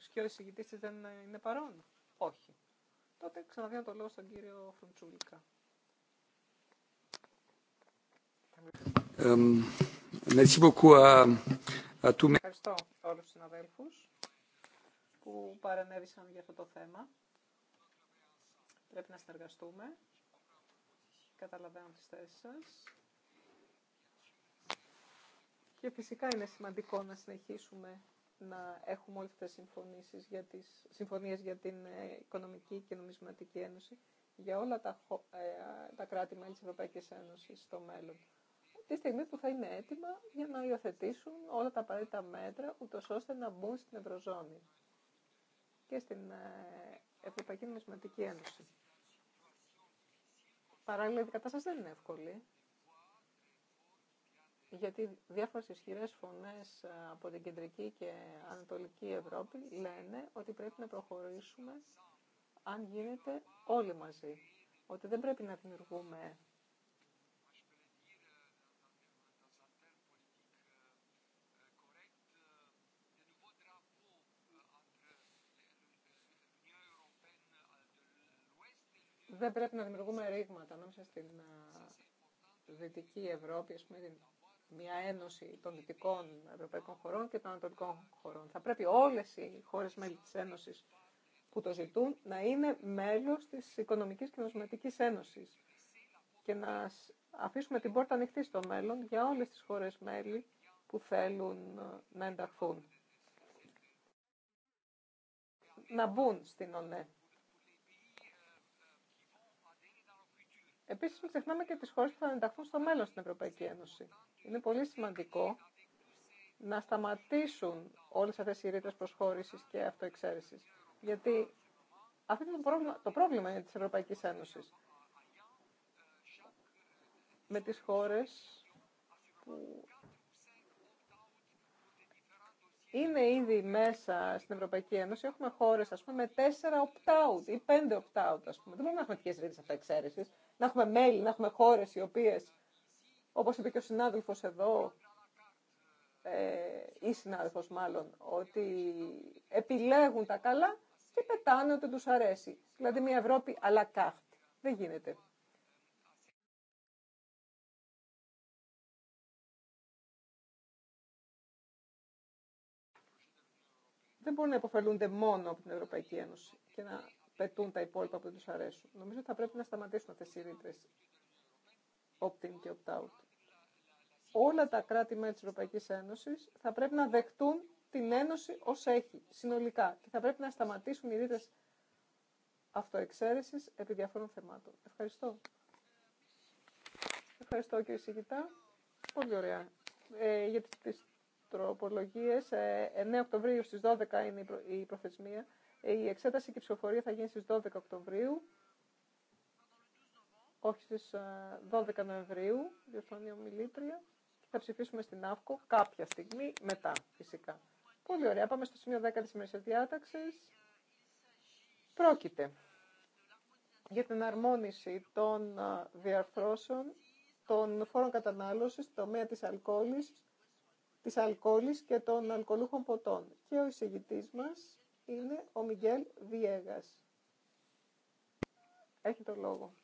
σκιώδης συγκητής δεν είναι παρόν. Όχι. Τότε ξαναδίνω το λόγο στον κύριο Φρουντσούλικα. Ευχαριστώ όλους τους συναδέλφους που παρενέβησαν για αυτό το θέμα. Πρέπει να συνεργαστούμε. Καταλαβαίνω τις θέσεις σας. Και φυσικά είναι σημαντικό να συνεχίσουμε να έχουμε όλες αυτές τις συμφωνίες για, τις, συμφωνίες για την ε, Οικονομική και Νομισματική Ένωση για όλα τα, ε, τα κράτη-μέλη της Ευρωπαϊκής Ένωσης στο μέλλον τη στιγμή που θα είναι έτοιμα για να υιοθετήσουν όλα τα απαραίτητα μέτρα, ούτως ώστε να μπουν στην Ευρωζώνη και στην ε, Ευρωπαϊκή Νομισματική Ένωση. Παράλληλα, η κατάσταση δεν είναι εύκολη, γιατί διάφορες ισχυρές φωνές ε, από την Κεντρική και Ανατολική Ευρώπη λένε ότι πρέπει να προχωρήσουμε, αν γίνεται, όλοι μαζί. Ότι δεν πρέπει να δημιουργούμε δεν πρέπει να δημιουργούμε ρήγματα ανάμεσα στην Δυτική Ευρώπη, ας πούμε, μια ένωση των δυτικών ευρωπαϊκών χωρών και των ανατολικών χωρών. Θα πρέπει όλες οι χώρες μέλη της Ένωσης που το ζητούν να είναι μέλος της Οικονομικής και Νοσηματικής Ένωσης και να αφήσουμε την πόρτα ανοιχτή στο μέλλον για όλες τις χώρες μέλη που θέλουν να ενταχθούν. Να μπουν στην ΟΝΕ. Επίση, μην ξεχνάμε και τι χώρε που θα ενταχθούν στο μέλλον στην Ευρωπαϊκή Ένωση. Είναι πολύ σημαντικό να σταματήσουν όλε αυτέ οι ρήτρε προσχώρηση και αυτοεξαίρεση. Γιατί αυτό είναι το πρόβλημα, το πρόβλημα είναι της Ευρωπαϊκής Ένωσης. Με τι χώρε που είναι ήδη μέσα στην Ευρωπαϊκή Ένωση, έχουμε χώρε με 4 opt-out ή 5 opt-out, ας πούμε. Δεν μπορούμε να έχουμε τέτοιες ρήτρε να έχουμε μέλη, να έχουμε χώρες οι οποίες, όπως είπε και ο συνάδελφος εδώ, ε, ή συνάδελφος μάλλον, ότι επιλέγουν τα καλά και πετάνε ότι τους αρέσει. Δηλαδή μια Ευρώπη αλλά la carte. Δεν γίνεται. δεν μπορούν να υποφελούνται μόνο από την Ευρωπαϊκή Ένωση και να πετούν τα υπόλοιπα που δεν του αρέσουν. Νομίζω ότι θα πρέπει να σταματήσουν αυτέ οι ρητρε opt opt-in και opt-out. Όλα τα κράτη-μέλη τη Ευρωπαϊκή Ένωση θα πρέπει να δεχτούν την Ένωση ω έχει, συνολικά. Και θα πρέπει να σταματήσουν οι ρήτρε αυτοεξαίρεση επί διαφόρων θεμάτων. Ευχαριστώ. Ευχαριστώ κύριε Σιγητά. Πολύ ωραία. Ε, για τις τροπολογίες, 9 ε, Οκτωβρίου στις 12 είναι η προθεσμία. Ε, η εξέταση και η ψηφοφορία θα γίνει στις 12 Οκτωβρίου, όχι στις 12 ε, Νοεμβρίου, διορθώνει ομιλήτρια. Θα ψηφίσουμε στην ΑΦΚΟ κάποια στιγμή μετά, φυσικά. Πολύ ωραία. Πάμε στο σημείο 10 της ημερήσιας διάταξης. Πρόκειται για την αρμόνιση των ε, διαρθρώσεων των φόρων κατανάλωσης στο τομέα της αλκοόλης, της αλκοόλης και των αλκοολούχων ποτών. Και ο εισηγητής μας είναι ο Μιγγέλ Βιέγας. Έχει το λόγο.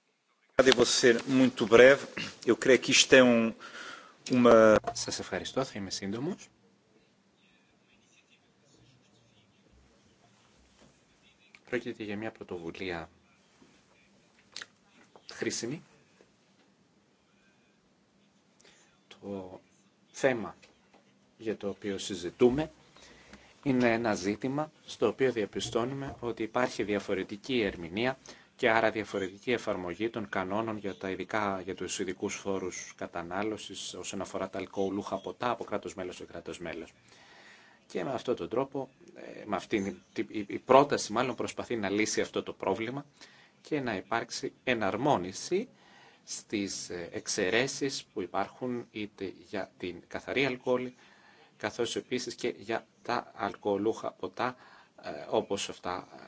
Ε, Σας ευχαριστώ, θα είμαι σύντομος. Πρόκειται για μια πρωτοβουλία χρήσιμη. Το θέμα για το οποίο συζητούμε είναι ένα ζήτημα στο οποίο διαπιστώνουμε ότι υπάρχει διαφορετική ερμηνεία και άρα διαφορετική εφαρμογή των κανόνων για, τα ειδικά, για τους ειδικού φόρους κατανάλωσης όσον αφορά τα αλκοολούχα ποτά από κράτος μέλος σε κράτος μέλος. Και με αυτόν τον τρόπο, ε, με αυτήν, η πρόταση μάλλον προσπαθεί να λύσει αυτό το πρόβλημα και να υπάρξει εναρμόνιση στις ε, εξαιρέσεις που υπάρχουν είτε για την καθαρή αλκοόλη καθώς επίσης και για τα αλκοολούχα ποτά ε, όπως αυτά ε,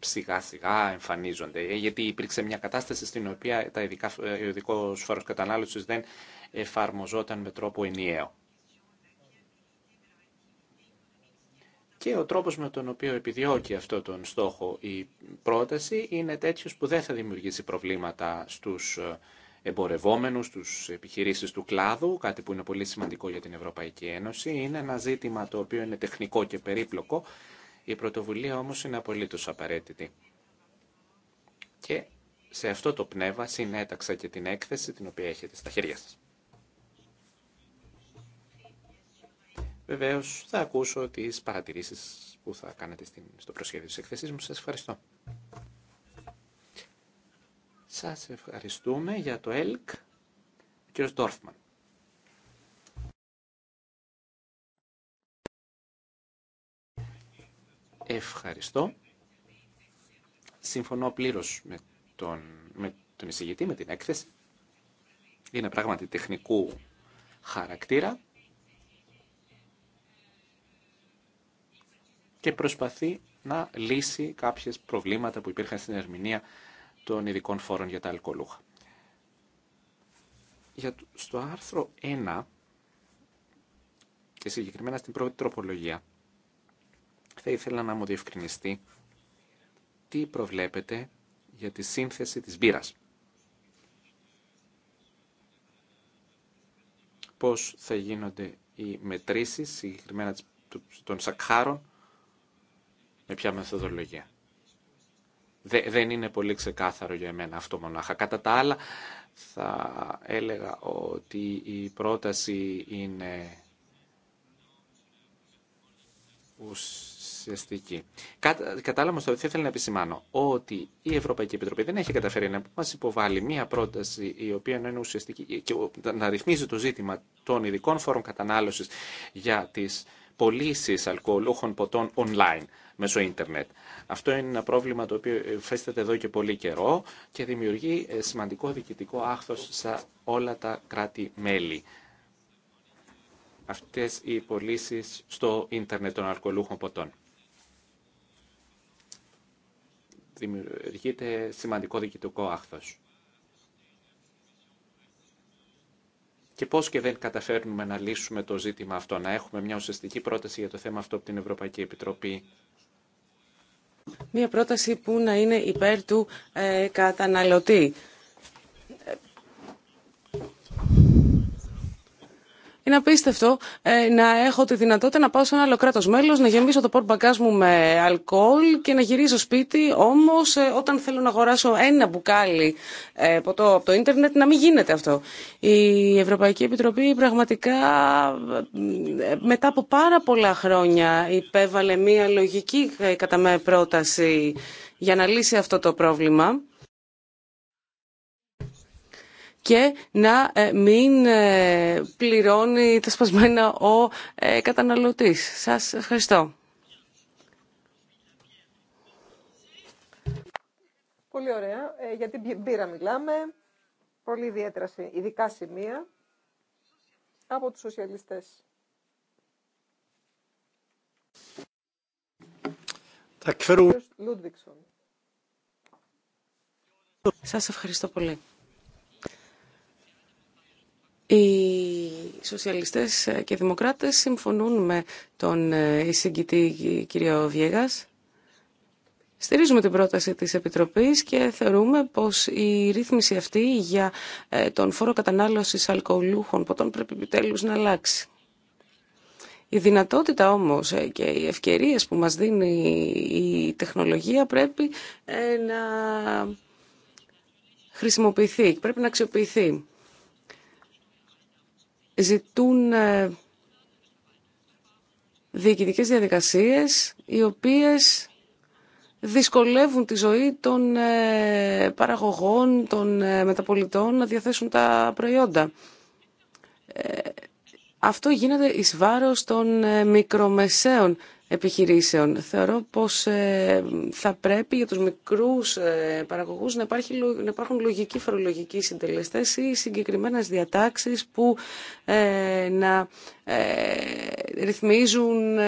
σιγά σιγά εμφανίζονται. Ε, γιατί υπήρξε μια κατάσταση στην οποία τα ο ειδικό φόρο κατανάλωση δεν εφαρμοζόταν με τρόπο ενιαίο. Και ο τρόπος με τον οποίο επιδιώκει αυτό τον στόχο η πρόταση είναι τέτοιος που δεν θα δημιουργήσει προβλήματα στους εμπορευόμενους, τους επιχειρήσεις του κλάδου, κάτι που είναι πολύ σημαντικό για την Ευρωπαϊκή Ένωση. Είναι ένα ζήτημα το οποίο είναι τεχνικό και περίπλοκο. Η πρωτοβουλία όμως είναι απολύτως απαραίτητη. Και σε αυτό το πνεύμα συνέταξα και την έκθεση την οποία έχετε στα χέρια σας. Βεβαίως θα ακούσω τις παρατηρήσεις που θα κάνετε στο προσχέδιο της εκθέσης μου. Σας ευχαριστώ. Σας ευχαριστούμε για το ΕΛΚ. Ο κύριος Ντόρφμαν. Ευχαριστώ. Συμφωνώ πλήρως με τον, με τον εισηγητή, με την έκθεση. Είναι πράγματι τεχνικού χαρακτήρα και προσπαθεί να λύσει κάποιες προβλήματα που υπήρχαν στην ερμηνεία των ειδικών φόρων για τα αλκοολούχα. Για, στο άρθρο 1 και συγκεκριμένα στην πρώτη τροπολογία θα ήθελα να μου διευκρινιστεί τι προβλέπετε για τη σύνθεση της μπύρας. Πώς θα γίνονται οι μετρήσεις συγκεκριμένα των σακχάρων με ποια μεθοδολογία δεν είναι πολύ ξεκάθαρο για εμένα αυτό μονάχα. Κατά τα άλλα, θα έλεγα ότι η πρόταση είναι ουσιαστική. Κατάλαβα όμως ότι θα ήθελα να επισημάνω ότι η Ευρωπαϊκή Επιτροπή δεν έχει καταφέρει να μας υποβάλει μία πρόταση η οποία να είναι ουσιαστική και να ρυθμίζει το ζήτημα των ειδικών φόρων κατανάλωσης για τις πωλήσει αλκοολούχων ποτών online μέσω ίντερνετ. Αυτό είναι ένα πρόβλημα το οποίο φέσταται εδώ και πολύ καιρό και δημιουργεί ε, σημαντικό διοικητικό άχθος σε όλα τα κράτη-μέλη. Αυτές οι πωλήσει στο ίντερνετ των αλκοολούχων ποτών. Δημιουργείται σημαντικό διοικητικό άχθος. Και πώς και δεν καταφέρνουμε να λύσουμε το ζήτημα αυτό, να έχουμε μια ουσιαστική πρόταση για το θέμα αυτό από την Ευρωπαϊκή Επιτροπή. Μια πρόταση που να είναι υπέρ του ε, καταναλωτή. Είναι απίστευτο ε, να έχω τη δυνατότητα να πάω σε ένα άλλο κράτο μέλο, να γεμίσω το πόρμπαγκάζ μου με αλκοόλ και να γυρίζω σπίτι. Όμω, ε, όταν θέλω να αγοράσω ένα μπουκάλι ε, ποτό από το ίντερνετ, να μην γίνεται αυτό. Η Ευρωπαϊκή Επιτροπή πραγματικά μετά από πάρα πολλά χρόνια υπέβαλε μία λογική κατά με πρόταση για να λύσει αυτό το πρόβλημα και να ε, μην ε, πληρώνει τα σπασμένα ο ε, καταναλωτής. Σας ευχαριστώ. Πολύ ωραία. για την πύρα μιλάμε. Πολύ ιδιαίτερα ειδικά σημεία από τους σοσιαλιστές. Σας ευχαριστώ πολύ. Οι σοσιαλιστές και δημοκράτες συμφωνούν με τον ε, εισηγητή κύριο Βιέγας. Στηρίζουμε την πρόταση της Επιτροπής και θεωρούμε πως η ρύθμιση αυτή για ε, τον φόρο κατανάλωσης αλκοολούχων ποτών πρέπει επιτέλους να αλλάξει. Η δυνατότητα όμως ε, και οι ευκαιρίες που μας δίνει η τεχνολογία πρέπει να χρησιμοποιηθεί, πρέπει να αξιοποιηθεί ζητούν ε, διοικητικές διαδικασίες οι οποίες δυσκολεύουν τη ζωή των ε, παραγωγών, των ε, μεταπολιτών να διαθέσουν τα προϊόντα. Αυτό γίνεται εις βάρος των μικρομεσαίων επιχειρήσεων. Θεωρώ πως ε, θα πρέπει για τους μικρούς ε, παραγωγούς να, υπάρχει, να υπάρχουν λογικοί φορολογικοί συντελεστές ή συγκεκριμένες διατάξεις που ε, να ρυθμίζουν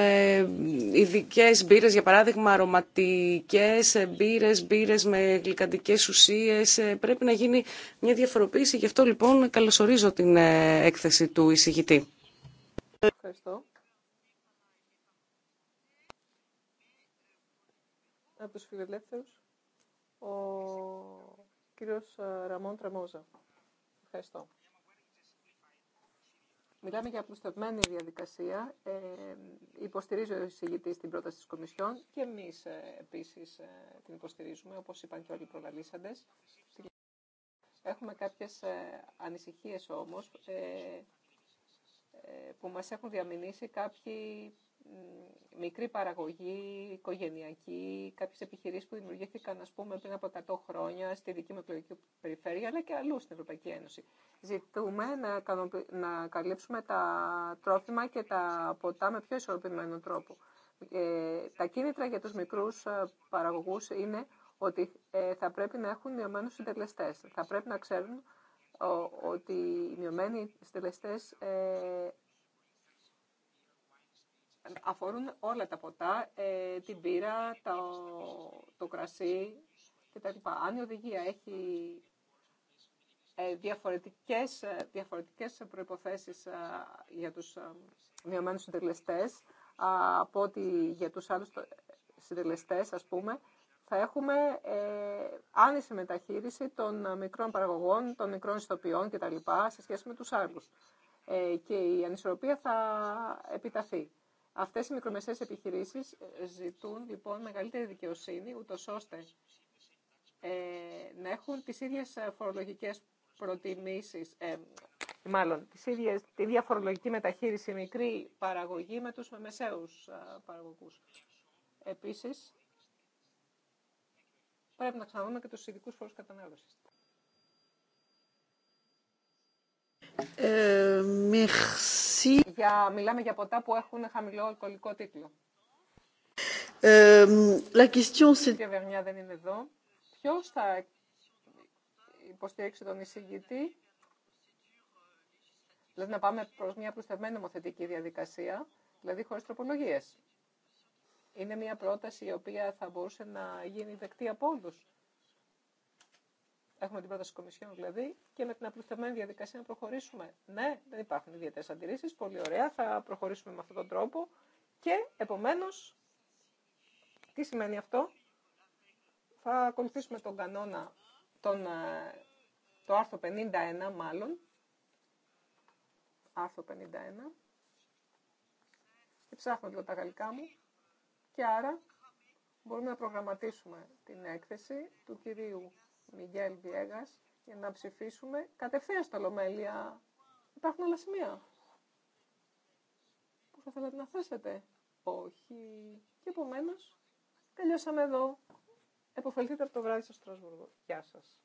ειδικέ μπύρες, για παράδειγμα αρωματικές μπύρες, μπύρες με γλυκαντικές ουσίες. Πρέπει να γίνει μια διαφοροποίηση. Γι' αυτό λοιπόν καλωσορίζω την έκθεση του εισηγητή. από τους φιλελεύθερους ο κύριος ε, Ραμόν Τραμόζα. Ευχαριστώ. Μιλάμε για απλουστευμένη διαδικασία. Ε, υποστηρίζει ο εισηγητή την πρόταση τη Κομισιόν και εμεί ε, επίση ε, την υποστηρίζουμε, όπω είπαν και όλοι οι προλαλήσαντε. Έχουμε κάποιε ανησυχίε όμω ε, που μας έχουν διαμηνήσει κάποιοι μικρή παραγωγή, οικογενειακή, κάποιε επιχειρήσεις που δημιουργήθηκαν, α πούμε, πριν από 100 χρόνια στη δική μου εκλογική περιφέρεια, αλλά και αλλού στην Ευρωπαϊκή Ένωση. Ζητούμε να, να καλύψουμε τα τρόφιμα και τα ποτά με πιο ισορροπημένο τρόπο. Ε, τα κίνητρα για τους μικρούς ε, παραγωγούς είναι ότι ε, θα πρέπει να έχουν μειωμένους συντελεστέ. Θα πρέπει να ξέρουν ότι οι μειωμένοι συντελεστές ε, αφορούν όλα τα ποτά, ε, την πύρα, το, το κρασί κτλ. Αν η οδηγία έχει ε, διαφορετικές, ε, διαφορετικές προϋποθέσεις για τους μειωμένους συντελεστές από ότι για τους άλλους συντελεστές, ας πούμε, θα έχουμε ε, μεταχείριση των μικρών παραγωγών, των μικρών ιστοποιών κτλ. σε σχέση με τους άλλους. και η ανισορροπία θα επιταθεί. Αυτές οι μικρομεσαίες επιχειρήσεις ε, ζητούν λοιπόν μεγαλύτερη δικαιοσύνη, ούτω ώστε ε, να έχουν τις ίδιε φορολογικέ προτιμήσει, ε, μάλλον τις ίδιες, τη ίδια φορολογική μεταχείριση μικρή παραγωγή με του μεσαίου ε, παραγωγού. Επίσης, πρέπει να ξαναδούμε και τους ειδικού φόρους κατανάλωσης. Ε, για, μιλάμε για ποτά που έχουν χαμηλό αλκοολικό τίτλο. Ε, la question, Η Βερνιά δεν είναι εδώ. Ποιος θα υποστηρίξει τον εισηγητή, δηλαδή να πάμε προς μια προστευμένη νομοθετική διαδικασία, δηλαδή χωρίς τροπολογίες. Είναι μια πρόταση η οποία θα μπορούσε να γίνει δεκτή από όλους. Έχουμε την πρόταση Κομισιόν δηλαδή και με την απλουστευμένη διαδικασία να προχωρήσουμε. Ναι, δεν υπάρχουν ιδιαίτερε αντιρρήσει. Πολύ ωραία. Θα προχωρήσουμε με αυτόν τον τρόπο. Και επομένω, τι σημαίνει αυτό. Θα ακολουθήσουμε τον κανόνα, τον, ε, το άρθρο 51 μάλλον. Άρθρο 51. Και ψάχνω λίγο τα γαλλικά μου. Και άρα μπορούμε να προγραμματίσουμε την έκθεση του κυρίου Μιγγέλ Βιέγα για να ψηφίσουμε κατευθείαν στα Λομέλια. Υπάρχουν άλλα σημεία που θα θέλατε να θέσετε. Όχι. Και επομένω, τελειώσαμε εδώ. Εποφελθείτε από το βράδυ στο Στρασβούργο. Γεια σας.